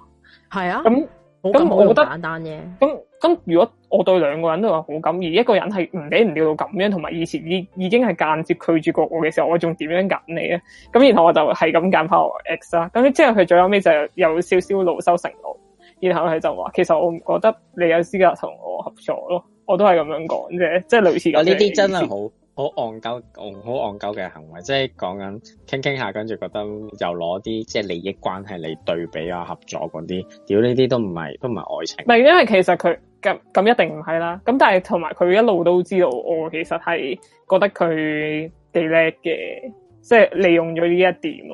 係啊，咁、嗯。咁我覺得簡單嘅。咁咁如果我對兩個人都話好感，而一個人係唔俾唔料到咁樣，同埋以前已已經係間接拒絕過我嘅時候，我仲點樣揀你呢？咁然後我就係咁揀翻我 ex 啦。咁之後佢最後尾就有少少惱羞成怒，然後佢就話：其實我唔覺得你有資格同我合作咯。我都係咁樣講啫，即係類似咁。哦，呢啲真係好。好戇鳩，好戇鳩嘅行為，即係講緊傾傾下，跟住覺得又攞啲即係利益關係嚟對比啊合作嗰啲，屌呢啲都唔係都唔係愛情。唔係因為其實佢咁咁一定唔係啦。咁但係同埋佢一路都知道我其實係覺得佢地叻嘅，即係利用咗呢一點。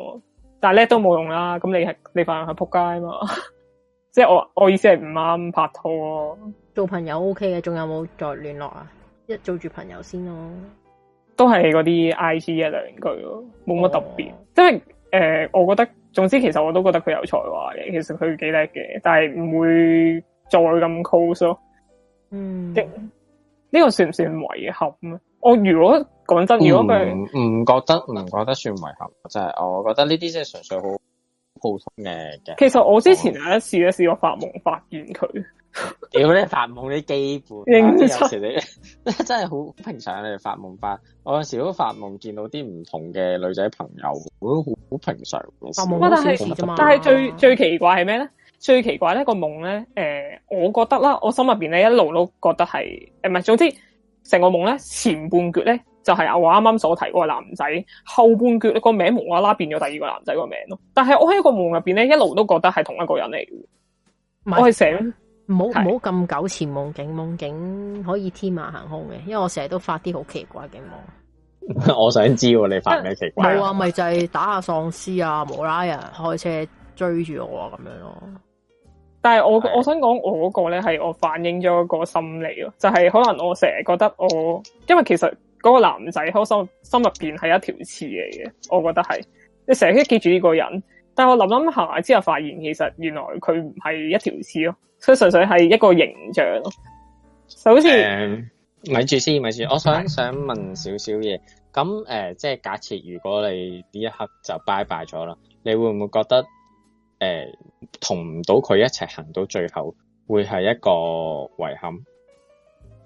但係叻都冇用啦。咁你係你份人係仆街啊嘛。即 <laughs> 係我我意思係唔啱拍拖喎、啊。做朋友 O K 嘅，仲有冇再聯絡啊？一做住朋友先咯。都係嗰啲 I G 一兩句咯，冇乜特別。Oh yeah. 即係，誒、呃，我覺得，總之其實我都覺得佢有才華嘅，其實佢幾叻嘅，但係唔會再咁 close 咯、mm.。嗯，呢個算唔算遺憾咧？我如果講真，如果佢唔覺得，唔能覺得算遺憾，就係我覺得呢啲即係純粹好普通嘅嘅。其實我之前有一次咧試過發夢發現佢。屌， <laughs> 你發夢啲基本、啊、有時你 <laughs> 真係好平常、啊，你發夢發我有陣時都發夢見到啲唔同嘅女仔朋友，我都好好平常、啊發，但係。但係但係最最奇怪係咩咧？最奇怪的呢奇怪的、呢個夢咧，誒、呃，我覺得啦，我心入邊咧一路都覺得係誒，唔係總之成個夢咧前半橛咧就係、是、阿我啱啱所提嗰個男仔，後半橛個名無啦啦變咗第二個男仔個名咯。但係我喺一個夢入邊咧，一路都覺得係同一個人嚟嘅，我係唔好唔好咁久，前夢境夢境可以天馬行空嘅，因為我成日都發啲好奇怪嘅夢。 <laughs> 我想知你發咩奇怪？冇啊，咪 <laughs> 就係打下喪屍啊，冇拉人開車追住我啊，咁樣咯。但係我我想講我嗰個咧係我反映咗個心理咯，就係、是，可能我成日覺得我，因為其實嗰個男仔，我心心入邊係一條刺嚟嘅，我覺得係你成日都記住呢個人。但係我諗諗下之後發現，其實原來佢唔係一條刺咯，佢純粹係一個形象咯，就好似。咪住先，咪住，我想想問少少嘢。咁誒、呃，即係假設如果你呢一刻就拜拜咗啦，你會唔會覺得誒、呃，同唔到佢一齊行到最後，會係一個遺憾？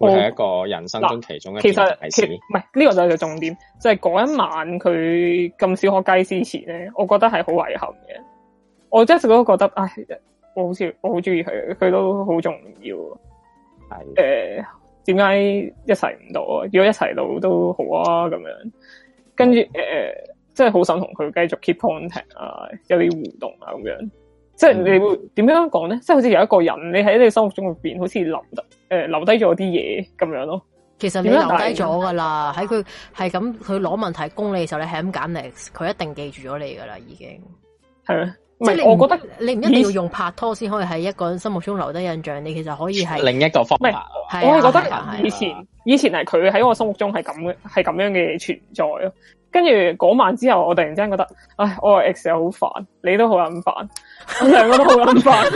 我係一個人生中其中一件事，其實，唔係呢個就係個重點，即係嗰一晚佢咁小學雞之前咧，我覺得係好遺憾嘅。我一直都都覺得，唉，我好少，我好中意佢，佢都好重要。係誒，點、呃、解一齊唔到啊？如果一齊到都好啊，咁樣，跟住誒，即係好想同佢繼續 keep contact 啊，有啲互動啊，咁樣。嗯、即係你會點樣講咧？即係好似有一個人，你喺你的心目中入邊，好似留得誒、呃、留低咗啲嘢咁樣咯。其實你留低咗噶啦，喺佢係咁佢攞問題攻你嘅時候，你係咁揀 x，佢一定記住咗你噶啦，已經係啊，唔係我覺得你唔一定要用拍拖先可以喺一個人心目中留低印象，你其實可以係另一個方法。啊、我係覺得以前、啊啊啊啊啊、以前係佢喺我心目中係咁嘅，係咁樣嘅存在咯。跟住嗰晚之後，我突然之間覺得，唉，我 x 又好煩，你都好咁煩。兩個都好諗煩。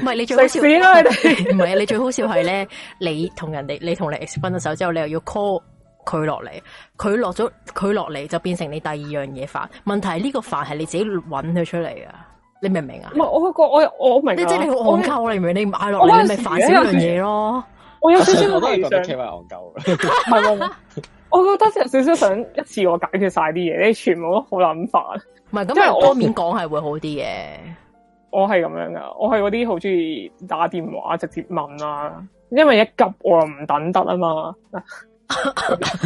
唔係你最好笑，唔係啊！你最好笑係咧，你同人哋，你同你 X 分咗手之後，你又要 call 佢落嚟，佢落咗，佢落嚟就變成你第二樣嘢煩。問題係呢個煩係你自己搵佢出嚟噶，你明唔明啊？唔係我個我我明，你即係你好憨鳩你明唔明？你買落嚟，啊、你咪煩少樣嘢咯。 <laughs> 我有少少， <laughs> <laughs> 我覺得企埋戇鳩。唔係我覺得有少少想一次我解決晒啲嘢，啲全部都好諗法。唔 <laughs> 係是我，咁為當面講係會好啲嘅。我係咁樣㗎，我係嗰啲好中意打電話直接問啊，因為一急我又唔等得吖嘛。 <laughs>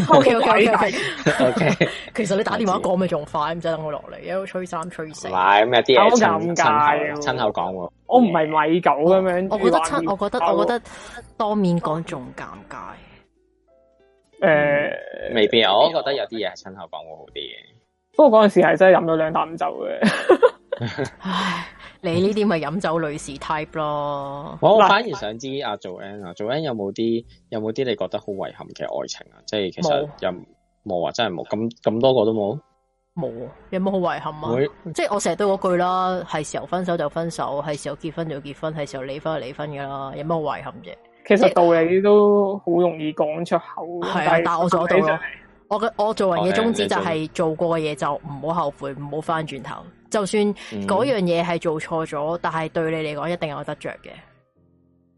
O K O K O K，其實你打電話講咪仲快，唔使等我落嚟，一路吹三吹四。係咪咁有啲好尷尬？親口講喎，我唔係米狗咁樣、哦。我覺得親，我覺得我覺得當面講仲尷尬。誒、嗯嗯，未必，我覺得有啲嘢係親口講會好啲嘅。不過嗰陣時係真係飲咗兩啖酒嘅。唉。 <laughs> <laughs> 你呢啲咪飲酒女士 type 咯、嗯？我反而想知阿 Joan 啊，Joan 有冇啲有冇啲你覺得好遺憾嘅愛情啊？即係其實冇，冇啊，真係冇。咁咁多個都冇，冇、啊，有冇好遺憾啊？會即係我成日都嗰句啦，係時候分手就分手，係時候結婚就結婚，係時候離婚就離婚噶啦，有冇好遺憾啫、啊？其實道理都好容易講出口，係 <laughs> 啊。但係我做得到咯，我嘅我做人嘅宗旨就係做過嘅嘢就唔好後悔，唔好翻轉頭。就算嗰樣嘢係做錯咗、嗯，但係對你嚟講一定有得着嘅，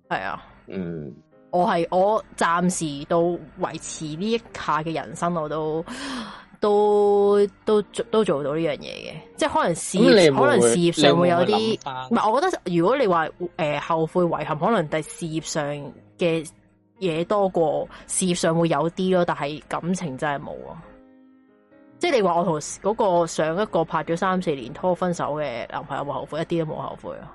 係啊，嗯，我係我暫時到維持呢一下嘅人生，我都都都，都做都做到呢樣嘢嘅，即係可能事業，可能事業上會有啲，唔係，我覺得如果你話誒、呃、後悔遺憾，可能第事業上嘅嘢多過事業上會有啲咯，但係感情真係冇啊。即係你話我同嗰個上一個拍咗三四年拖分手嘅男朋友會後悔，一啲都冇後悔啊！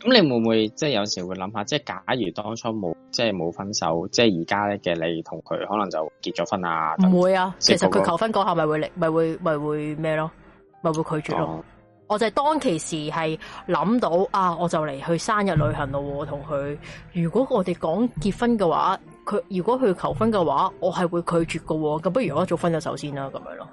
咁你會唔會即係、就是、有時會諗下，即係假如當初冇即係冇分手，即係而家咧嘅你同佢可能就結咗婚啊？唔會啊！其實佢求婚嗰下咪會嚟，咪會咪會咩咯？咪會，會，會拒絕咯、哦？我就係當其時係諗到啊，我就嚟去生日旅行咯，同佢如果我哋講結婚嘅話。佢如果佢求婚嘅話，我係會拒絕嘅，咁不如我早分咗手先啦，咁樣咯。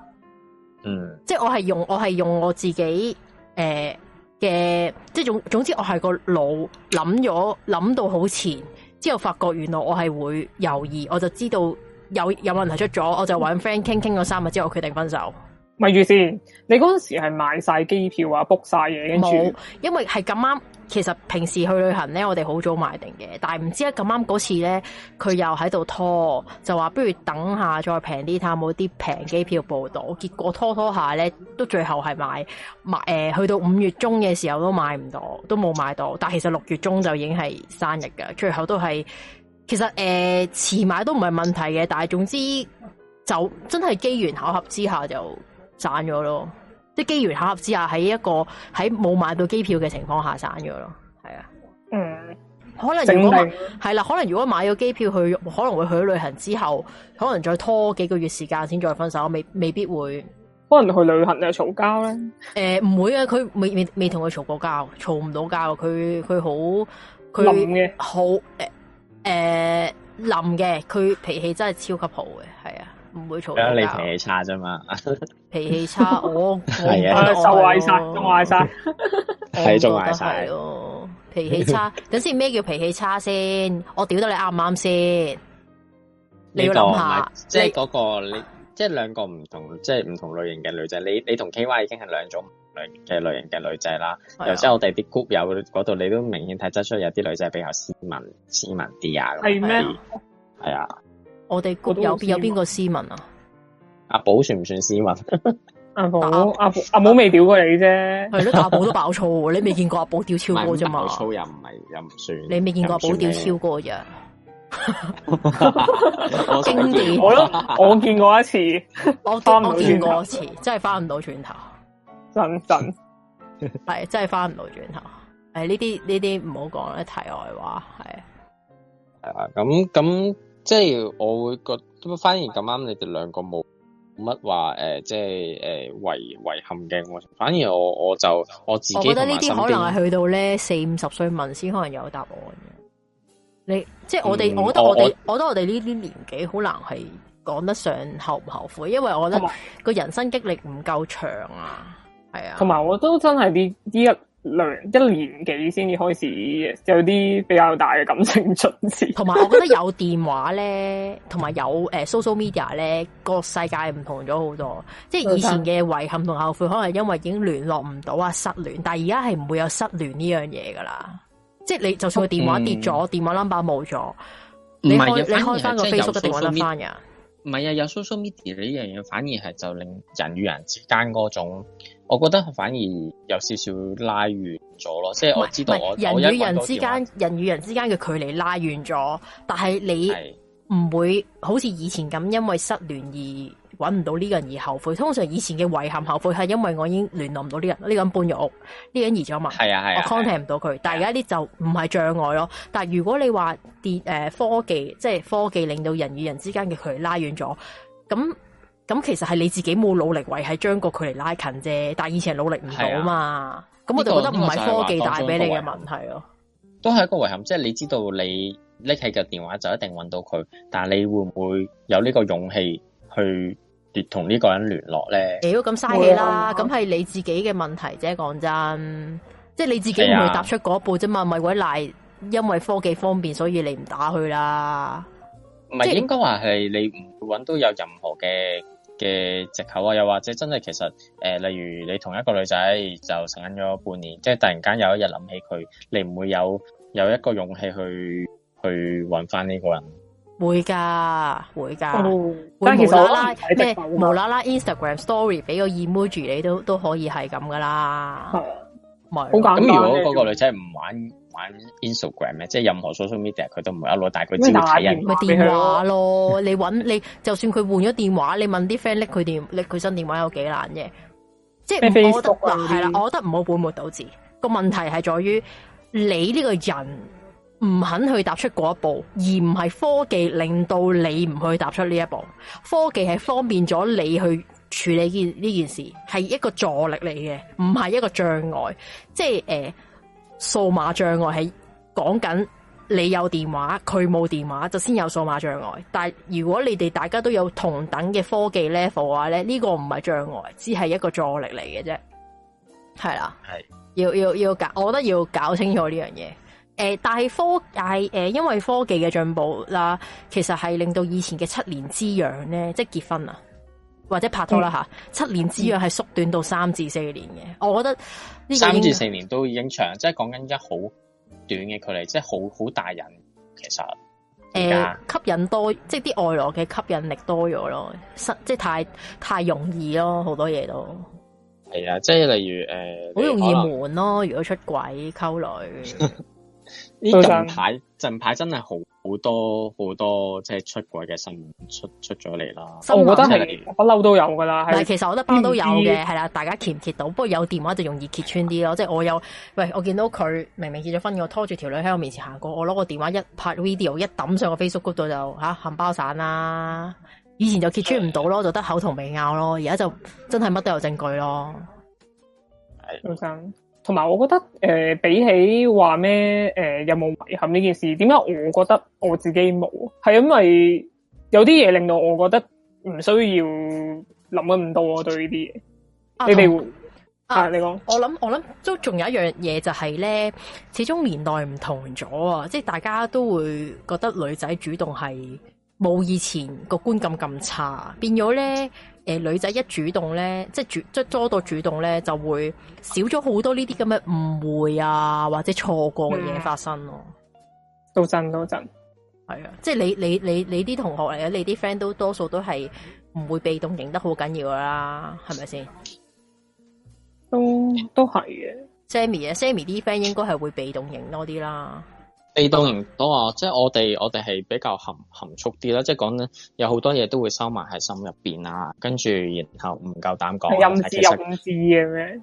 嗯，即係我係用我係用我自己誒嘅、呃，即係總總之我係個腦諗咗諗到好前之後，發覺原來我係會猶豫，我就知道有有問題出咗，我就揾 friend 傾傾咗三日之後我決定分手。咪住先，你嗰陣時係買晒機票啊，book 晒嘢，跟住，冇，因為係咁啱。其實平時去旅行咧，我哋好早買定嘅，但係唔知咧咁啱嗰次咧，佢又喺度拖，就話不如等下再平啲，睇有冇啲平機票報到。結果拖拖下咧，都最後係買買誒、呃，去到五月中嘅時候都買唔到，都冇買到。但係其實六月中就已經係生日噶，最後都係其實誒遲、呃、買都唔係問題嘅，但係總之就真係機緣巧合之下就散咗咯。即係機緣巧合之下，喺一個喺冇買到機票嘅情況下，下散咗咯，係啊，嗯，可能如果係啦，可能如果買咗機票去，可能會去旅行之後，可能再拖幾個月時間先再分手，未未必會可能去旅行就嘈交咧。誒、呃，唔會啊，佢未未未同佢嘈過交，嘈唔到交，佢佢好佢好誒誒，冧嘅，佢、呃、脾氣真係超級好嘅，係啊。唔會嘈交，你脾氣差啫嘛？脾氣差， <laughs> 哦？係 <laughs> 啊，受壞晒，中壞晒，係中壞晒，脾氣差，等先咩叫脾氣差先？我屌到你啱唔啱先？你要諗下，即係嗰個你，即係兩個唔同，即係唔同類型嘅女仔。你你同 K Y 已經係兩種類嘅類型嘅女仔啦。又即係我哋啲 group 友嗰度，你都明顯睇得出有啲女仔比較斯文，啊、斯文啲啊。係咩？係啊。我哋有邊有邊個斯文啊？阿寶算唔算斯文？ <laughs> 阿寶阿阿阿寶未屌過你啫， <laughs> 係咯？阿寶都爆粗，你未見過阿寶屌超過啫嘛？粗又唔係又唔算，你未見過阿寶屌超過樣 <laughs> 說見？經 <laughs> 典我咯，我見過一次， <laughs> 我當我見過一次，真係翻唔到轉頭。真 <laughs> 真係真係翻唔到轉頭。誒，呢啲呢啲唔好講啦，題外話係。係啊，咁咁。即係我會覺，咁反而咁啱你哋兩個冇乜話誒，即係誒遺遺憾嘅。我反而我我就我自己我我覺得呢啲可能係去到咧四五十歲問先可能有答案嘅。你即係我哋，嗯，我覺得我哋，我覺得我哋呢啲年紀好難係講得上後唔後悔，因為我覺得個人生經歷唔夠長啊，係啊。同埋我都真係呢呢一。兩一年幾先至開始有啲比較大嘅感情出現，同埋我覺得有電話咧，同埋有誒 social media 咧，個世界唔同咗好多。即係以前嘅遺憾同後悔，可能因為已經聯絡唔到啊，失聯。但係而家係唔會有失聯呢樣嘢噶啦。即係你就算個電話跌咗，嗯，電話 number 冇咗，你開你開翻個 Facebook 一定搵得翻嘅。唔係啊，有 social media 呢樣嘢，反而係就，就令人與人之間嗰種。我覺得反而有少少拉遠咗咯，即係我知道我人與人之間人與人之間嘅距離拉遠咗，但係你唔會好似以前咁因為失聯而揾唔到呢個人而後悔。通常以前嘅遺憾後悔係因為我已經聯絡唔到呢個人，呢、呢個人搬咗屋，呢、呢個人移咗民，啊啊，我 contact 唔到佢。但係而家啲就唔係障礙咯。但如果你話科技，即係科技令到人與人之間嘅距離拉遠咗，咁。咁其實係你自己冇努力維繫，將個距離拉近啫。但係以前努力唔到嘛，咁我就覺得唔係科技帶俾你嘅問題咯。都係一個遺憾，即係你知道你拎起個電話就一定搵到佢，但係你會唔會有呢個勇氣去同呢個人聯絡咧？屌，咁嘥氣啦！咁係你自己嘅問題啫。講真，即係你自己唔會踏出嗰一步啫嘛。咪鬼賴，因為科技方便所以你唔打佢啦。唔係應該話係你唔搵到有任何嘅。嘅藉口啊，又或者真係其實誒、呃，例如你同一個女仔就成咗半年，即係突然間有一日諗起佢，你唔會有有一個勇氣去去搵翻呢個人？會噶，會噶，哦、會但其實無啦啦咩無啦啦 Instagram story 俾個 emoji 你都都可以係咁噶啦，係好、就係、簡單咁如果嗰個女仔唔玩玩 Instagram 咧，即係任何 social media，佢都唔係一攞大佢自己睇人嘛。電話咯， <laughs> 你搵你，就算佢換咗電話，你問啲 friend 拎佢電拎佢新電話有幾難啫，即係我覺得嗱係啦，我覺得唔好本末倒置。個問題係在於你呢個人唔肯去踏出嗰一步，而唔係科技令到你唔去踏出呢一步。科技係方便咗你去處理件呢件事，係一個助力嚟嘅，唔係一個障礙。即係，誒。呃數碼障礙係講緊你有電話佢冇電話就先有數碼障礙。但係如果你哋大家都有同等嘅科技 level 嘅話咧，呢個唔係障礙，只係一個助力嚟嘅啫。係啦，係要要要搞，我覺得要搞清楚呢樣嘢。誒、呃，但係科但係誒，因為科技嘅進步啦，其實係令到以前嘅七年之癢咧，即係結婚啊。或者拍拖啦嚇、嗯，七年之約係縮短到三至四年嘅。我覺得呢三至四年都已經長，即係講緊一好短嘅距離，即係好好大人。其實。誒、呃、吸引多，即係啲外來嘅吸引力多咗咯，即係太太容易咯，好多嘢都係啊！即係例如誒，好、呃、容易悶咯，如果出軌溝女。呢 <laughs> 近排近排真係好。好多好多即係出軌嘅新聞出出咗嚟啦，我覺得係不嬲都有噶啦。但係，其實我得包都有嘅，係啦，大家揭唔揭到？不過有電話就容易揭穿啲咯。 <laughs> 即係我有喂，我見到佢明明結咗婚嘅，我拖住條女喺我面前行過，我攞個電話一拍 video，一抌上個 Facebook 度就吓含、啊、包散啦。以前就揭穿唔到咯，就得口同未拗咯，而家就真係乜都有證據咯。多心。同埋，我覺得誒、呃、比起話咩誒有冇遺憾呢件事，點解我覺得我自己冇？係因為有啲嘢令到我覺得唔需要諗咁多啊。對呢啲嘢，你哋啊，你講我諗，我諗都仲有一樣嘢就係咧，始終年代唔同咗啊，即係大家都會覺得女仔主動係冇以前個觀感咁差，變咗咧。誒、呃，女仔一主動咧，即係主即係多到主動咧，就會少咗好多呢啲咁嘅誤會啊，或者錯過嘅嘢發生咯。到陣到陣，係啊！即係你你你你啲同學嚟嘅，你啲 friend 都多數都係唔會被動型得好緊要噶啦，係咪先？都都係嘅，Sammi 啊，Sammi 啲 friend 應該係會被動型多啲啦。你當然多啊，即、就、係、是、我哋我哋係比較含含蓄啲啦。即係講呢，有好多嘢都會收埋喺心入邊，就是、啊。跟住然後唔夠膽講，暗知暗知嘅咩？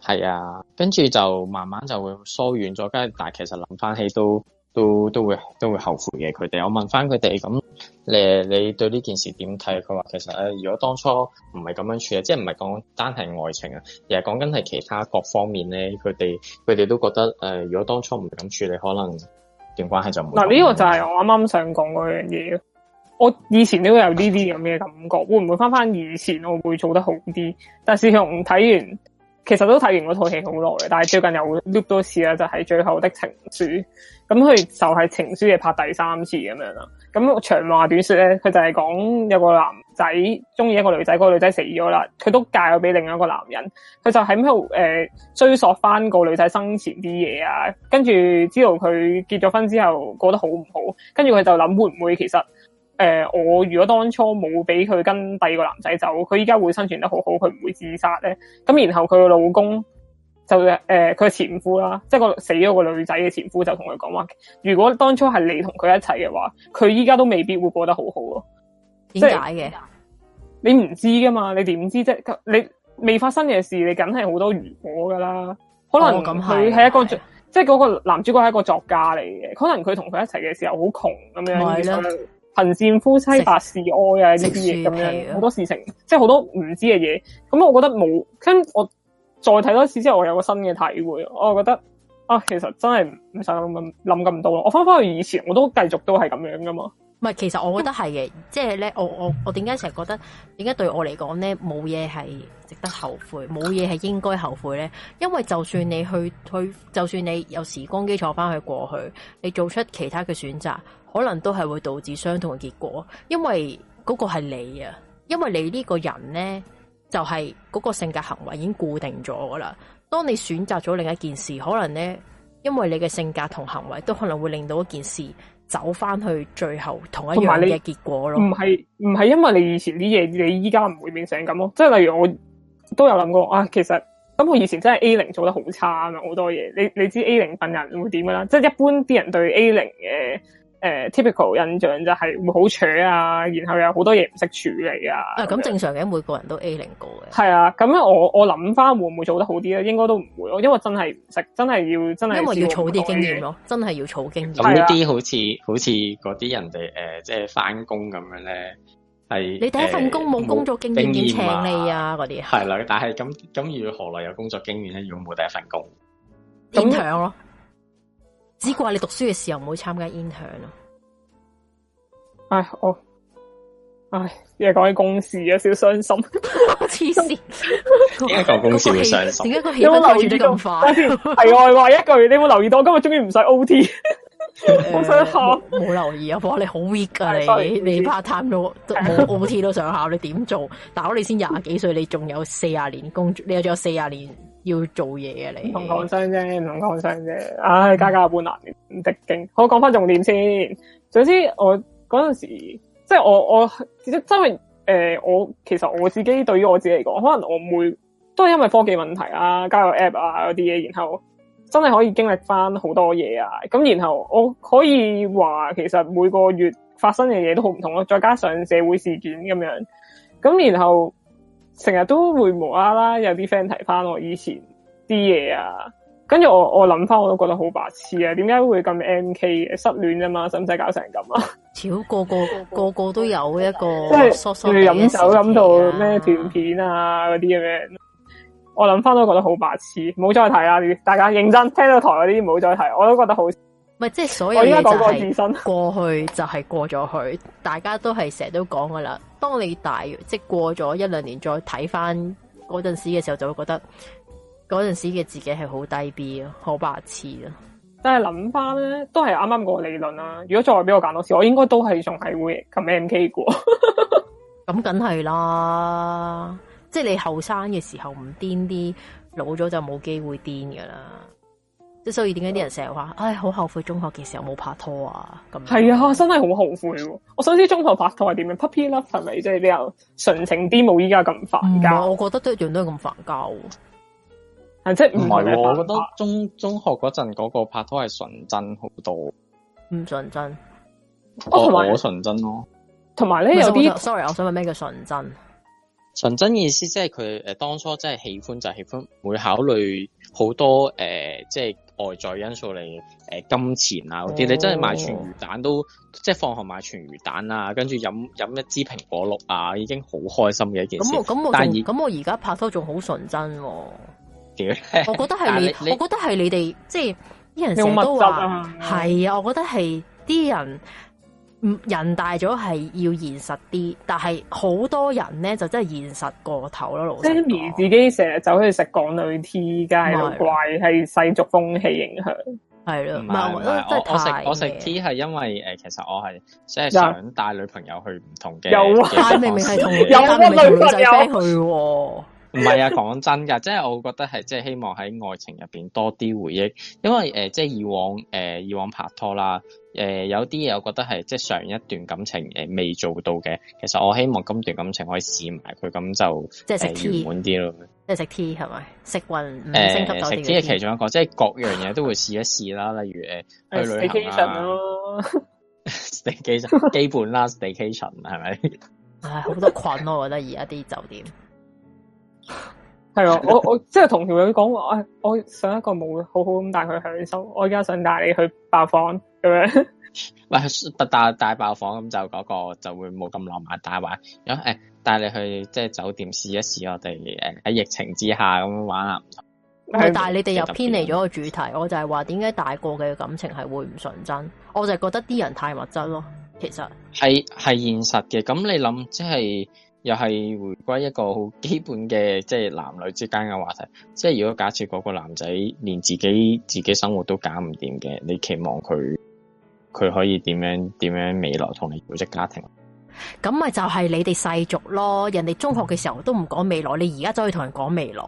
係啊，跟住就慢慢就會疏遠咗。跟住但係其實諗翻起都都都會都會後悔嘅。佢哋我問翻佢哋咁，誒，你你對呢件事點睇？佢話其實誒，如果當初唔係咁樣處理，即係唔係講單係愛情啊，而係講緊係其他各方面咧。佢哋佢哋都覺得誒，如果當初唔敢處理，可能。段關係就冇嗱，呢、啊這個就係我啱啱想講嗰樣嘢。我以前都會有呢啲咁嘅感覺，會唔會翻翻以前我會做得好啲？但係自從睇完，其實都睇完嗰套戲好耐嘅，但係最近又 loop 多次啦，就係、是、最後的情書，咁佢就係情書嘅拍第三次咁樣啦。咁長話短說咧，佢就係講有個男仔中意一個女仔，嗰、那個女仔死咗啦，佢都嫁咗俾另一個男人，佢就喺度誒追索翻個女仔生，生前啲嘢啊，跟住知道佢結咗婚之後過得好唔好，跟住佢就諗會唔會其實誒、呃、我如果當初冇俾佢跟第二個男仔走，佢依家會生存得好好，佢唔會自殺咧。咁然後佢個老公。就誒佢，呃、嘅前夫啦，即係個死咗個女仔嘅前夫就同佢講話，如果當初係你同佢一齊嘅話，佢依家都未必會過得很好好咯。點解嘅？你唔知噶嘛？你點知啫？你未發生嘅事，你梗係好多如果噶啦。可能佢，哦、係一個是即係嗰個男主角係一個作家嚟嘅，可能佢同佢一齊嘅時候好窮咁樣，啦就是，貧賤夫妻百事哀啊呢啲嘢咁樣，好、啊、多事情，即係好多唔知嘅嘢。咁我覺得冇，因我。再睇多次之後，我有個新嘅體會，我覺得啊，其實真係唔使諗咁諗咁多咯。我翻翻去以前，我都繼續都係咁樣噶嘛。唔係，其實我覺得係嘅，即係咧，我我我點解成日覺得點解對我嚟講咧冇嘢係值得後悔，冇嘢係應該後悔咧？因為就算你去去，就算你有時光機坐翻去過去，你做出其他嘅選擇，可能都係會導致相同嘅結果，因為嗰個係你啊，因為你呢個人咧。就係、是、嗰個性格行為已經固定咗噶啦。當你選擇咗另一件事，可能咧，因為你嘅性格同行為都可能會令到一件事走翻去最後同一樣嘅結果咯。唔係唔係，因為你以前啲嘢，你依家唔會變成咁咯。即係例如我都有諗過啊，其實咁我以前真係 A 零做得好差啊，好多嘢。你你知 A 零份人會點噶啦？即係一般啲人對 A 零嘅。誒、呃、typical 印象就係會好扯啊，然後有好多嘢唔識處理啊。誒、嗯，咁正常嘅，每個人都 A 零過嘅。係啊，咁我我諗返會唔會做得好啲咧？應該都唔會，因為真係唔識真係要真係。因為要儲啲經驗咯，真係要儲經驗。咁呢啲好似好似嗰啲人哋誒、呃，即係返工咁樣咧，係你第一份工冇工作經驗，呃經驗啊、請你啊嗰啲。係啦， <laughs> 但係咁咁要何來有工作經驗咧？如果冇第一份工，點搶咯？只怪你讀書嘅時候唔好參加 intern 咯。唉、哎，我唉，因為講起公事有少傷心，黐 <laughs> 線經病。點解講公事會傷心？點、那、解個氣氛咁快？係外話一句，你有冇留意到今終於、 <laughs> <laughs> 呃？今日終於唔使 OT，好想考。冇留意啊！哇，你好 weak 啊！你你 part time 都冇 <laughs> OT 都想考，你點做？大佬你先廿幾歲，你仲有四十年工，你有咗四十年。要做嘢嘅、啊、你，唔同講聲啫，唔同講聲啫。唉、哎，家家有本難唸的經。好講翻重點先。總之我，我、那、嗰、個、時，即係我我，因為誒、呃，我其實我自己對於我自己嚟講，可能我每，會都係因為科技問題啊，加個 app 啊嗰啲嘢，然後真係可以經歷翻好多嘢啊。咁然後我可以話，其實每個月發生嘅嘢都好唔同咯。再加上社會事件咁樣，咁然後。成日都會無啦啦有啲 friend 提翻我以前啲嘢啊，跟住我我諗翻我都覺得好白痴啊，點解會咁 MK 失戀啊嘛，使唔使搞成咁啊？條個個 <laughs> 個個都有一個，即係你飲酒飲到咩斷片啊嗰啲咁樣。我諗翻都覺得好白痴，冇再睇啊。大家認真聽到台嗰啲唔好再睇，我都覺得好。唔係，即係所有就係過去，就係過咗去，過 <laughs> 過去，過去，大家都係成日都講噶啦。當你大約即係過咗一兩年再睇翻嗰陣時嘅時候，就會覺得嗰陣時嘅自己係好低 B 啊，好白痴啊。但係諗翻咧，都係啱啱個理論啦。如果再俾我揀多次，我應該都係仲係會撳 M K 過。咁梗係啦，即係你後生嘅時候唔癲啲，老咗就冇機會癲噶啦。所以點解啲人成日話，唉，好後悔中學嘅時候冇拍拖啊，咁係啊，真係好後悔、啊。我想知中學拍拖係點樣，puppy love 係咪即係比較純情啲，冇依家咁煩交。我覺得這都一樣，都係咁煩交。係即係唔係？我覺得中中學嗰陣嗰個拍拖係純真好多，唔純真，好純真咯。同埋咧有啲，sorry，我想問咩叫純真？純真意思即係佢誒，當初真係喜歡就係喜歡，就係、喜歡唔會考慮好多誒，即、呃、係。就是外在因素嚟，誒、欸、金錢啊嗰啲，Oh. 你真係買全魚蛋都，即係放學買全魚蛋啊，跟住飲飲一支蘋果綠啊，已經好開心嘅一件事。咁我咁我仲，咁我而家拍拖仲好純真喎、啊。屌， <laughs> 我覺得係你，我覺得係你哋，即係啲人成日都話係啊，啊，我覺得係啲人。唔，人大咗係要現實啲，但係好多人咧就真係現實過頭咯。老細，自己成日走去食港女 T，梗係怪係世俗風氣影響，係咯？唔係，我食我食 T 係因為誒，其實我係即係想帶女朋友去唔同嘅有又、啊哎、明明係同有一女就飛去。唔係啊，講、啊啊啊啊、真噶，即係我覺得係即係希望喺愛情入邊多啲回憶，因為誒、呃、即係以往誒、呃、以往拍拖啦。誒、呃，有啲嘢我覺得係即係上一段感情誒、呃、未做到嘅，其實我希望今段感情可以試埋佢，咁就即係圓滿啲咯。即係食 T 係、呃、咪？食云誒 T-、呃，食 T 係其中一個， <laughs> 即係各樣嘢都會試一試啦。例如誒、呃，去旅行咯、啊、，staycation <laughs> <laughs> 基本啦，staycation 係咪？ <laughs> 是不是 <laughs> 唉，好多困咯，我覺得而家啲酒店。 <laughs> 係 <laughs> 啊，我我即係同條友講話，我我上一個冇好好咁帶佢享受，我而家想帶你去爆房咁樣，唔係不帶爆房咁就嗰個就會冇咁浪漫帶玩。咁誒帶你去即係酒店試一試，我哋誒喺疫情之下咁玩啊！但係你哋又偏離咗個主題，我就係話點解大個嘅感情係會唔純真？我就係覺得啲人太物質咯，其實係係現實嘅。咁你諗即係。又係回歸一個好基本嘅，即係男女之間嘅話題。即係如果假設嗰個男仔連自己自己生活都搞唔掂嘅，你期望佢佢可以點樣點樣未來同你組織家庭？咁咪就係你哋世俗咯。人哋中學嘅時候都唔講未來，你而家走去同人講未來。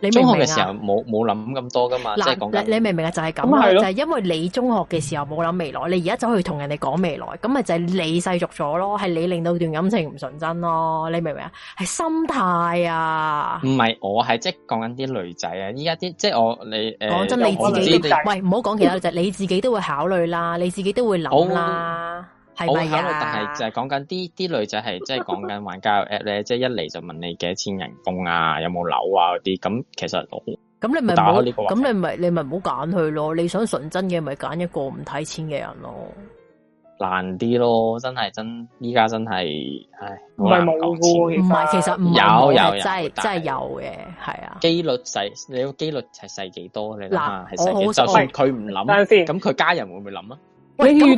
你中學嘅時候冇冇諗咁多㗎嘛？嗱，你你明唔明啊？就係咁，就因為你中學嘅時候冇諗未來，你而家走去同人哋講未來，咁咪就係你世俗咗囉，係你令到段感情唔純真囉，你明唔明啊？係心態啊。唔係我係即係講緊啲女仔啊，依家啲即係我你呃，講真你自己都，喂唔好講其他女仔， <laughs> 你自己都會考慮啦, <laughs> 我會考慮，但係就係講緊啲啲女仔係即係講緊玩交友 app 咧，即係一嚟就問你幾多錢人工啊，有冇樓啊嗰啲。咁其實我咁你咪唔好咁你咪你咪唔好揀佢咯。你想純真嘅咪揀一個唔睇錢嘅人咯。難啲咯，真係真，依家真係唉。唔係冇嘅，唔係其實唔係真係真係有嘅，係啊。機率細，你個機率係細幾多？你諗下係細幾多？就算佢唔諗，咁佢家人會唔會諗啊？你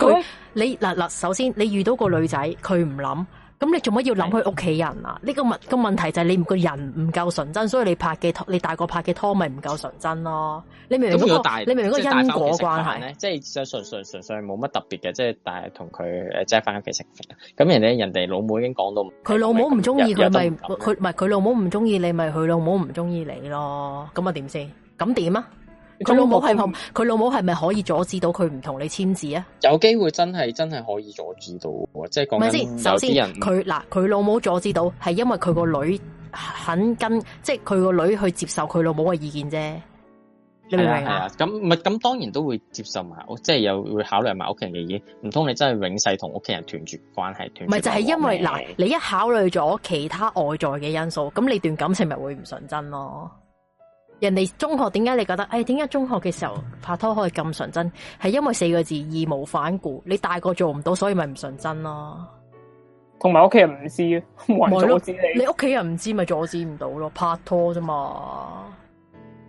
你嗱嗱，首先你遇到個女仔，佢唔諗，咁你做乜要諗佢屋企人啊？呢個問個問題就係、是、你個人唔夠純真，所以你大拍嘅拖，你大個拍嘅拖咪唔夠純真咯。你明明嗰、那個 the...，你明明嗰個因果關係，即係純純純粹冇乜特別嘅，即係但係同佢誒，即係返屋企食飯。咁人哋人哋老母已經講到，佢老母唔中意佢，咪佢唔係佢老母唔中意你，咪佢老母唔中意你咯。咁啊點先？咁點啊？佢老母係佢老母係咪可以阻止到佢唔同你簽字啊？有機會真係真係可以阻止到，即係講緊有啲人，佢，嗱，佢老母阻止到，係因為佢個女肯跟，即係佢個女去接受佢老母嘅意見啫。係啊，咁咪咁當然都會接受埋，即係又會考慮埋屋企人嘅意見。唔通你真係永世同屋企人斷絕關係？唔係就係斷，因為嗱，你一考慮咗其他外在嘅因素，咁你段感情咪會唔純真咯？人哋中學點解你覺得？誒、哎，點解中學嘅時候拍拖可以咁純真？係因為四個字義無反顧。你大個做唔到，所以咪唔純真咯。同埋屋企人唔知，冇人阻止你。你屋企人唔知，咪、就是、阻止唔到咯？拍拖啫嘛，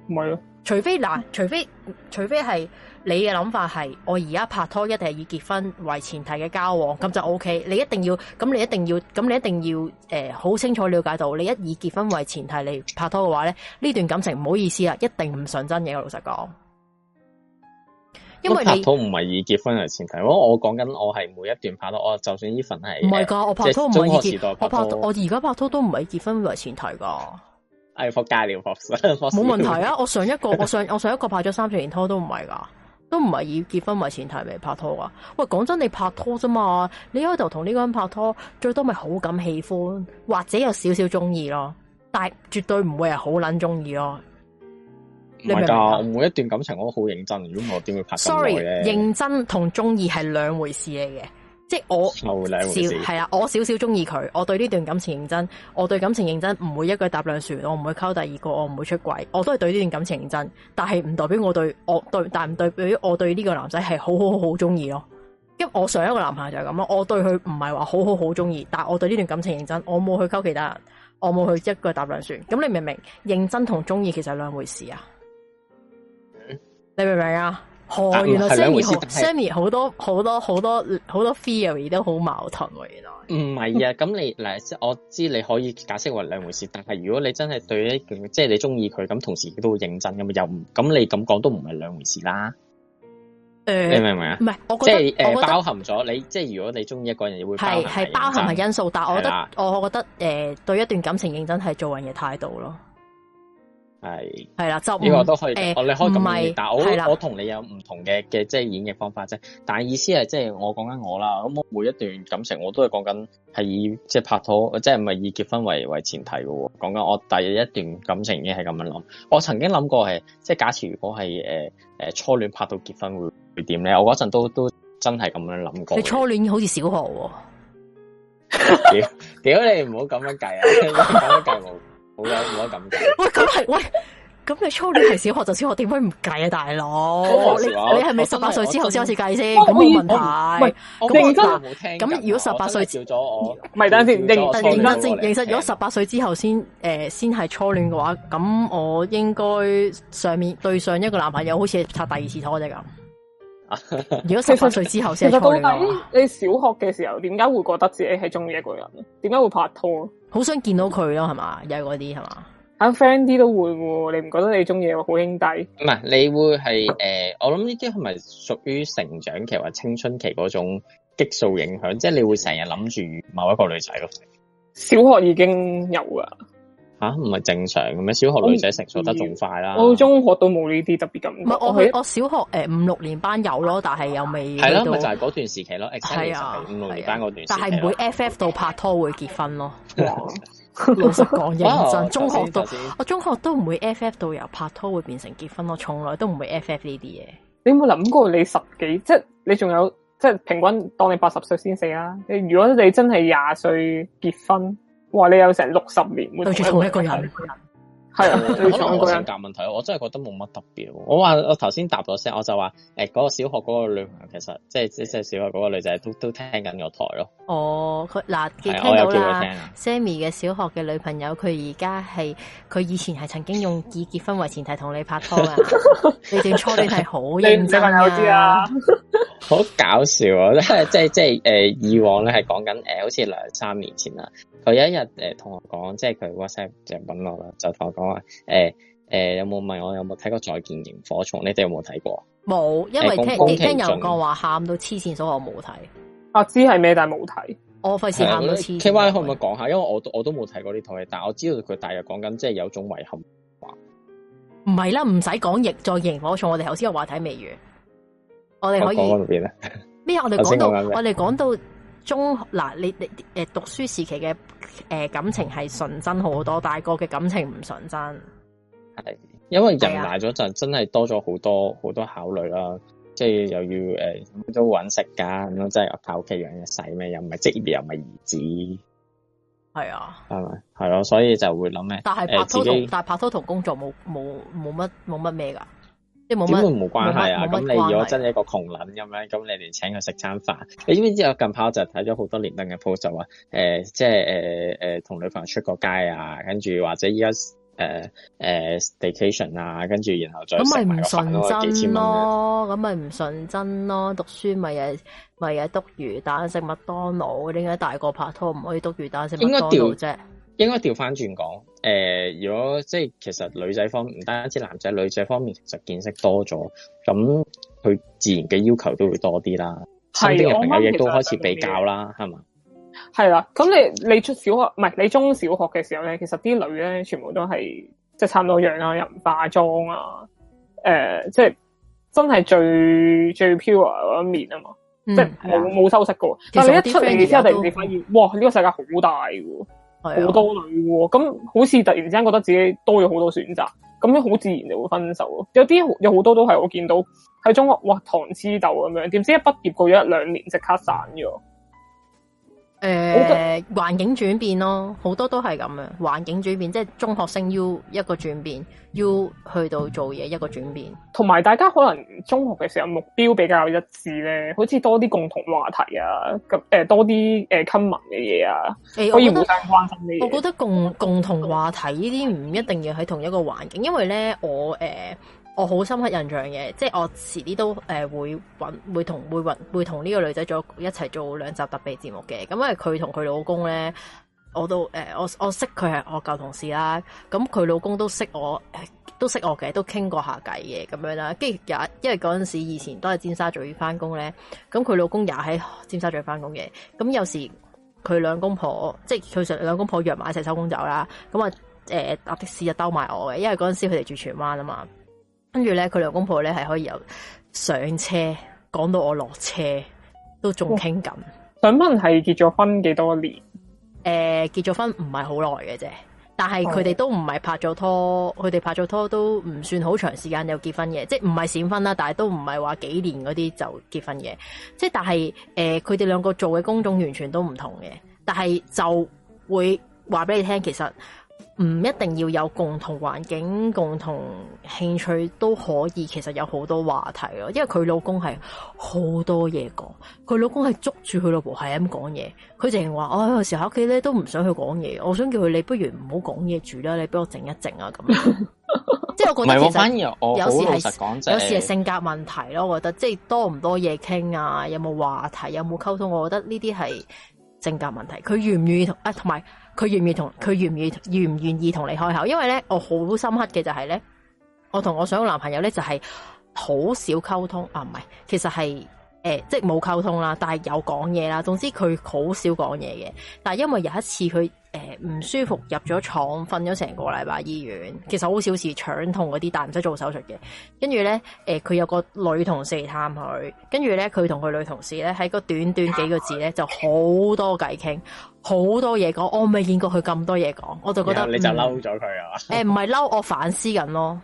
唔係咯？除非嗱，除非除非係。你嘅諗法係，我而家拍拖一定係以結婚為前提嘅交往，咁就 OK。你一定要，咁你一定要，咁你一定要，誒、呃，好清楚了解到，你一以結婚為前提嚟拍拖嘅話咧，呢段感情唔好意思啊，一定唔純真嘅，老實講。因為你拍拖唔係以結婚為前提，我說我講緊我係每一段拍拖，我就算呢份係唔係噶，我拍拖唔係結拖，我拍拖我而家拍拖都唔係結婚為前提噶。哎，仆街了，仆街，冇問題啊！我上一個， <laughs> 我上我上一個拍咗三十年拖都唔係噶。都唔係以結婚為前提嚟拍拖啊。喂，講真，你拍拖啫嘛，你開頭同呢個人拍拖，最多咪好感喜歡，或者有少少中意咯，但係絕對唔會係好撚中意咯。你明白，每一段感情我都好認真，如果我點會拍？Sorry，認真同中意係兩回事嚟嘅。即係我少係啊，我少少中意佢。我對呢段感情認真，我對感情認真，唔會一腳踏兩船，我唔會溝第二個，我唔會出軌，我都係對呢段感情認真。但係唔代表我對我對，但唔代表我對呢個男仔係好好好中意咯。因為我上一個男朋友就係咁咯，我對佢唔係話好好好中意，但係我對呢段感情認真，我冇去溝其他人，我冇去一腳踏兩船。咁你明唔明認真同中意其實係兩回事啊？嗯、你明唔明啊？哦、啊，原來 Sammi 好，Sammi 好多好多好多好多 theory 都好矛盾喎、啊，原來。唔係啊，咁 <laughs> 你嗱，即係我知你可以解釋為兩回事，但係如果你真係對一件，即係你中意佢咁，同時亦都會認真咁，又唔咁你咁講都唔係兩回事啦。誒、呃，你明唔明啊？唔係，我即係誒，包含咗你，即係如果你中意一個人，你會係係包含係因素，但係我覺得，我我覺得誒、呃，對一段感情認真係做人嘅態度咯。係係啦，就呢、這個都可以。我、嗯呃、可以咁樣，但係我我同你有唔同嘅嘅即係演繹方法啫。但係意思係即係我講緊我啦。咁我每一段感情我都係講緊係以即係、就是、拍拖，即係唔係以結婚為為前提嘅。講緊我第一段感情已經係咁樣諗。我曾經諗過係即係假設如果係誒誒初戀拍到結婚會會點咧？我嗰陣都都真係咁樣諗過你。你初戀好似小學。屌，屌你唔好咁樣計啊！咁樣計我、啊。 <laughs> <laughs> 好有好啦，咁 <laughs> 喂，咁係喂，咁你初戀係小學就小學，點解唔計啊，大佬？你係係咪十八歲之後先開始計先？咁冇問題。咁我咁如果十八歲咗，我咪 <laughs> 等先。突然認認識咗十八歲之後先誒，先、呃、係初戀嘅話，咁我應該上面對上一個男朋友好似拍第二次拖啫咁。 <laughs> 如果十八歲之後先係初戀，你小學嘅時候點解會覺得自己係中意一個人？點解會拍拖？好想見到佢咯，係嘛，有嗰啲係嘛，阿 friend 啲都會嘅，你唔覺得你中意好兄弟？唔係，你會係誒、呃，我諗呢啲係咪屬於成長期或青春期嗰種激素影響？即係你會成日諗住某一個女仔咯，小學已經有啊。吓、啊，唔係正常嘅咩？小學女仔成熟得仲快啦，我中學都冇呢啲特別感。唔係我去，我小學誒五六年班有咯，但係又未係啦。咪就係嗰段時期咯，係啊，五六年班嗰段時期，但係唔會 F F 到拍拖會結婚咯。 <laughs> 老實講嘢，認真。中學都我中學都唔會 F F 到由拍拖會變成結婚咯，從來都唔會 F F 呢啲嘢。你有冇諗過你十幾？即係你仲有？即係平均當你八十歲先死啦。你如果你真係廿歲結婚。話你有成六十年對住同一一個人，係啊，對住兩個人。性格問題， <laughs> 我真係覺得冇乜特別。我話我頭先答咗聲，我就話誒，嗰個小學嗰個女朋友，其實即係即係小學嗰個女仔都都聽緊個台咯。哦，佢嗱，我有機會聽啊。Sammi 嘅小學嘅女朋友，佢而家係佢以前係曾經用以結婚為前提同你拍拖啊。 <laughs> 你對初你係好認真啊？朋友知啊 <laughs> 好搞笑啊！即係即係誒、呃，以往咧係講緊誒，好似兩三年前啦。佢有一日誒，同、呃、我講，即係佢 WhatsApp 就問我啦，就同我講話誒誒，有冇問我有冇睇過《再見螢火蟲》？你哋有冇睇過？冇，因為聽、欸、聽你聽人講話喊到黐線，所、呃、以我冇睇。啊，知係咩，但係冇睇。我費事喊到黐線。K Y 你可唔可以講下？因為我我都冇睇過呢套戲，但係我知道佢大約講緊，即係有種遺憾話。唔係啦，唔使講，亦再螢火蟲。我哋頭先個話題未完，我哋可以咩？我哋講 <laughs> 到、到，我哋講到。中學嗱、啊，你你誒讀書時期嘅誒、呃、感情係純真好多，大個嘅感情唔純真，係因為人大咗就真係多咗好多好、啊、多考慮啦，即係又要誒都搵食噶，咁、呃、樣即係靠屋企養一世咩？又唔係職業又唔係兒子，係啊，係咪係咯？所以就會諗咩？但係拍拖同、呃、但係拍拖同工作冇冇冇乜冇乜咩噶。點會冇關係啊？咁你如果真係一個窮捻咁樣，咁你哋請佢食餐飯，你知唔知我近排就睇咗好多連登嘅 post 就話，誒、呃，即係誒誒，同、呃呃、女朋友出過街啊，跟住或者依家誒誒、呃呃、staycation 啊，跟住然後再食埋個飯，嗰幾千蚊咯，咁咪唔順真咯？讀書咪又咪又篤魚蛋食麥當勞，點解大個拍拖唔可以篤魚蛋食麥當勞啫？應該調翻轉講，誒、呃，如果即係其實女仔方唔單止男仔，女仔方面其實見識多咗，咁佢自然嘅要求都會多啲啦。新啲嘅朋友亦都開始比較啦，係嘛？係啦，咁你你出小學唔係你中小學嘅時候咧，其實啲女咧全部都係即係差唔多樣啊，又唔化妝啊，誒，即係真係最最 pure 嗰一面啊嘛，即係冇冇修飾過。是過但係你一出嚟之後，突然間發現，哇，呢、這個世界好大噶。好多女喎，咁好似突然之間覺得自己多咗好多選擇，咁樣好自然就會分手咯。有啲有好多都係我見到喺中學，哇，糖黐豆咁樣，點知一畢業過咗一兩年，即刻散咗。誒、呃，環境轉變咯，好多都係咁樣。環境轉變，即係中學生要一個轉變，要去到做嘢一個轉變。同埋大家可能中學嘅時候目標比較一致咧，好似多啲共同話題啊，咁誒多啲誒 common 嘅嘢啊、欸，可以互相關心呢，我覺得共共同話題呢啲唔一定要喺同一個環境，因為咧我誒。呃我好深刻印象嘅，即、就、係、是、我遲啲都誒、呃、會搵會同會會同呢個女仔做一齊做兩集特別節目嘅。咁因為佢同佢老公咧，我都誒、呃、我我識佢係我舊同事啦。咁佢老公都識我誒、呃，都識我嘅，都傾過下偈嘅咁樣啦。跟住有因為嗰陣時以前都係尖沙咀翻工咧，咁佢老公又喺尖沙咀翻工嘅。咁有時佢兩公婆即係佢兩公婆約埋一齊收工走啦。咁啊誒搭的士就兜埋我嘅，因為嗰陣時佢哋住荃灣啊嘛。跟住咧，佢兩公婆咧係可以由上車講到我落車，都仲傾緊。想問係結咗婚幾多年？誒、呃，結咗婚唔係好耐嘅啫，但係佢哋都唔係拍咗拖，佢、哦、哋拍咗拖都唔算好長時間就結婚嘅，即係唔係閃婚啦，但係都唔係話幾年嗰啲就結婚嘅，即係但係誒，佢哋兩個做嘅工種完全都唔同嘅，但係就會話俾你聽，其實。唔一定要有共同環境、共同興趣都可以，其實有好多話題咯。因為佢老公係好多嘢講，佢老公係捉住佢老婆係咁講嘢。佢淨係話，我、哎、有時候喺屋企咧都唔想去講嘢，我想叫佢，你不如唔好講嘢住啦，你俾我靜一靜啊。咁，即 <laughs> 係 <laughs> 我，就是、我覺得，反而有時係有時係性格問題咯。我覺得即係多唔多嘢傾啊，有冇話題，有冇溝通，我覺得呢啲係性格問題。佢願唔願意同誒，同、啊、埋。佢願唔願願意同你開口？因為我好深刻嘅就係呢，我同我上個男朋友呢，就係好少溝通啊，唔係，其實係。欸、即係冇溝通啦，但係有講嘢啦。總之佢好少講嘢嘅，但係因為有一次佢欸、唔舒服入咗廠，瞓咗成個禮拜醫院。其實好少事腸痛嗰啲，但唔使做手術嘅。跟住咧佢有個女同事嚟探佢，誒跟住咧佢同佢女同事咧喺個短短幾個字咧就好多偈傾，好多嘢講。我未見過佢咁多嘢講，我就覺得。你就嬲咗佢啊？誒唔係嬲，我反思緊咯。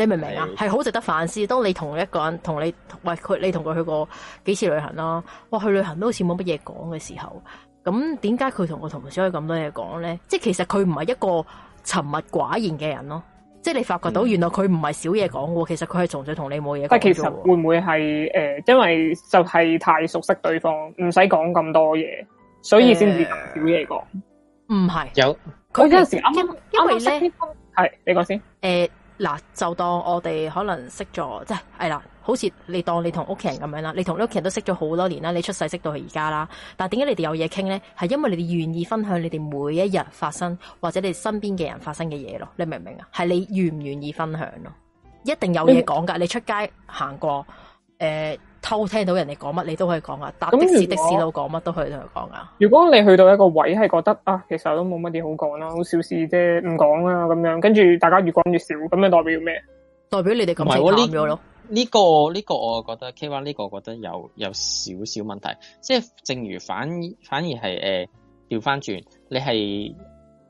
你明唔明啊？係好值得反思。當你同一個人同你喂佢，你同佢去過幾次旅行啦？哇，去旅行都好似冇乜嘢講嘅時候，咁點解佢同我同事可以咁多嘢講咧？即係其實佢唔係一個沉默寡言嘅人咯。即係你發覺到，原來佢唔係少嘢講嘅。其實佢係純粹同你冇嘢講。但係其實會唔會係誒、呃？因為就係太熟悉對方，唔使講咁多嘢，所以先至少嘢講。唔、呃、係有佢、哦、有陣時啱啱因為咧係、嗯、你講先誒。呃嗱，就當我哋可能識咗，即係係啦，好似你當你同屋企人咁樣啦，你同啲屋企人都識咗好多年啦，你出世識到佢而家啦。但係點解你哋有嘢傾咧？係因為你哋願意分享你哋每一日發生或者你身邊嘅人發生嘅嘢咯。你明唔明啊？係你願唔願意分享咯？一定有嘢講噶。你出街行過，呃偷聽到人哋講乜，你都可以講啊！搭的士，的士佬講乜都可以同佢講啊！如果你去到一個位，係覺得啊，其實我都冇乜嘢好講啦，好小事啫，唔講啦咁樣。跟住大家越講越少，咁樣代表咩？代表你哋咁唔坦率咯？呢個呢個，這個、我覺得 K One 呢個，我覺得有有少少問題。即、就、係、是、正如反反而係誒調翻轉，你係。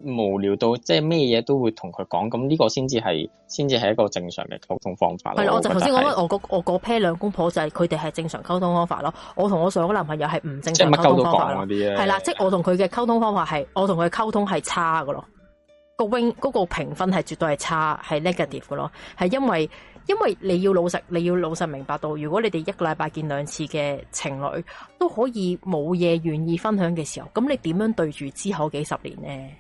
無聊到即係咩嘢都會同佢講，咁呢個先至係先至係一個正常嘅溝通方法。係啦、就是，我就頭先講，我個我個 pair 兩公婆就係佢哋係正常溝通方法咯。我同我上個男朋友係唔正常溝通方法咯。係啦，即係我同佢嘅溝通方法係，我同佢溝溝通係差噶咯。個 win 嗰個評分係絕對係差，係 negative 噶咯。係因為因為你要老實，你要老實明白到，如果你哋一個禮拜見兩次嘅情侶都可以冇嘢願意分享嘅時候，咁你點樣對住之後幾十年呢？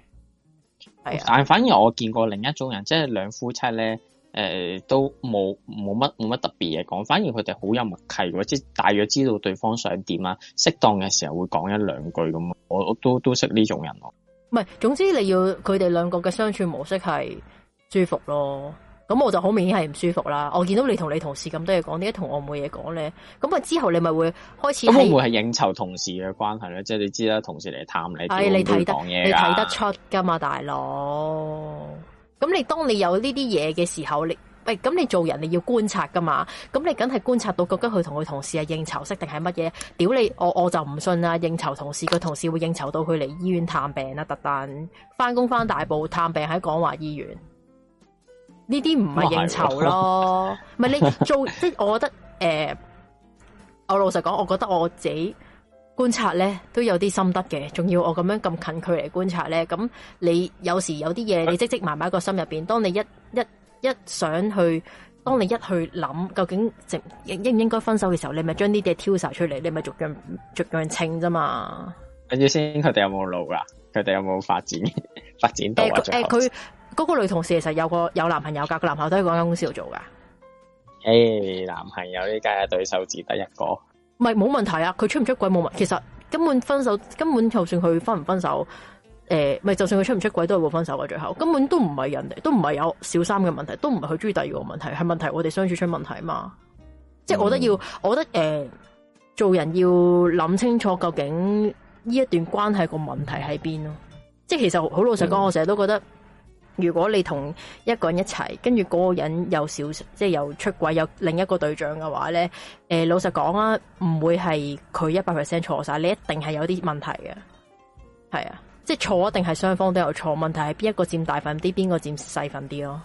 係、啊，但係反而我見過另一種人，即係兩夫妻咧，誒、呃，都冇冇乜冇乜特別嘢講，反而佢哋好有默契嘅，即係大約知道對方想點啊，適當嘅時候會講一兩句咁，我都都識呢種人咯。唔係，總之你要佢哋兩個嘅相處模式係舒服咯。咁我就好明顯係唔舒服啦！我、哦、見到你同你同事咁多嘢講，點解同我冇嘢講咧？咁啊之後你咪會開始。會係應酬同事嘅關係咧，即、就、係、是、你知啦，同事嚟探你。係、哎、你睇得，你睇得出噶嘛，大佬？咁你當你有呢啲嘢嘅時候，你喂咁、哎、你做人你要觀察噶嘛？咁你梗係觀察到，覺得佢同佢同事係應酬式定係乜嘢？屌你，我我就唔信啦！應酬同事佢同事會應酬到佢嚟醫院探病啦、啊，特登翻工翻大埔探病喺廣華醫院。呢啲唔係應酬咯，唔係你做 <laughs> 即係，我覺得誒、呃，我老實講，我覺得我自己觀察咧都有啲心得嘅。仲要我咁樣咁近距離觀察咧，咁你有時有啲嘢你積積埋埋個心入邊， <laughs> 當你一一一想去，當你一去諗究竟應應唔應該分手嘅時候，你咪將呢啲嘢挑晒出嚟，你咪逐樣逐樣清啫嘛。跟住先，佢哋有冇路噶？佢哋有冇發展？發展到誒、啊，佢、呃。呃嗰、那個女同事其實有個有男朋友噶，有個男朋友都喺嗰間公司度做噶。誒、hey，男朋友呢，家下對手只得一個，咪冇問題啊。佢出唔出軌冇問題，其實根本分手根本就算佢分唔分手，誒、欸、咪就算佢出唔出軌都係會分手噶。最後根本都唔係人哋，都唔係有小三嘅問題，都唔係佢中意第二個問題係問題，我哋相處出問題嘛。嗯、即係我覺得要，我覺得誒、呃，做人要諗清楚究竟呢一段關係個問題喺邊咯。即係其實好老實講、嗯，我成日都覺得。如果你同一個人一齊，跟住嗰個人又少，即係又出軌，有另一個對象嘅話咧，誒、呃，老實講啊，唔會係佢一百 percent 錯晒，你一定係有啲問題嘅，係啊，即係錯一定係雙方都有錯，問題係邊一個佔大份啲，邊個佔細份啲咯，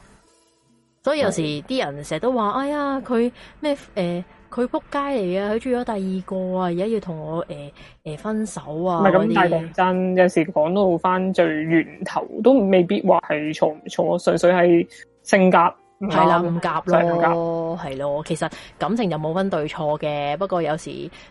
所以有時啲、嗯、人成日都話，哎呀，佢咩誒。呃佢扑街嚟嘅，佢住咗第二個啊，而家要同我誒誒、欸欸、分手啊！唔係咁大矛盾，有時講到返最源頭，都未必話係錯唔錯，純粹係性格係啦，唔夾咯，係咯。其實感情就冇分對錯嘅，不過有時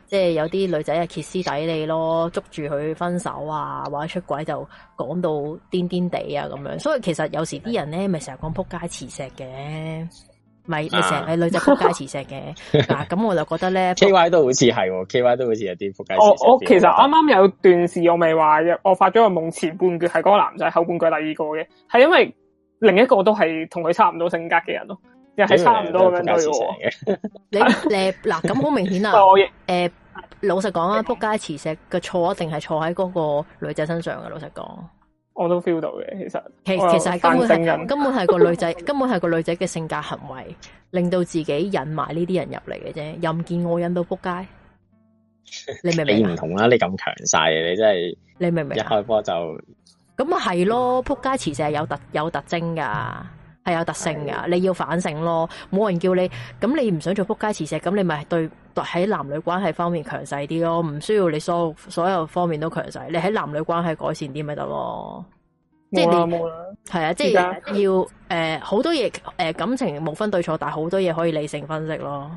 即係有啲女仔啊，揭屍底利咯，捉住佢分手啊，或者出軌就講到癲癲地啊咁樣。所以其實有時啲人咧，咪成日講扑街磁石嘅。咪、啊、你成日係女仔仆街磁石嘅嗱，咁、 <laughs> 啊、我就覺得咧 <laughs> ，K Y 都好似係，K Y 都好似係啲仆街磁石。我我其實啱啱有段時，我咪話嘅，我發咗個夢，前半句係嗰個男仔，後半句第二個嘅，係因為另一個都係同佢差唔多性格嘅人咯，又係差唔多咁樣嘅。你嗱咁好明顯啦誒老實講啊，仆街磁石嘅錯一定係錯喺嗰個女仔身上嘅，老實講、啊。我都 feel 到嘅，其實其其實係根本係根本係個女仔，根本係個女仔嘅 <laughs> 性格行為，令到自己引埋呢啲人入嚟嘅啫，任見我引到扑街，你明唔明？你唔同啦，你咁強勢，你真係你明唔明？一開波就咁啊，係、嗯、咯，扑街其實係有特有特徵噶。係有特性噶，你要反省咯。冇人叫你，咁你唔想做撲街磁石，咁你咪對喺男女關係方面強勢啲咯。唔需要你所有所有方面都強勢，你喺男女關係改善啲咪得咯。即啦，冇係啊，即係要誒，好、呃、多嘢誒、呃，感情冇分對錯，但係好多嘢可以理性分析咯。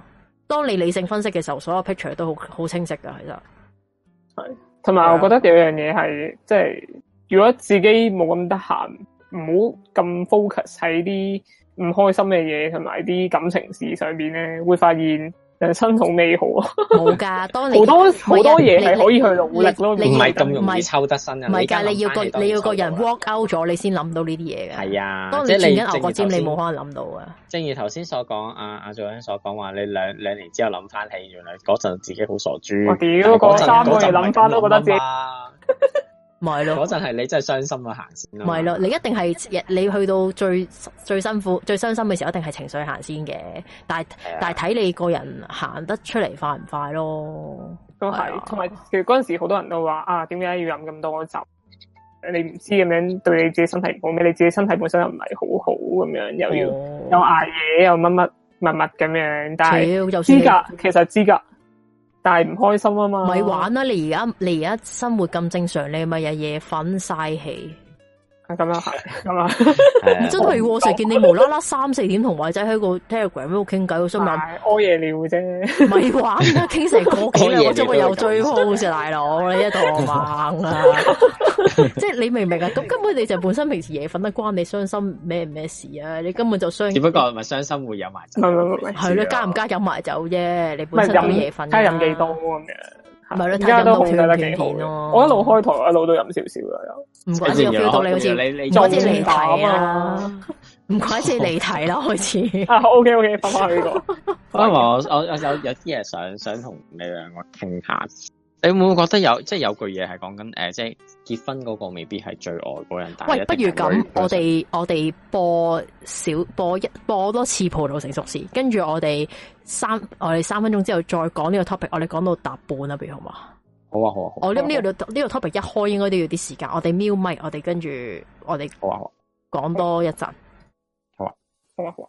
當你理性分析嘅時候，所有 picture 都好好清晰噶，其實係。同埋，我覺得有樣嘢係，即係如果自己冇咁得閒。唔好咁 focus 喺啲唔開心嘅嘢，同埋啲感情事上邊咧，會發現誒，人生同美好啊！冇噶，當你好 <laughs> 多好多嘢係可以去努力咯，唔係咁容易抽得身噶。唔係噶，你要個，要個你要個人 walk out 咗，你先諗到呢啲嘢嘅係啊，即係你一牛角尖，你冇可能諗到啊！正如頭先所講，阿阿祖恩所講話，你兩兩、啊啊、年之後諗翻起，原來嗰陣自己好傻豬。我屌，嗰三個月諗翻都覺得自己。啊。唔係囉，嗰陣係你真係傷心啊行先咯。唔係囉，你一定係你去到最最辛苦，最傷心嘅時候，一定係情緒行先嘅。但係，哎、但係睇你個人行得出嚟，快唔快咯。都係，同埋其實嗰陣時好多人都話啊，點解要飲咁多酒？」你唔知咁樣對你自己身體唔好咩？你自己身體本身又唔係好好咁樣，又要，嗯、又挨夜又乜乜乜乜咁樣。但係資格，其實資格。唔開心啊嘛，咪玩啦！你而家，你而家生活咁正常，你咪日夜瞓曬氣。咁又係，咁 <laughs> 啊，真係成日見你無啦啦三四點同偉仔喺個 Telegram 度傾偈，我想問屙夜尿啫，咪玩啦，傾成幾個幾鐘， <laughs> 我真係又追 p o <laughs> 大佬，你一堂盲啊！ <laughs> <laughs> 即係你明唔明啊？咁根本你就本身平時夜瞓，關你傷心咩唔咩事啊？你根本就傷，只不過咪傷心會飲埋，唔係唔係，係咯，加唔加飲埋酒啫？你本身都夜瞓，睇下飲幾多啊？係咪咯？而家都控制得幾好咯。我一路開台，一路都飲少少噶。又唔怪之要 feel 到你好似你,、啊、你，開始離睇啦。唔怪之你睇啦、啊啊，好似。 <laughs> <laughs> 啊，OK OK，翻翻呢個。可 <laughs> 能、嗯、我我,我有有有啲嘢想想同你兩個傾下。你會唔會覺得有即係、即係、有句嘢係講緊誒，即係結婚嗰個未必係最愛嗰人。大喂，不如咁，我哋我哋播少播一播多次葡萄成熟時，跟住我哋三我哋三分鐘之後再講呢個 topic，我哋講到大半啦比如好嘛？好啊好啊！我諗呢個呢個 topic 一開應該都要啲時間，我哋 mute 咪，我哋跟住我哋講多一陣。好啊好啊好啊,好啊！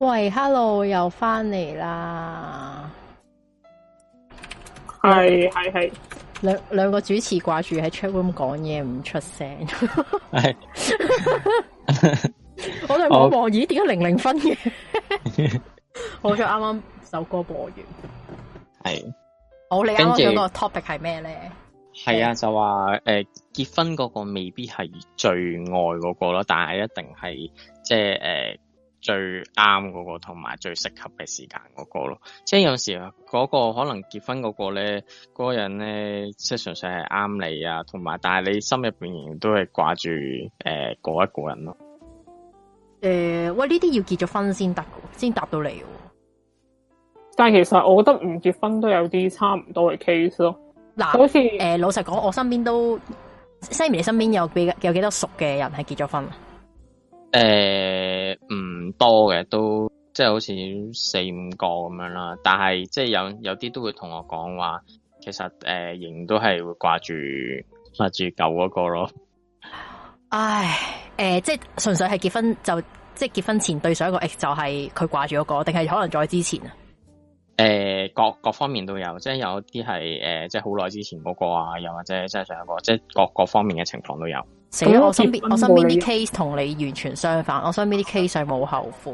喂，Hello，又翻嚟啦，係係係，兩兩個主持掛住喺 chat room 講嘢，唔出聲，係 <laughs> 是， <laughs> <laughs> <laughs> 我哋冇懷疑點解零零分嘅， <laughs> <laughs> 好似啱啱首歌播完，係，好，你啱啱想個 topic 係咩咧？係啊，就話誒、呃、結婚嗰個未必係最愛嗰、那個咯，但係一定係即係誒。呃最啱嗰、那個同埋最適合嘅時間嗰、那個咯，即係有時嗰、那個可能結婚嗰個咧，嗰、那個人咧，即係純粹係啱你啊，同埋但係你心入邊仍然都係掛住誒嗰一個人咯。誒、呃，喂，呢啲要結咗婚先得喎，先答到你。但係其實我覺得唔結婚都有啲差唔多嘅 case 咯，嗱，好似誒、呃，老實講，我身邊都 Sammi，你身邊有幾有幾多熟嘅人係結咗婚？誒、呃，唔多嘅，都即係好似四五個咁樣啦。但係即係有有啲都會同我講話，其實誒、呃、仍然都係會掛住掛住舊嗰個咯。唉，誒、呃，即係純粹係結婚就即係結婚前對上一個，就係佢掛住嗰個，定係可能再之前啊？誒、呃，各各方面都有，即係有啲係誒，即係好耐之前嗰個啊，又或者即係上一個，即係各，各方面嘅情況都有。咁我身邊我，我身邊啲 case 同你完全相反，我身邊啲 case 係冇後悔。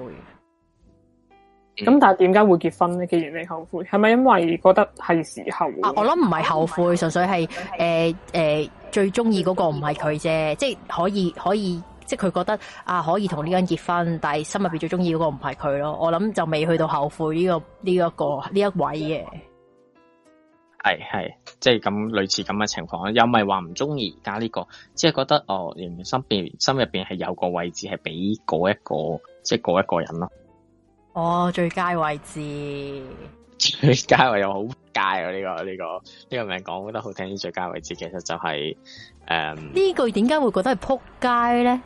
咁、嗯、但係點解會結婚咧？既然你後悔，係咪因為覺得係時候？啊，我諗唔係後悔，純粹係誒誒最中意嗰個唔係佢啫，即係可以可以。可以即係佢覺得啊，可以同呢個人結婚，但係心入邊最中意嗰個唔係佢咯。我諗就未去到後悔呢、這個呢一個、這個呢、這個、一位嘅，係係即係咁類似咁嘅情況，又唔係話唔中意而家呢個，即係覺得哦，心邊心入邊係有個位置係俾嗰一個，即係嗰一個人咯、啊。哦，最佳位置，最佳位又好撲街啊！呢、這個呢、這個呢、這個名講得好聽啲，最佳位置其實就係、是、誒，呢句點解會覺得係撲街咧？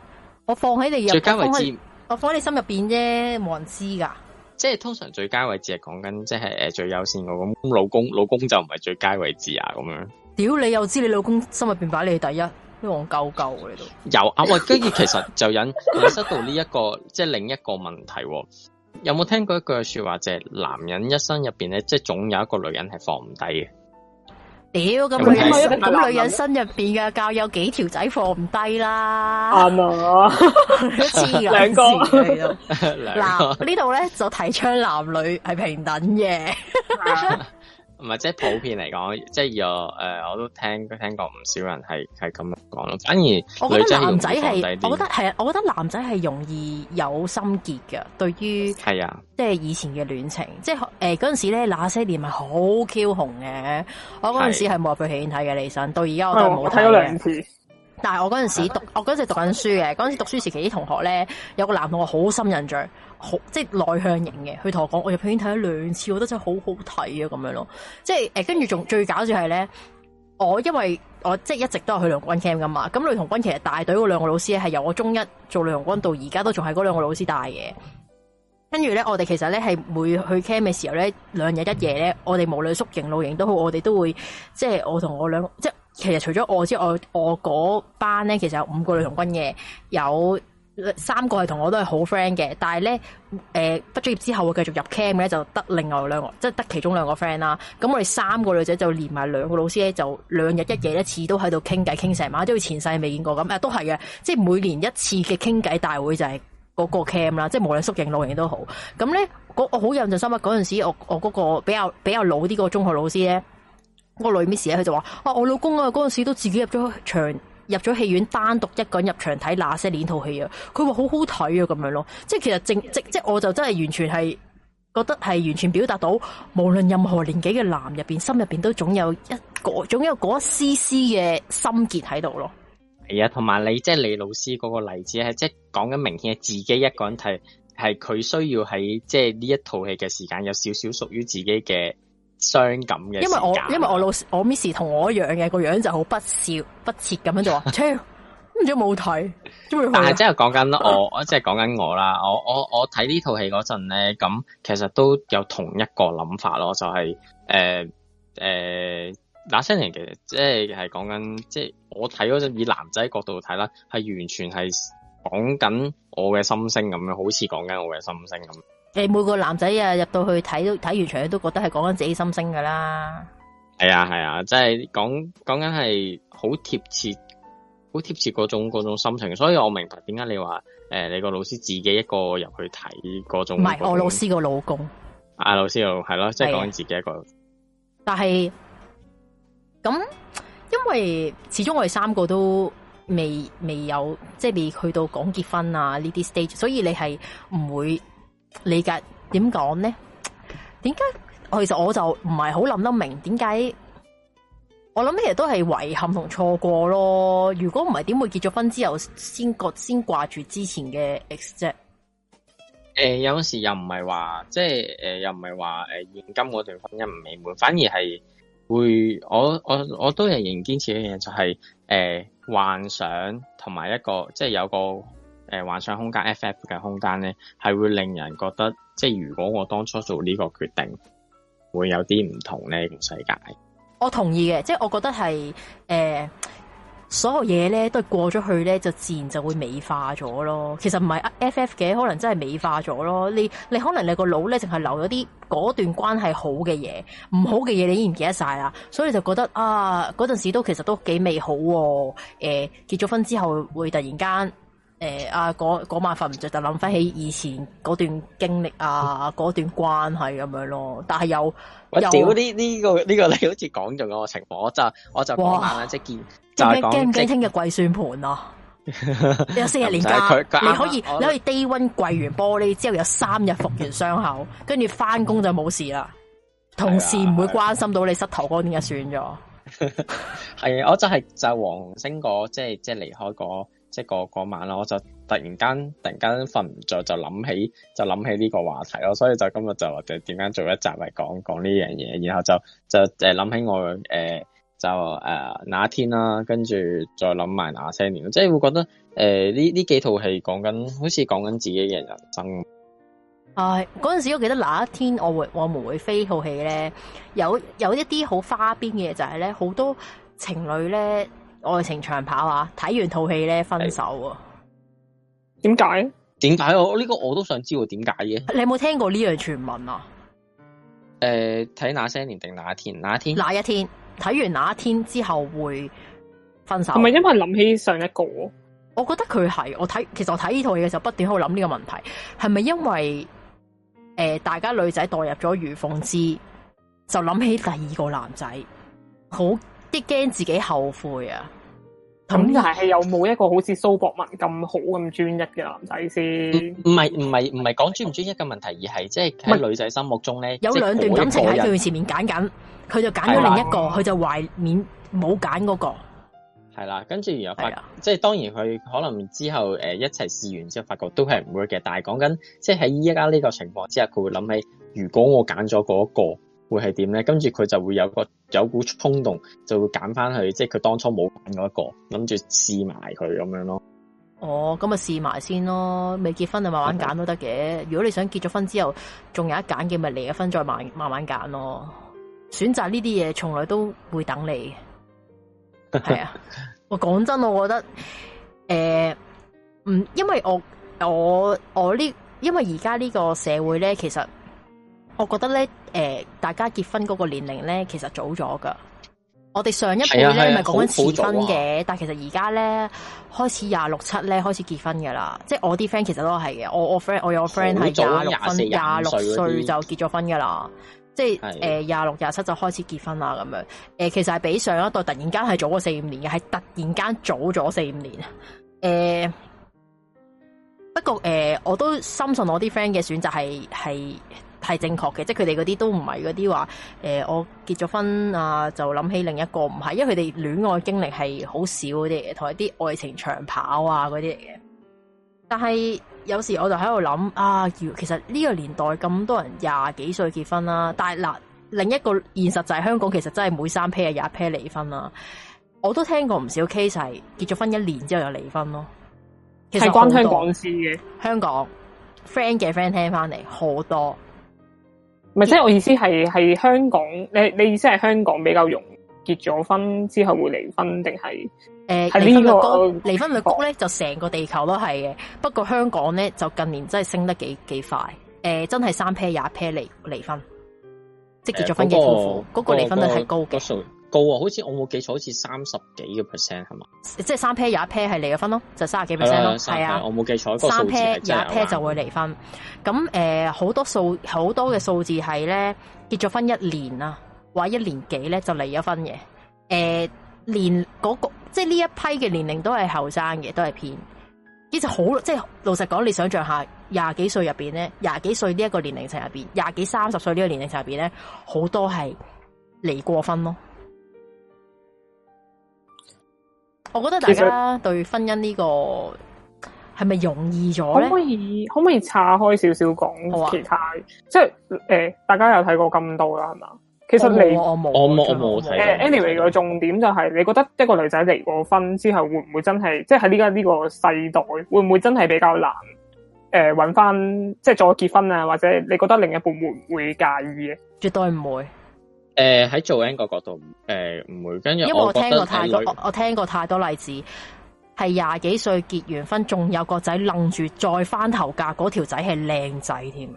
我放喺你最佳位置，我放喺你心入邊啫，冇人知噶。即係通常最佳位置係講緊，即係誒最優先嘅咁。老公老公就唔係最佳位置啊，咁樣。屌你又知道你老公心入邊擺你第一，都戇鳩鳩你都。有啊，喂，居然其實就引引 <laughs> 失到呢、這、一個，即、就、係、是、另一個問題。有冇聽過一句說話，就係、是、男人一生入邊咧，即、就、係、是、總有一個女人係放唔低嘅。屌、哎、咁女人咁女人身入邊嘅教有幾條仔放唔低啦，啱啊，黐線嚟嘅，嗱 <laughs> 呢度咧就提倡男女係平等嘅。 <laughs> 啊唔係即係普遍嚟講，即係有誒，我都聽聽過唔少人係係咁講咯。反而我覺得男仔係，我覺得係啊，我覺得男仔係容易有心結嘅。對於，係啊，即係以前嘅戀情，即係嗰陣時呢，那些年係好 Q 紅嘅。我嗰陣時係冇入去戲院睇嘅，李生到而家我都冇睇。睇。哦，睇咗兩次，但係我嗰陣時讀，我嗰陣時讀緊書嘅，嗰陣時讀書時期啲同學呢，有個男同學好深印象。好即係內向型嘅，佢同我講，我入片睇咗兩次，我覺得真係好好睇啊，咁樣咯，即係誒，跟住仲最搞笑係咧，我因為我即係一直都係去女童軍 camp 噶嘛，咁女童軍其實大隊嗰兩個老師咧係由我中一做女童軍到而家都仲係嗰兩個老師帶嘅，跟住咧我哋其實咧係每去 camp 嘅時候咧兩日一夜咧，我哋無論宿營露營都好，我哋都會即係我同我兩個即係其實除咗我之外，我嗰班咧其實有五個女童軍嘅，有。三個係同我都係好 friend 嘅，但係咧，誒、呃，畢咗業之後會繼續入 camp 咧，就得另外兩個，即係得其中兩個 friend 啦。咁我哋三個女仔就連埋兩個老師咧，就兩日一夜一次都喺度傾偈，傾成晚，即佢前世未見過咁。誒，都係嘅，即係每年一次嘅傾偈大會就係嗰個 camp 啦，即係無論宿營、露營都好。咁咧，我好印象深刻嗰陣時我，我我嗰個比較比較老啲嗰個中學老師咧，個女 miss 咧佢就話，啊，我老公啊，嗰陣時都自己入咗場。入咗戲院，單獨一個人入場睇那些年套戲啊。佢話好好睇啊，咁樣咯，即係其實正即即我就真係完全係覺得係完全表達到，無論任何年紀嘅男入面，心入面都總有一個總有嗰一絲絲嘅心結喺度咯。係啊，同埋你，即係李老師嗰個例子係即係講緊明顯係自己一個人睇，係佢需要喺即係呢一套戲嘅時間有少少屬於自己嘅。傷感嘅，因為我因為我老師我 Miss 同我一樣嘅個樣就好不屑不切咁樣就話，超，都唔知有冇睇，咁咪但係 <laughs> 即係講緊我，我即係講緊我啦。我我我睇呢套戲嗰陣咧，咁其實都有同一個諗法咯，就係誒誒，那些年其實即係係講緊，即係我睇嗰陣以男仔角度睇啦，係完全係講緊我嘅心聲咁樣，好似講緊我嘅心聲咁。誒，每個男仔啊，入到去睇都睇完場，都覺得係講緊自己的心聲噶啦。係啊，係啊，即係講講緊係好貼切，好貼切嗰種嗰種心情。所以我明白點解你話誒、欸，你個老師自己一個入去睇嗰種，唔係我老師個老公。啊，老師又係咯，即係講緊自己一個。是但係咁，因為始終我哋三個都未未有，即係未去到講結婚啊呢啲 stage，所以你係唔會。理解點講呢？點解？其實我就唔係好諗得明點解？我諗其實都係遺憾同錯過咯。如果唔係，點會結咗婚之後先掛先掛住之前嘅 ex 啫？誒，有陣時又唔係話即係誒、呃，又唔係話誒，現今嗰段婚姻唔美滿，反而係會我我我都係仍堅持一樣嘢，就係、是、誒、呃、幻想同埋一個即係有個。誒，幻想空間 F.F. 嘅空間咧，係會令人覺得，即係如果我當初做呢個決定，會有啲唔同咧個世界。我同意嘅，即、就、係、是、我覺得係誒、呃、所有嘢咧都係過咗去咧，就自然就會美化咗咯。其實唔係 F.F. 嘅，可能真係美化咗咯。你你可能你個腦咧，淨係留咗啲嗰段關係好嘅嘢，唔好嘅嘢你已經唔記得晒啦，所以就覺得啊嗰陣時都其實都幾美好。誒、呃、結咗婚之後會突然間。誒、欸，阿、啊、嗰晚瞓唔着，就諗翻起以前嗰段經歷啊，嗰段關係咁樣咯。但係又我屌呢呢個呢、這個你好似講咗個情況，我就我就講啦、那個，即係驚唔驚聽日跪算盤咯、啊？ <laughs> 你有四日連假， <laughs> 你可以、啊、你可以 day one 跪完玻璃之後有三日復原傷口，跟住翻工就冇事啦。同事唔會關心到你膝頭哥點樣斷咗。係 <laughs> 我就係、是、就是、黃星嗰即係即係離開嗰、那個。即係嗰晚啦，我就突然間突然間瞓唔着，就諗起就諗起呢個話題咯，所以就今日就或者點解做一集嚟，講講呢樣嘢，然後就就誒諗、呃、起我誒、呃、就誒那一天啦、啊，跟住再諗埋那些年，即係會覺得誒呢呢幾套戲講緊好似講緊自己嘅人生。唉、哎，嗰陣時我記得那一天我會我們會飛套戲咧，有有一啲好花邊嘅嘢就係咧好多情侶咧。愛情長跑啊，睇完套戲咧，分手啊？點解？哎？點解？我呢個我都想知道點解嘅。你有冇聽過呢樣傳聞啊？誒、呃，睇那些年定哪一天？哪一天？哪一天？睇完哪一天之後會分手？係咪因為諗起上一個？我覺得佢係我睇，其實我睇呢套嘢，就不斷喺度諗呢個問題，係咪因為誒、呃，大家女仔代入咗余鳳芝，就諗起第二個男仔好？很啲驚自己後悔啊！咁又係有冇一個好似蘇博文咁好咁專一嘅男仔先？唔係唔係唔係講專唔專一嘅問題，而係即係喺女仔心目中咧，有兩段感情喺佢面前面揀緊，佢就揀咗另一個，佢就懷緬冇揀嗰個。係啦、啊，跟住然後發，啊、即係當然佢可能之後誒、呃、一齊試完之後發覺都係唔會嘅。但係講緊即係喺依家呢個情況之下，佢會諗起如果我揀咗嗰個。會係點咧？跟住佢就會有個有股衝動，就會揀翻去，即係佢當初冇揀嗰一個，諗住試埋佢咁樣咯。哦，咁咪試埋先咯。未結婚啊，慢慢揀都得嘅，嗯。如果你想結咗婚之後仲有一揀嘅，咪離咗婚，離婚再慢慢慢揀咯。選擇呢啲嘢從來都會等你，係 <laughs> 啊。我講真，我覺得誒，嗯，呃，因為我我我呢，因為而家呢個社會咧，其實。我覺得咧，誒、呃，大家結婚嗰個年齡咧，其實早咗噶。我哋上一輩咧，咪講緊遲婚嘅，但係其實而家咧，開始廿六七咧開始結婚噶啦。即係我啲 friend 其實都係嘅，我我 friend 我有個 friend 係廿六、廿六歲就結咗婚噶啦。即係誒廿六廿七就開始結婚啦咁樣。誒、呃，其實係比上一代突然間係早咗四五年嘅，係突然間早咗四五年。誒、呃，不過誒、呃，我都深信我啲 friend 嘅選擇係係。是係正確嘅，即係佢哋嗰啲都唔係嗰啲話，誒、欸，我結咗婚啊，就諗起另一個唔係，因為佢哋戀愛經歷係好少嗰啲嘢，同埋啲愛情長跑啊嗰啲嘢嚟嘅。但係有時我就喺度諗啊，其實呢個年代咁多人廿幾歲結婚啦、啊，但係嗱、啊、另一個現實就係、是、香港其實真係每三 pair 有一 pair 離婚啦、啊。我都聽過唔少 case 係結咗婚一年之後又離婚咯。其實關香港事嘅，香港 friend 嘅 friend 聽翻嚟好多。唔係，即係我意思係係香港，你你意思係香港比較容易結咗婚之後會離婚定係？誒，係、呃、呢、呢個離婚率高咧，就成個地球都係嘅。不過香港咧就近年真係升得幾幾快，誒、呃，真係三 pair 廿 pair 離離婚，呃、即係結咗婚嘅夫婦，嗰、呃嗰個嗰個離婚率、那、係、個、高嘅。嗰個嗰個嗰個高啊！好似我冇記錯，好似三十幾個 percent 係嘛？即係三 pair 有一 pair 係離咗婚咯，就三十幾 percent 咯，係啊，啊！我冇記錯，三 pair 有一 pair 就會離婚。咁誒，好、呃、多數好多嘅數字係咧結咗婚一年啊、嗯，或一年幾咧就離咗婚嘅。誒年嗰個即係呢一批嘅年齡都係後生嘅，都係騙。其實好即係老實講，你想像下廿幾歲入邊咧，廿幾歲呢一個年齡層入邊，廿幾三十歲呢個年齡層入邊咧，好多係離過婚咯。我覺得大家對婚姻呢、這個係咪容易咗咧？可唔可以可唔可以岔開少少講其他？啊、即係誒、呃，大家有睇過咁多啦，係嘛？其實你，我冇，我冇睇。anyway 個重點就係、是，你覺得一個女仔離過婚之後，會唔會真係？即係喺呢家呢個世代，會唔會真係比較難？誒、呃，搵返，翻即係再結婚啊？或者你覺得另一半會唔會介意？絕絕對唔會。誒、呃，喺做 n 嘅角度，誒、呃、唔會跟，跟住因為我聽過太多，我聽過太多例子，係廿幾歲結完婚，仲有個仔諗住，再翻頭嫁，嗰條仔係靚仔添。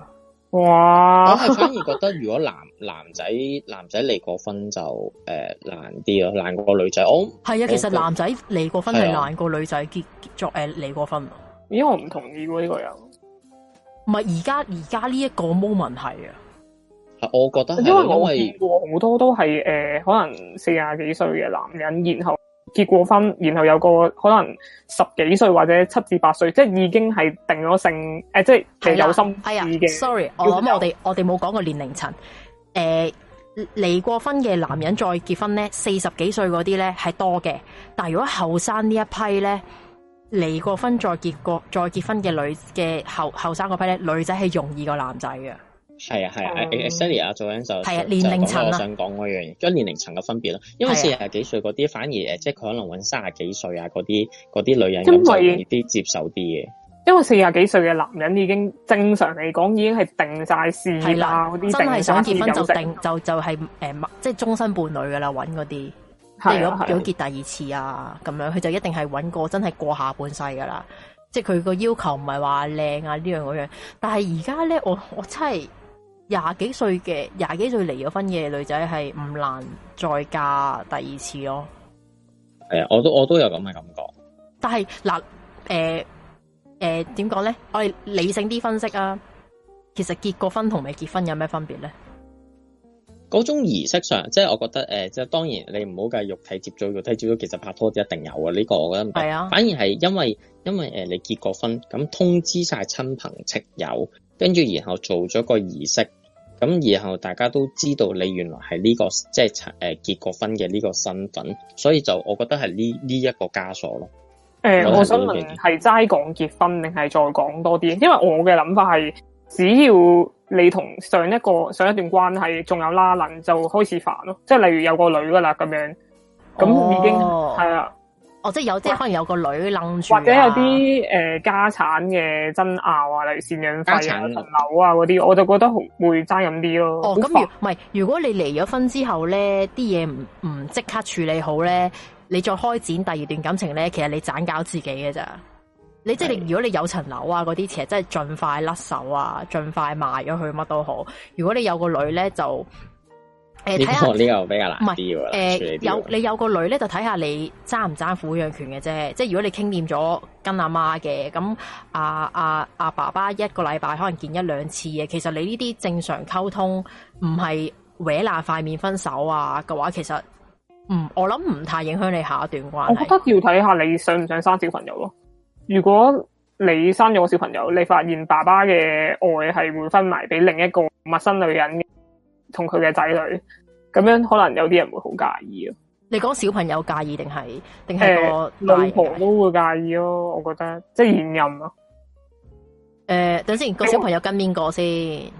哇！ <laughs> 我係反而覺得，如果男男仔男仔離過婚就誒、呃、難啲咯，難過女仔。哦，係啊，其實男仔離過婚係難過女仔結結作誒離過婚。因為我唔同意喎呢、這個人。唔係而家而家呢一個冇問題啊。我覺得是，因為我見過好多都係誒、呃，可能四十幾歲嘅男人，然後結過婚，然後有個可能十幾歲或者七至八歲，即係已經係定咗性誒、呃，即係有心意啊 Sorry，我諗我哋我哋冇講個年齡層。誒、呃，離過婚嘅男人再結婚咧，四十幾歲嗰啲咧係多嘅，但係如果後生呢一批咧，離過婚再結過再結婚嘅女嘅後後生嗰批咧，女仔係容易過男仔嘅。係啊，係啊 s e n i a 啊，做緊就係啊年齡層啊，我嗯、啊我想講嗰樣嘢，將年齡層嘅分別咯。因為四十幾歲嗰啲，反而誒，即係佢可能搵卅幾歲啊嗰啲嗰啲女人，容易啲接受啲嘢。因為四十幾歲嘅男人已經正常嚟講，已經係定晒事啦，嗰、啊、真係想結婚就定、啊、就就係、是、誒，即係終身伴侶噶啦，搵嗰啲。係如果如果結第二次啊咁樣，佢就一定係搵個真係過下半世噶啦。即係佢個要求唔係話靚啊呢樣嗰樣，但係而家咧，我我真係。廿幾歲嘅，廿幾歲離咗婚嘅女仔係唔難再嫁第二次咯。係我都我都有咁嘅感覺。但係嗱，誒誒，點講咧？我哋理性啲分析啊，其實結過婚同未結婚有咩分別咧？嗰種儀式上，即係我覺得，誒、呃，即係當然，你唔好計肉體接觸，肉體接觸，其實拍拖就一定有啊。呢、這個我諗係啊。反而係因為因為誒，你結過婚，咁通知晒親朋戚友，跟住然後做咗個儀式。咁，然後大家都知道你原來係呢個即係誒結過婚嘅呢個身份，所以就我覺得係呢呢一個枷鎖咯。誒，我，我想問係齋講結婚，定係再講多啲？因為我嘅諗法係，只要你同上一個上一段關係仲有拉褦，就開始煩咯。即係例如有個女噶啦咁樣，咁已經係啦。哦哦，即係有，即係可能有個女楞住，或者有啲誒家產嘅爭拗啊，啊，例如贍養費啊、層樓啊嗰啲，我就覺得會爭緊啲咯。哦，咁如唔係，如果你離咗婚之後咧，啲嘢唔唔即刻處理好咧，你再開展第二段感情咧，其實你盞搞自己嘅咋？你即係你，如果你有層樓啊嗰啲，其實真係盡快甩手啊，盡快賣咗佢，乜都好。如果你有個女咧，就。呢、uh, 這個呢、這個比較難比較，啲嘅。誒、uh,，uh, 有你有個女咧,就睇下你爭唔爭撫養權嘅啫。即係如果你傾掂咗跟阿媽嘅,咁阿阿阿爸爸一個禮拜可能見一兩次嘅,其實你呢啲正常溝通，唔係搲爛塊面分手啊嘅話，其實，嗯，我諗唔太影響你下一段關係。我覺得要睇下你想唔想生小朋友咯。如果你生咗小朋友，你發現爸爸嘅愛係會分埋俾另一個陌生女人嘅。同佢嘅仔女，咁樣可能有啲人會好介意啊！你講小朋友介意定係定係我老婆都會介意咯？我覺得即係現任咯。誒、欸，等先，個小朋友跟邊個先？欸、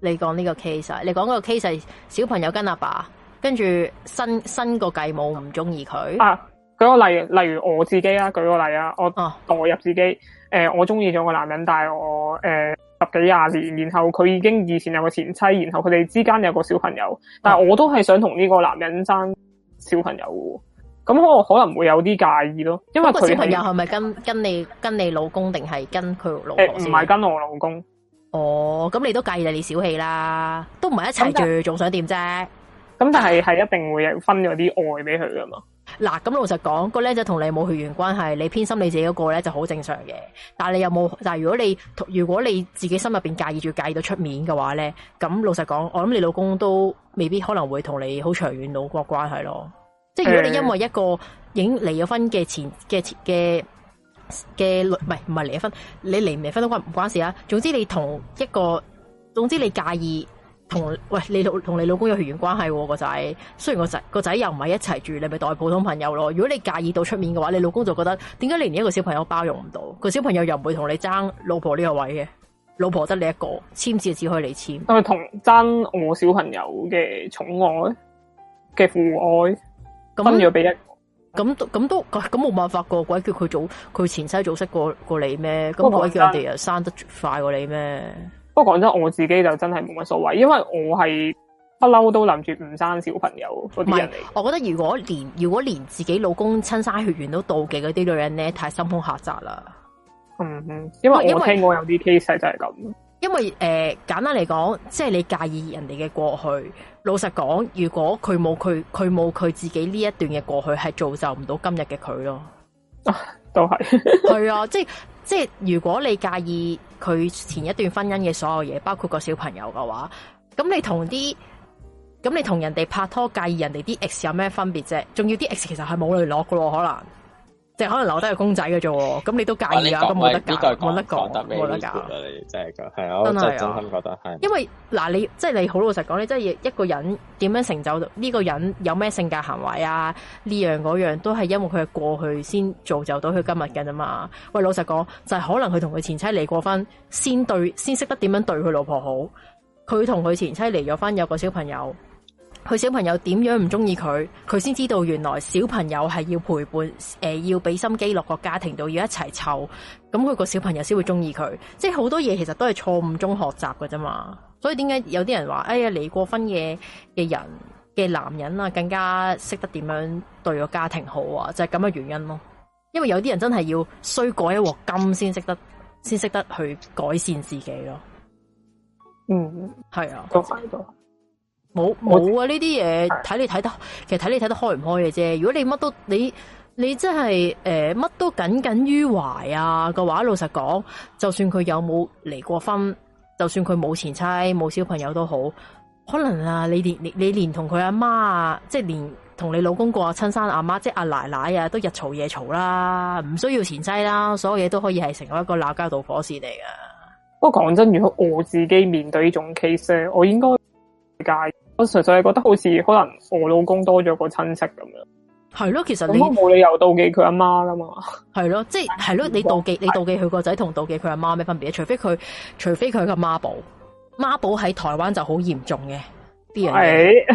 你講呢個 case、啊、你講個 case 係小朋友跟阿爸，爸，跟住新新個繼母唔中意佢啊！舉個例，例如我自己啊舉個例啊，我啊代入自己，誒、呃，我中意咗個男人，但係我誒。呃幾廿年，然後佢已經以前有個前妻，然後佢哋之間有個小朋友，但係我都係想同呢個男人生小朋友喎。咁我可能會有啲介意咯。因為嗰個小朋友係咪跟跟你跟你老公定係跟佢老婆先？唔、欸、係跟我老公。哦，咁你都介意你小氣啦，都唔係一齊住，仲想點啫？咁但係係一定會分咗啲愛俾佢噶嘛？嗱，咁老實講，個僆仔同你冇血緣關係，你偏心你自己嗰個咧就好正常嘅。但係你有冇？但係如果你同如果你自己心入邊介意住，介意到出面嘅話咧，咁老實講，我諗你老公都未必可能會同你好長遠老關係咯。嗯、即係如果你因為一個已經離咗婚嘅前嘅嘅嘅唔係唔係離咗婚，你離唔離婚都關唔關事啊？總之你同一個，總之你介意。同喂，你老同你老公有血緣關係個仔，雖然個仔個仔又唔係一齊住，你咪當普通朋友咯。如果你介意到出面嘅話，你老公就覺得點解你連一個小朋友包容唔到，個小朋友又唔會同你爭老婆呢個位嘅？老婆得你一個，簽字只可以你簽。同爭我小朋友嘅寵愛嘅父愛，分咗俾一個。咁咁都咁冇辦法個，鬼叫佢早佢前妻早識過過你咩？咁鬼叫人哋又生得快過你咩？不過講真，我自己就真係冇乜所謂，因為我係不嬲都諗住唔生小朋友嗰啲人嚟。唔係，我覺得如果連如果連自己老公親生血緣都妒忌嗰啲女人咧，太心胸狹窄啦。嗯，因為我聽我有啲 case 就係咁。因為誒、呃，簡單嚟講，即係你介意人哋嘅過去。老實講，如果佢冇佢佢冇佢自己呢一段嘅過去，係造就唔到今日嘅佢咯。啊、都係。係 <laughs> 啊，即係。即係如果你介意佢前一段婚姻嘅所有嘢，包括個小朋友嘅話，咁你同啲咁你同人哋拍拖介意人哋啲 ex 有咩分別啫？仲要啲 ex 其實係冇聯絡噶喎，可能。即、就、係、是、可能留低個公仔嘅啫，咁你都介意啊？咁、啊、冇得講、啊，冇得講，冇得講，你真係講，係我真係、啊、真心覺得係。因為嗱，你即係你好老實講，你即係一個人點樣成就呢、這個人有咩性格行為啊？呢樣嗰樣都係因為佢嘅過去先造就到佢今日嘅啫嘛。喂，老實講，就係、是、可能佢同佢前妻離過婚，先對先識得點樣對佢老婆好。佢同佢前妻離咗婚，有個小朋友。佢小朋友點樣唔中意佢，佢先知道原來小朋友係要陪伴，誒、呃、要俾心機落個家庭度，要一齊湊，咁佢個小朋友先會中意佢。即係好多嘢其實都係錯誤中學習噶啫嘛。所以點解有啲人話，哎呀離過婚嘅嘅人嘅男人啊，更加識得點樣對個家庭好啊，就係咁嘅原因咯。因為有啲人真係要衰過一鑊金先識得，先識得去改善自己咯。嗯，係啊，冇冇啊！呢啲嘢睇你睇得，其實睇你睇得開唔開嘅啫。如果你乜都你你真係誒乜都耿耿於懷啊個話，老實講，就算佢有冇離過婚，就算佢冇前妻冇小朋友都好，可能啊你連你你連同佢阿媽啊，即係連同你老公個親生阿媽，即係阿奶奶啊，都日嘈夜嘈啦，唔需要前妻啦，所有嘢都可以係成為一個鬧交導火線嚟噶。不過講真，如果我自己面對呢種 case，我應該。我純粹係覺得好似可能我老公多咗個親戚咁樣，係咯，其實你都冇理由妒忌佢阿媽噶嘛，係咯，即係係咯，你妒忌你妒忌佢個仔，同妒忌佢阿媽咩分別？除非佢，除非佢個媽寶，媽寶喺台灣就好嚴重嘅。係，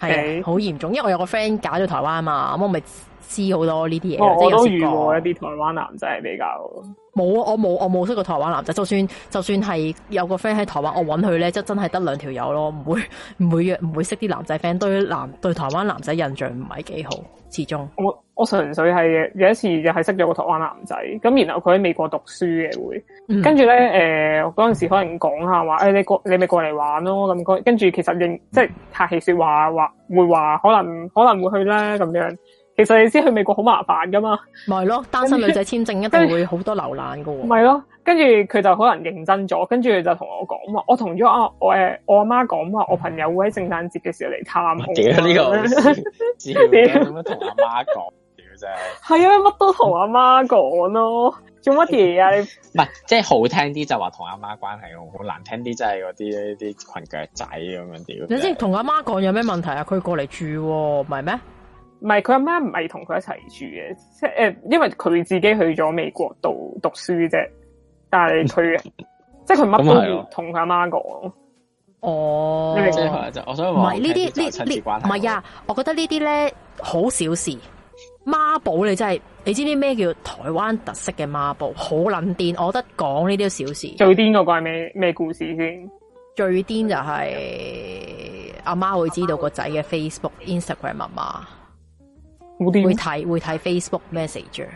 係好嚴重，因為我有個 friend 搞咗台灣啊嘛，咁我咪知好多呢啲嘢。即有我有遇過一啲台灣男仔係比較，冇啊，我冇，我冇識過台灣男仔，就算就算係有個 friend 喺台灣，我揾佢咧，即真係得兩條友咯，唔會唔會約，唔會識啲男仔 friend，對男對台灣男仔印象唔係幾好。始終我我純粹係有一次就係識咗個台灣男仔咁，然後佢喺美國讀書嘅會，跟住咧誒，嗰陣、呃、時可能講一下說、哎、說話，誒你過你咪過嚟玩咯咁，跟住其實認即係客氣說話話會話可能可能會去呢。」咁樣，其實你知去美國好麻煩噶嘛，咪、就、咯、是，單身女仔簽證一定會好多留難噶，咪 <laughs> 咯。就是跟住佢就可能認真咗，跟住就同我講話，我同咗我誒阿媽講話，我朋友會喺聖誕節嘅時候嚟探我。屌，呢個笑嘅，點樣同阿媽講屌啫？係因為乜都同阿媽講囉！做乜嘢啊？唔、嗯、係、這個 <laughs> <laughs> 啊、 <laughs> 什麼 <laughs> 即係好聽啲就話同阿媽關係好好，難聽啲真係嗰啲啲裙腳仔咁樣屌。你知同阿媽講有咩問題呀、啊？佢過嚟住唔係咩？唔係佢阿媽唔係同佢一齊住嘅，即係因為佢自己去咗美國讀書啫。但係佢 <laughs> 即係佢乜都同佢阿媽講。 <laughs> 哦，係、就是、我想唔係呢啲呢呢唔係啊！我覺得這些呢啲咧好小事。媽寶你真係，你知唔知咩叫台灣特色嘅媽寶？好捻癲！我覺得講呢啲小事。最癲嗰個係咩咩故事先？最癲就係阿媽會知道個仔嘅 Facebook Instagram，密碼、Instagram 嘛？會睇會睇 Facebook message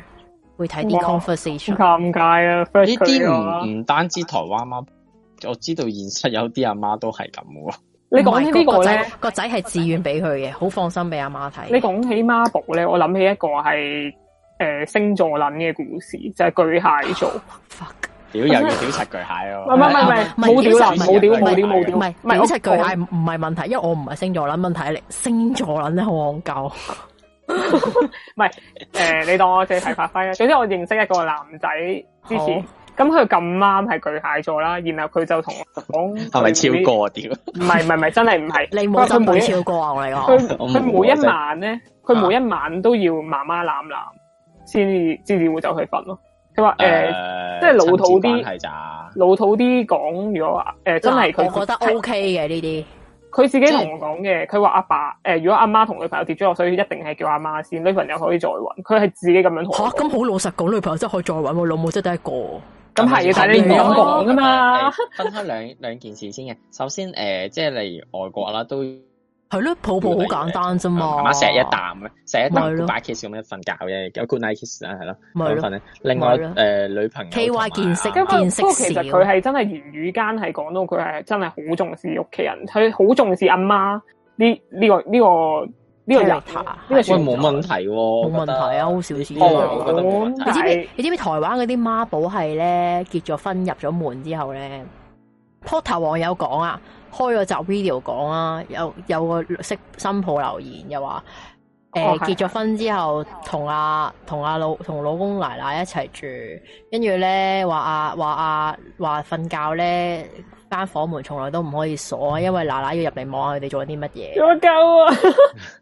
會睇啲 conversation，尷尬啊！呢啲唔唔單止台灣媽，我知道現實有啲阿媽都係咁喎。你講呢個咧，那個仔係自願俾佢嘅，好、那個、放心俾阿媽睇。你講起 m 媽寶咧，我諗起一個係誒、uh, 星座撚嘅故事，就係、巨蟹座、oh, fuck，屌又要屌七巨蟹哦、啊！唔唔唔唔唔冇屌冇屌，冇屌，冇屌，冇屌七巨蟹唔係問題，因為我唔係星座撚，問題係星座撚你好戇鳩。 <laughs> 唔 <laughs> 係，誒、呃，你當我借題發揮啦。總之我認識一個男仔之前，咁佢咁啱係巨蟹座啦，然後佢就同我講係咪超過啲？唔係唔係，真係唔係。佢冇超過我嚟噶。佢每， <laughs> 每一晚咧，佢每一晚都要媽媽攬攬，先至先至會走去瞓咯。佢話誒，即係老土啲，老土啲講咗誒，真係佢、啊、覺得 O K 嘅呢啲。佢自己同我講嘅，佢話阿爸如果阿媽同女朋友跌咗落水，所以一定係叫阿媽先，女朋友可以再搵，佢係自己咁樣同我講，咁、啊、好、啊啊啊啊、 <laughs> 老實講，女朋友真係可以再搵喎，老母真係得一個，咁係要睇你點講㗎嘛。分開兩件事先嘅，首先、呃、即係例如外國啦，都。 <laughs> 係咯，抱抱好簡單啫嘛，媽、嗯、錫一啖咧，錫一啖五擺 kiss 咁樣，瞓覺嘅，有 good night kiss 啊，係啦女份咧。另外誒、呃，女朋友 K Y 見識見識少。其實佢係真係言語間係講到佢係真係好重視屋企人，佢好重視阿媽呢呢個呢、這個呢、這個因為呢個算冇問題，冇問題啊，好少少。你知唔知？你知唔知台灣嗰啲媽寶係咧？結咗婚入咗門之後咧，波特王有講啊！開咗集 video 講啊，有有個識新抱留言又話，誒、欸 oh，結咗婚之後同阿同阿老同老公奶奶一齊住，跟住咧話啊，話啊，話瞓覺咧間房門從來都唔可以鎖，因為奶奶要入嚟望下佢哋做緊啲乜嘢。做夠啊，欸、啊，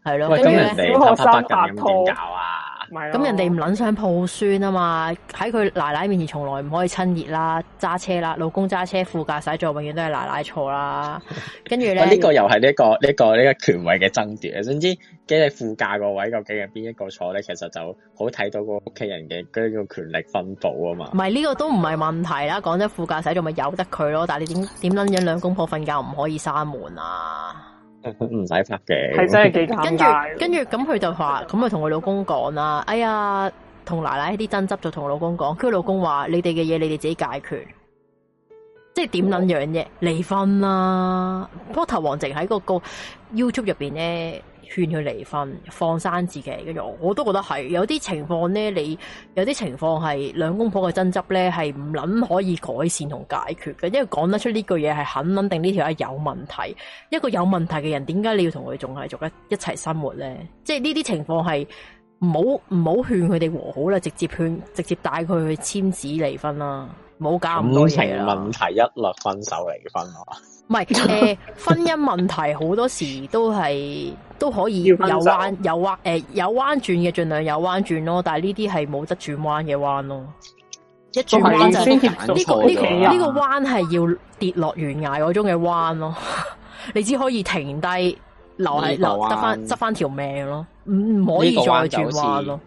係咯，跟住小學生拍拖啊。咁 <music> 人哋唔捻想抱孫啊嘛，喺佢奶奶面前從來唔可以親熱啦，揸車啦，老公揸車副駕駛座永遠都係奶奶坐啦，跟住咧呢、 <laughs> 啊，這個又係呢、這個呢、這個呢、這個權位嘅爭奪啊，總之你副駕個位究竟係邊一個坐咧，其實就好睇到個屋企人嘅嗰個權力分佈啊嘛。唔係呢個都唔係問題啦，講真，副駕駛座咪由得佢咯，但係你點撚捻兩公婆瞓覺唔可以閂門啊？唔使拍嘅，係真係幾慘。跟住，跟住咁佢就話，咁咪同佢老公講啦。哎呀，同奶奶啲爭執，就同我老公講。佢老公話，你哋嘅嘢，你哋自己解決。即係點捻樣啫？離婚啦。波特王靜喺個個 <laughs> YouTube 入邊咧。勸佢離婚，放生自己。跟住，我都覺得係有啲情況咧，你有啲情況係兩公婆嘅爭執咧，係唔諗可以改善同解決嘅。因為講得出呢句嘢，係肯肯定呢條係有問題。一個有問題嘅人，點解你要同佢仲係繼續一齊生活咧？即係呢啲情況係唔好唔好勸佢哋和好啦，直接勸直接帶佢去簽紙離婚啦，冇搞咁多嘢啦。感情問題一律分手離婚，唔係誒，婚姻問題好多時都係。都可以有彎有彎誒有彎轉嘅盡量有彎轉咯，但係呢啲係冇得轉彎嘅彎咯，一轉彎就呢個呢、這個呢、這個彎係要跌落懸崖嗰種嘅彎咯， <laughs> 你只可以停低留喺、這個、留得翻執翻條命咯，唔唔可以再轉彎咯、這個彎就，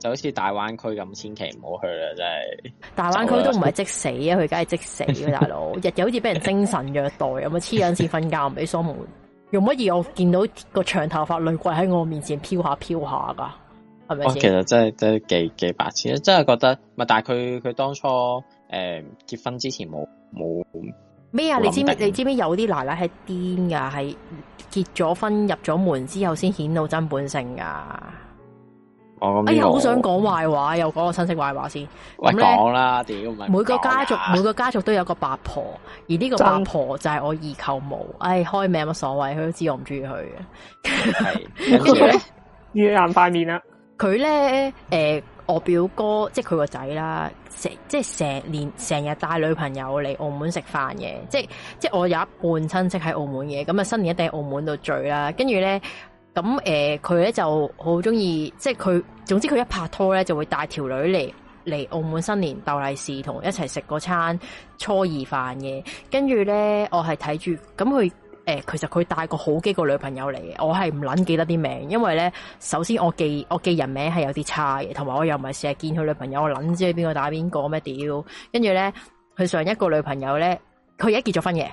就好似大灣區咁，千祈唔好去啦，真係。大灣區都唔係即死啊，佢梗係即死嘅大佬， <laughs> 日日好似俾人精神虐待咁啊，黐兩次瞓覺唔俾鎖門。容乜易，我見到個長頭髮女鬼喺我面前飄下飄下噶，係咪、哦、其實真係真幾幾白痴，真係覺得咪？但係佢佢當初誒、嗯、結婚之前冇冇咩啊？你知唔知？你知唔知有啲奶奶係癲噶？係結咗婚入咗門之後先顯露真本性噶。這個，哎呀，好想講壞話，又講個親戚壞話先。講啦，屌！每個家族每個家族都有個八婆，而呢個八婆就係我二舅母。哎，開名乜所謂？佢都知我唔中意佢嘅。跟住咧，越南塊面啦。佢 <laughs> 咧，誒、呃，我表哥即係佢個仔啦，成即係成年成日帶女朋友嚟澳門食飯嘅。即係即係我有一半親戚喺澳門嘅，咁啊新年一定喺澳門度聚啦。跟住咧。咁誒，佢、呃、咧就好中意，即係佢，總之佢一拍拖咧，就會帶條女嚟嚟澳門新年逗利是，同一齊食個餐初二飯嘅。跟住咧，我係睇住，咁佢誒，其實佢帶過好幾個女朋友嚟嘅。我係唔捻記得啲名，因為咧，首先我記我記人名係有啲差嘅，同埋我又唔係成日見佢女朋友，我捻知邊個打邊個咩屌。跟住咧，佢上一個女朋友咧，佢而家結咗婚嘅。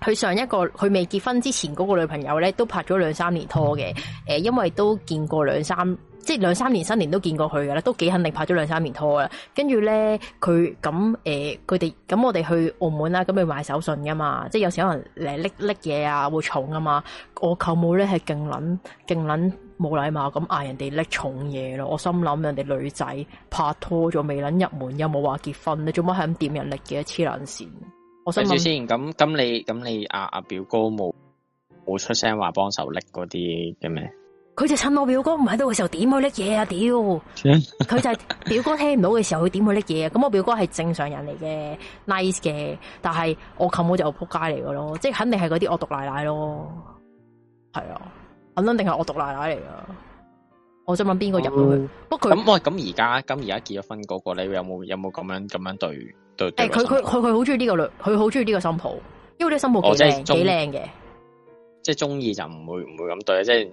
佢上一個佢未結婚之前嗰個女朋友咧，都拍咗兩三年拖嘅。誒，因為都見過兩三，即係兩三年、新年都見過佢嘅啦，都幾肯定拍咗兩三年拖啦。跟住咧，佢咁誒，佢哋咁我哋去澳門啦，咁要買手信噶嘛，即係有時可能拎拎嘢啊，會重啊嘛。我舅母咧係勁撚勁撚冇禮貌，咁嗌人哋拎重嘢咯。我心諗人哋女仔拍拖仲未撚入門，又冇話結婚，你做乜係咁掂人拎嘅黐撚線？我想住先，咁咁你咁你阿、啊、阿表哥冇冇出聲話幫手拎嗰啲嘅咩？佢就趁我表哥唔喺度嘅時候點去拎嘢啊！屌，佢就係表哥聽唔到嘅時候佢點去拎嘢啊！咁我表哥係正常人嚟嘅 <laughs> ，nice 嘅，但係我舅母就仆街嚟嘅咯，即係肯定係嗰啲惡毒奶奶咯，係啊，肯定係惡毒奶奶嚟啊！我想問邊個入去、嗯？不過咁，喂咁而家咁而家結咗婚嗰、那個，你有冇有冇咁樣咁樣對對？誒、欸，佢佢佢佢好中意呢個女，佢好中意呢個新抱，因為呢個新抱幾靚幾靚嘅。即係中意就唔會唔會咁對，即係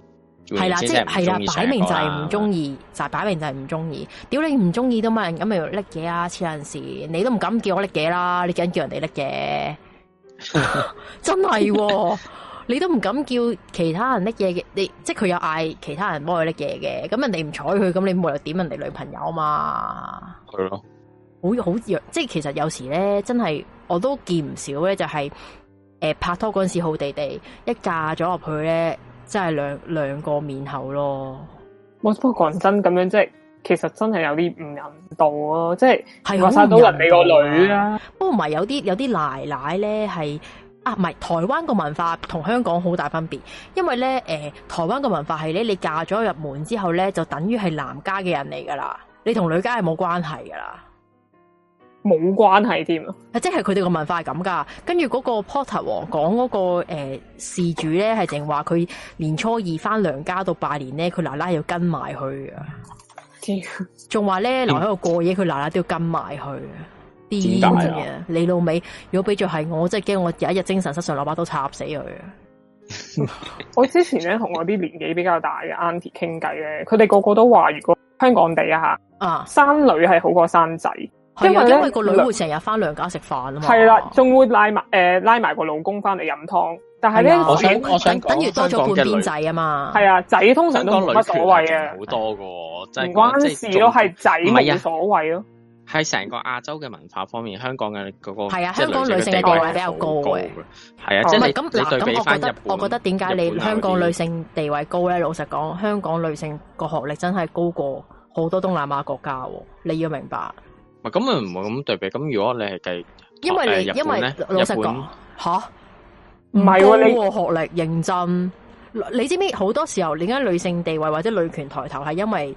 係啦，即係係啦，擺明就係唔中意，就擺明就係唔中意。屌你唔中意都冇人咁咪又搦嘢啊？遲嗰陣時，你都唔敢叫我搦嘢啦，你梗叫人哋搦嘅， <laughs> <laughs> 真係的耶。 <laughs> 你都唔敢叫其他人拎嘢嘅，你即係佢有嗌其他人幫佢拎嘢嘅，咁人哋唔睬佢，咁你冇理由點人哋女朋友嘛？係咯，好好弱，即係其實有時咧，真係我都見唔少咧，就係、是、誒、呃、拍拖嗰陣時好地地，一嫁咗落去咧，真係兩兩個面口咯。我不過講真，咁樣即係其實真係有啲唔人道咯，即係係我生到人哋個女啊。不過唔係有啲有啲奶奶咧係。啊，唔係台灣個文化，同香港好大分別，因為咧，誒、呃，台灣個文化係咧，你嫁咗入門之後咧，就等於係男家嘅人嚟噶啦，你同女家係冇關係噶啦，冇關係添啊，即係佢哋個文化係咁噶，跟住嗰個波特王講嗰、那個誒、呃、事主咧，係淨話佢年初二翻娘家到拜年咧，佢奶奶要跟埋去啊，仲話咧留喺度過夜，佢奶奶都要跟埋去。是是 <laughs> 你老味，如果俾著係我，我真係驚我有一日精神失常，攞把刀插死佢。 <laughs> 我之前咧同我啲年紀比較大嘅 aunty 傾偈咧，佢哋個個都話，如果香港地啊吓，啊，生女係好過生仔，因為咧個女，因為女，女會成日翻娘家食飯啊，係啦，仲會拉埋誒、呃、拉埋個老公翻嚟飲湯，但係咧、嗯，我想，我想，我想等於多咗半邊仔啊嘛，係啊，仔通常都唔所謂啊，好多噶，唔關事咯，係仔乜嘢所謂咯。喺成個亞洲嘅文化方面，香港嘅嗰、那個係啊、就是是，香港女性嘅地位比較高嘅，係啊，即係咁嗱，咁、就是、我覺得，我覺得點解你香港女性地位高咧？老實講，香港女性個學歷真係高過好多東南亞國家。你要明白，係咁啊，唔會咁對比。咁如果你係計，因為你因為老實講，吓唔係喎，啊、你個學歷認真，啊、你,你知唔知好多時候點解女性地位或者女權抬頭係因為？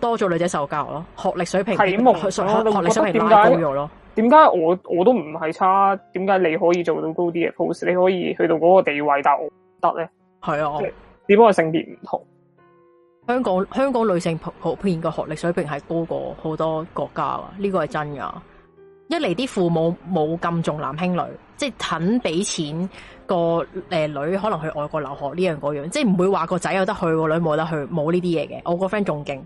多咗女仔受教咯，學歷水平係冇學歷水平拉高咗咯。點解我我都唔係差？點解你可以做到高啲嘅 pose？你可以去到嗰個地位，但係我唔得咧？係啊，只不過性別唔同。香港香港女性普、普遍嘅學歷水平係高過好多國家啊。呢個係真噶。一嚟啲父母冇咁重男輕女，即係肯俾錢、個誒女可能去外國留學呢樣嗰樣，即係唔會話個仔有得去，個女冇得去，冇呢啲嘢嘅。我個 friend 仲勁。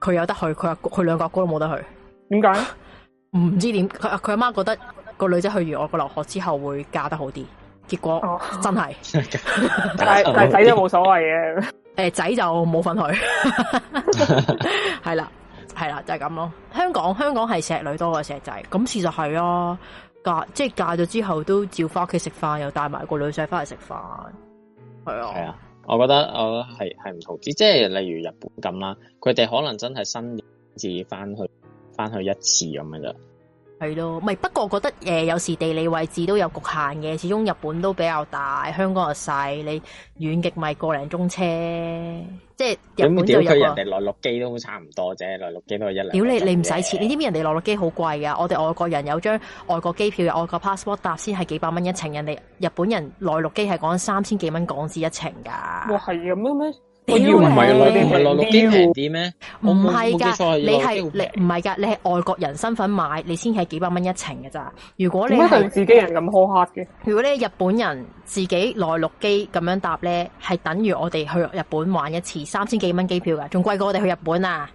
佢有得去，佢話佢兩個阿哥都冇得去，點解？唔知點，佢佢阿媽覺得個女仔去完外國留學之後會嫁得好啲，結果、oh. 真係， <laughs> 但係仔都冇所謂嘅，誒、欸、仔就冇份去，係啦係啦就係、是、咁咯。香港香港係石女多過石仔，咁事實係咯嫁即係、就是、嫁咗之後都照翻屋企食飯，又帶埋個女仔翻嚟食飯，係啊。我覺得我覺得係係唔投資，即係例如日本咁啦，佢哋可能真係新年至翻去翻去一次咁嘅啫。係咯，咪不過我覺得誒、呃，有時地理位置都有局限嘅。始終日本都比較大，香港又細，你遠極咪個零鐘車，即係日本都有，有人哋內陸機都差唔多啫，內陸機都一兩。屌你，你唔使錢，你知唔知人哋內陸機好貴噶？我哋外國人有張外國機票，有外國 passport 搭先係幾百蚊一程，人哋日本人內陸機係講三千幾蚊港紙一程噶。哇，係咁咩？票唔係唔係內陸機平啲咩？唔係噶你係你唔係噶你係外國人身份買，你先係幾百蚊一程嘅咋。如果你係自己人咁苛刻嘅，如果咧日本人自己內陸機咁樣搭咧，係等於我哋去日本玩一次三千幾蚊機票噶仲貴過我哋去日本啊！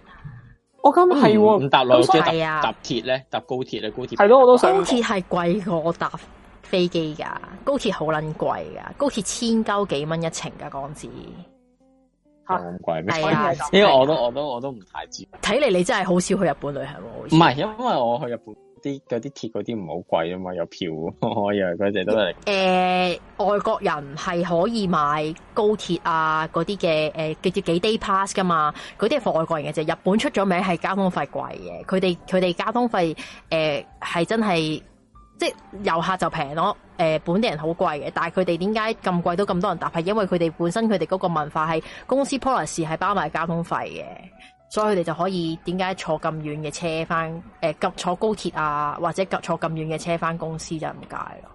我咁係唔搭內陸機啊？搭鐵咧，搭高鐵啊，高鐵係咯，我都想高鐵係貴過搭飛機噶高鐵好撚貴噶高鐵千鳩幾蚊一程噶港紙。咁貴咩？係啊，因為我都我都我都唔太知。睇嚟你真係好少去日本旅行喎。唔係，因為我去日本啲嗰啲鐵嗰啲唔係好貴啊嘛，有票。我以為佢哋都係。誒、呃，外國人係可以買高鐵啊，嗰啲嘅誒嘅叫幾 day pass 噶嘛，嗰啲係外國人嘅啫。日本出咗名係交通費貴嘅，佢哋佢哋交通費誒係真係，即係遊客就平咯。誒，本地人好貴嘅，但係佢哋點解咁貴都咁多人搭？係因為佢哋本身佢哋嗰個文化係公司 policy 係包埋交通費嘅，所以佢哋就可以點解坐咁遠嘅車翻誒、呃，坐高鐵啊或者坐咁遠嘅車翻公司就唔介咯。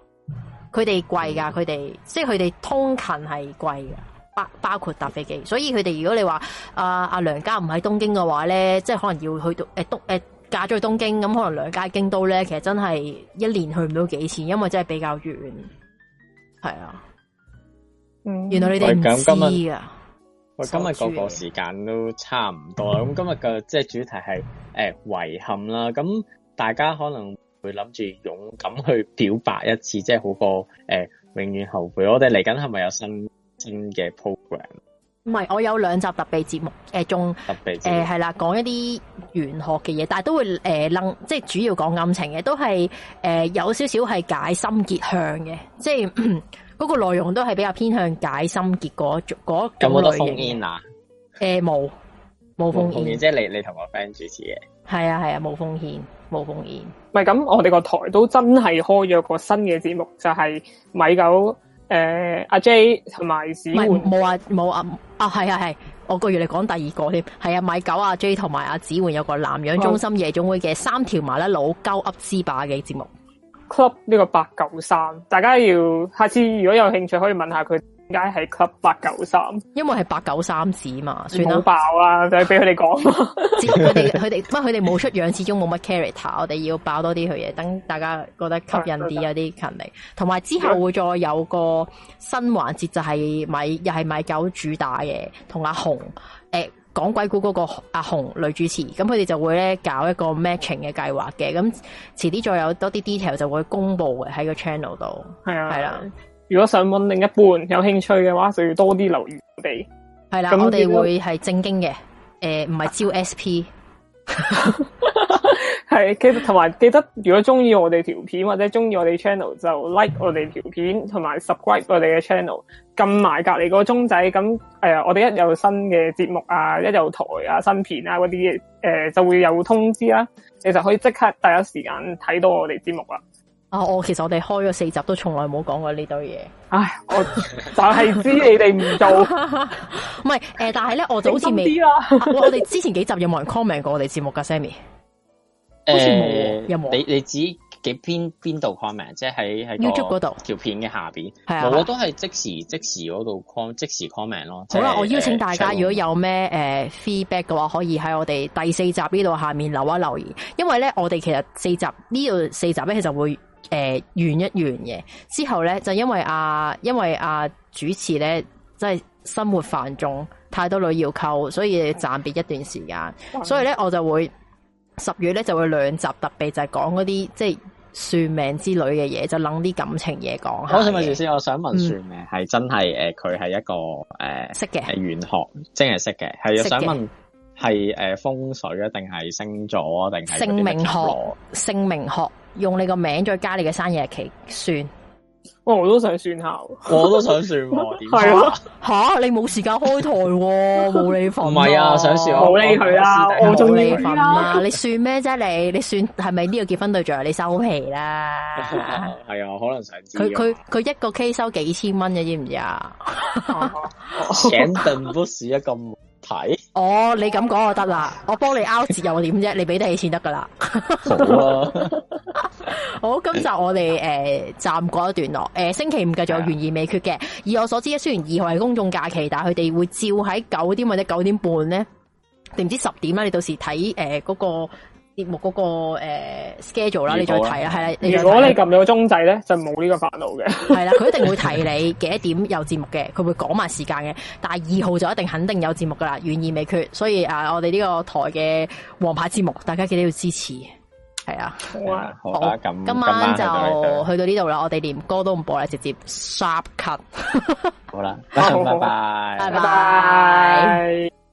佢哋貴噶，佢哋即係佢哋通勤係貴嘅，包包括搭飛機。所以佢哋如果你話阿阿梁家唔喺東京嘅話咧，即係可能要去到誒東誒。呃嫁咗去東京，咁可能兩家京都咧，其實真係一年去唔到幾次，因為真係比較遠。係啊，嗯，原來你哋唔、嗯、知啊。喂，今日個個時間都差唔多啦。咁今日嘅即係主題係誒遺憾啦。咁大家可能會諗住勇敢去表白一次，即係好過誒、呃、永遠後悔。我哋嚟緊係咪有新嘅 program？唔係，我有兩集特備節目，誒、呃，仲誒係啦，講一啲玄學嘅嘢，但係都會誒，楞、呃、即係主要講感情嘅，都係誒、呃、有少少係解心結向嘅，即係嗰、那個內容都係比較偏向解心結嗰嗰咁多風險啊？誒，冇冇、呃、風險，即係你你同我 friend 主持嘅，係啊係啊，冇風險冇風險。唔係咁，我哋個、啊啊、台都真係開咗個新嘅節目，就係、是、米九。誒、uh、阿 J 同埋子煥，唔係冇啊冇啊、哦、啊係啊係、啊，我個月嚟講第二個添，係啊，米九阿 J 同埋阿子煥有個南洋中心夜總會嘅三條麻甩佬鳩噏之霸嘅節目，club 呢個八九三，大家要下次如果有興趣可以問下佢。點解係 Club 八九三？因為係八九三字嘛，算啦。冇爆啦，就係俾佢哋講。只佢哋佢哋乜佢哋冇出樣，始終冇乜 character。我哋要爆多啲佢嘢，等大家覺得吸引啲有啲勤力。同、嗯、埋、嗯、之後會再有個新環節，就係米又係米九主打嘅，同阿紅誒講鬼故嗰個阿紅女主持。咁佢哋就會咧搞一個 matching 嘅計劃嘅。咁遲啲再有多啲 detail 就會公布嘅喺個 channel 度。係、嗯、啊，係啦、啊。如果想揾另一半有興趣嘅話，就要多啲留意我哋。係啦，我哋、就係、會係正經嘅，誒唔係招 S P。係，其實同埋記得，如果中意我哋條片或者中意我哋 channel，就 like 我哋條片，同埋 subscribe 我哋嘅 channel，撳埋隔離個鐘仔。咁、呃、我哋一有新嘅節目啊，一有台啊，新片啊嗰啲嘢，誒、呃、就會有通知啦、啊。你就可以即刻第一時間睇到我哋節目啦。啊、哦！我其實我哋開咗四集都從來冇講過呢堆嘢。唉，我就係知道你哋唔做，唔係誒，但係咧我就好似未知啦。 <laughs> 我哋之前幾集有冇人 comment 過我哋節目噶 Sammi？誒，好似冇，有冇？你你指幾邊邊度 comment？即係喺 YouTube 嗰度條片嘅下邊。係啊，我都係即時即時嗰度 comment，即時 comment 咯。好啦、啊，我邀請大家，如果有咩誒 feedback 嘅話，可以喺我哋第四集呢度下面留一留言。因為咧，我哋其實四集呢度四集咧，其實會。誒、呃，圓一圓嘅之後咧，就因為阿、啊、因為啊主持咧，真係生活繁重，太多女要溝，所以暫別一段時間、嗯。所以咧，我就會十月咧就會兩集特別就係講嗰啲即係算命之類嘅嘢，就諗啲感情嘢講。我想問住先，我想問算命係真係誒、佢、呃、係一個誒、呃、識嘅係玄學，真係識嘅係想問係誒、呃、風水啊，定係星座啊，定係性命學性命學。性命學用你個名再加你嘅生日期算，我都想算下，我都想算，係 <laughs> 啊，吓、啊、你冇時間開台喎，冇 <laughs> 你份唔係啊，想算我冇理佢啊，我冇理份啊，你算咩啫、啊、你？你算係咪呢個結婚對象？你收皮啦，係 <laughs> <laughs> 啊，啊，可能想佢佢佢一個 K 收幾千蚊嘅，知唔知啊？ <laughs> <laughs> 請定不是啊咁。係，哦，你咁講就得啦，我幫你 out 字又點啫？你俾得起錢得噶啦。 <laughs> 好，今集我哋誒，暫、呃、過一段落。誒、呃，星期五繼續懸而未決嘅。以我所知咧，雖然二號係公眾假期，但係佢哋會照喺九點或者九點半咧，定唔知十點啦。你到時睇誒嗰個節目嗰、那個誒、呃、schedule 啦、啊，你再睇啦。係如、啊、如果你撳咗鐘掣咧，就冇呢個煩惱嘅。係 <laughs> 啦、啊，佢一定會提你幾多點有節目嘅，佢會講埋時間嘅。但係二號就一定肯定有節目噶啦，懸而未決，所以啊，我哋呢個台嘅王牌節目，大家記得要支持，係啊。好啊，好啦，咁今晚就，就去到呢度啦，我哋連歌都唔播啦，直接 sharp cut。 <laughs> 好啦，拜拜，拜拜。拜拜拜拜。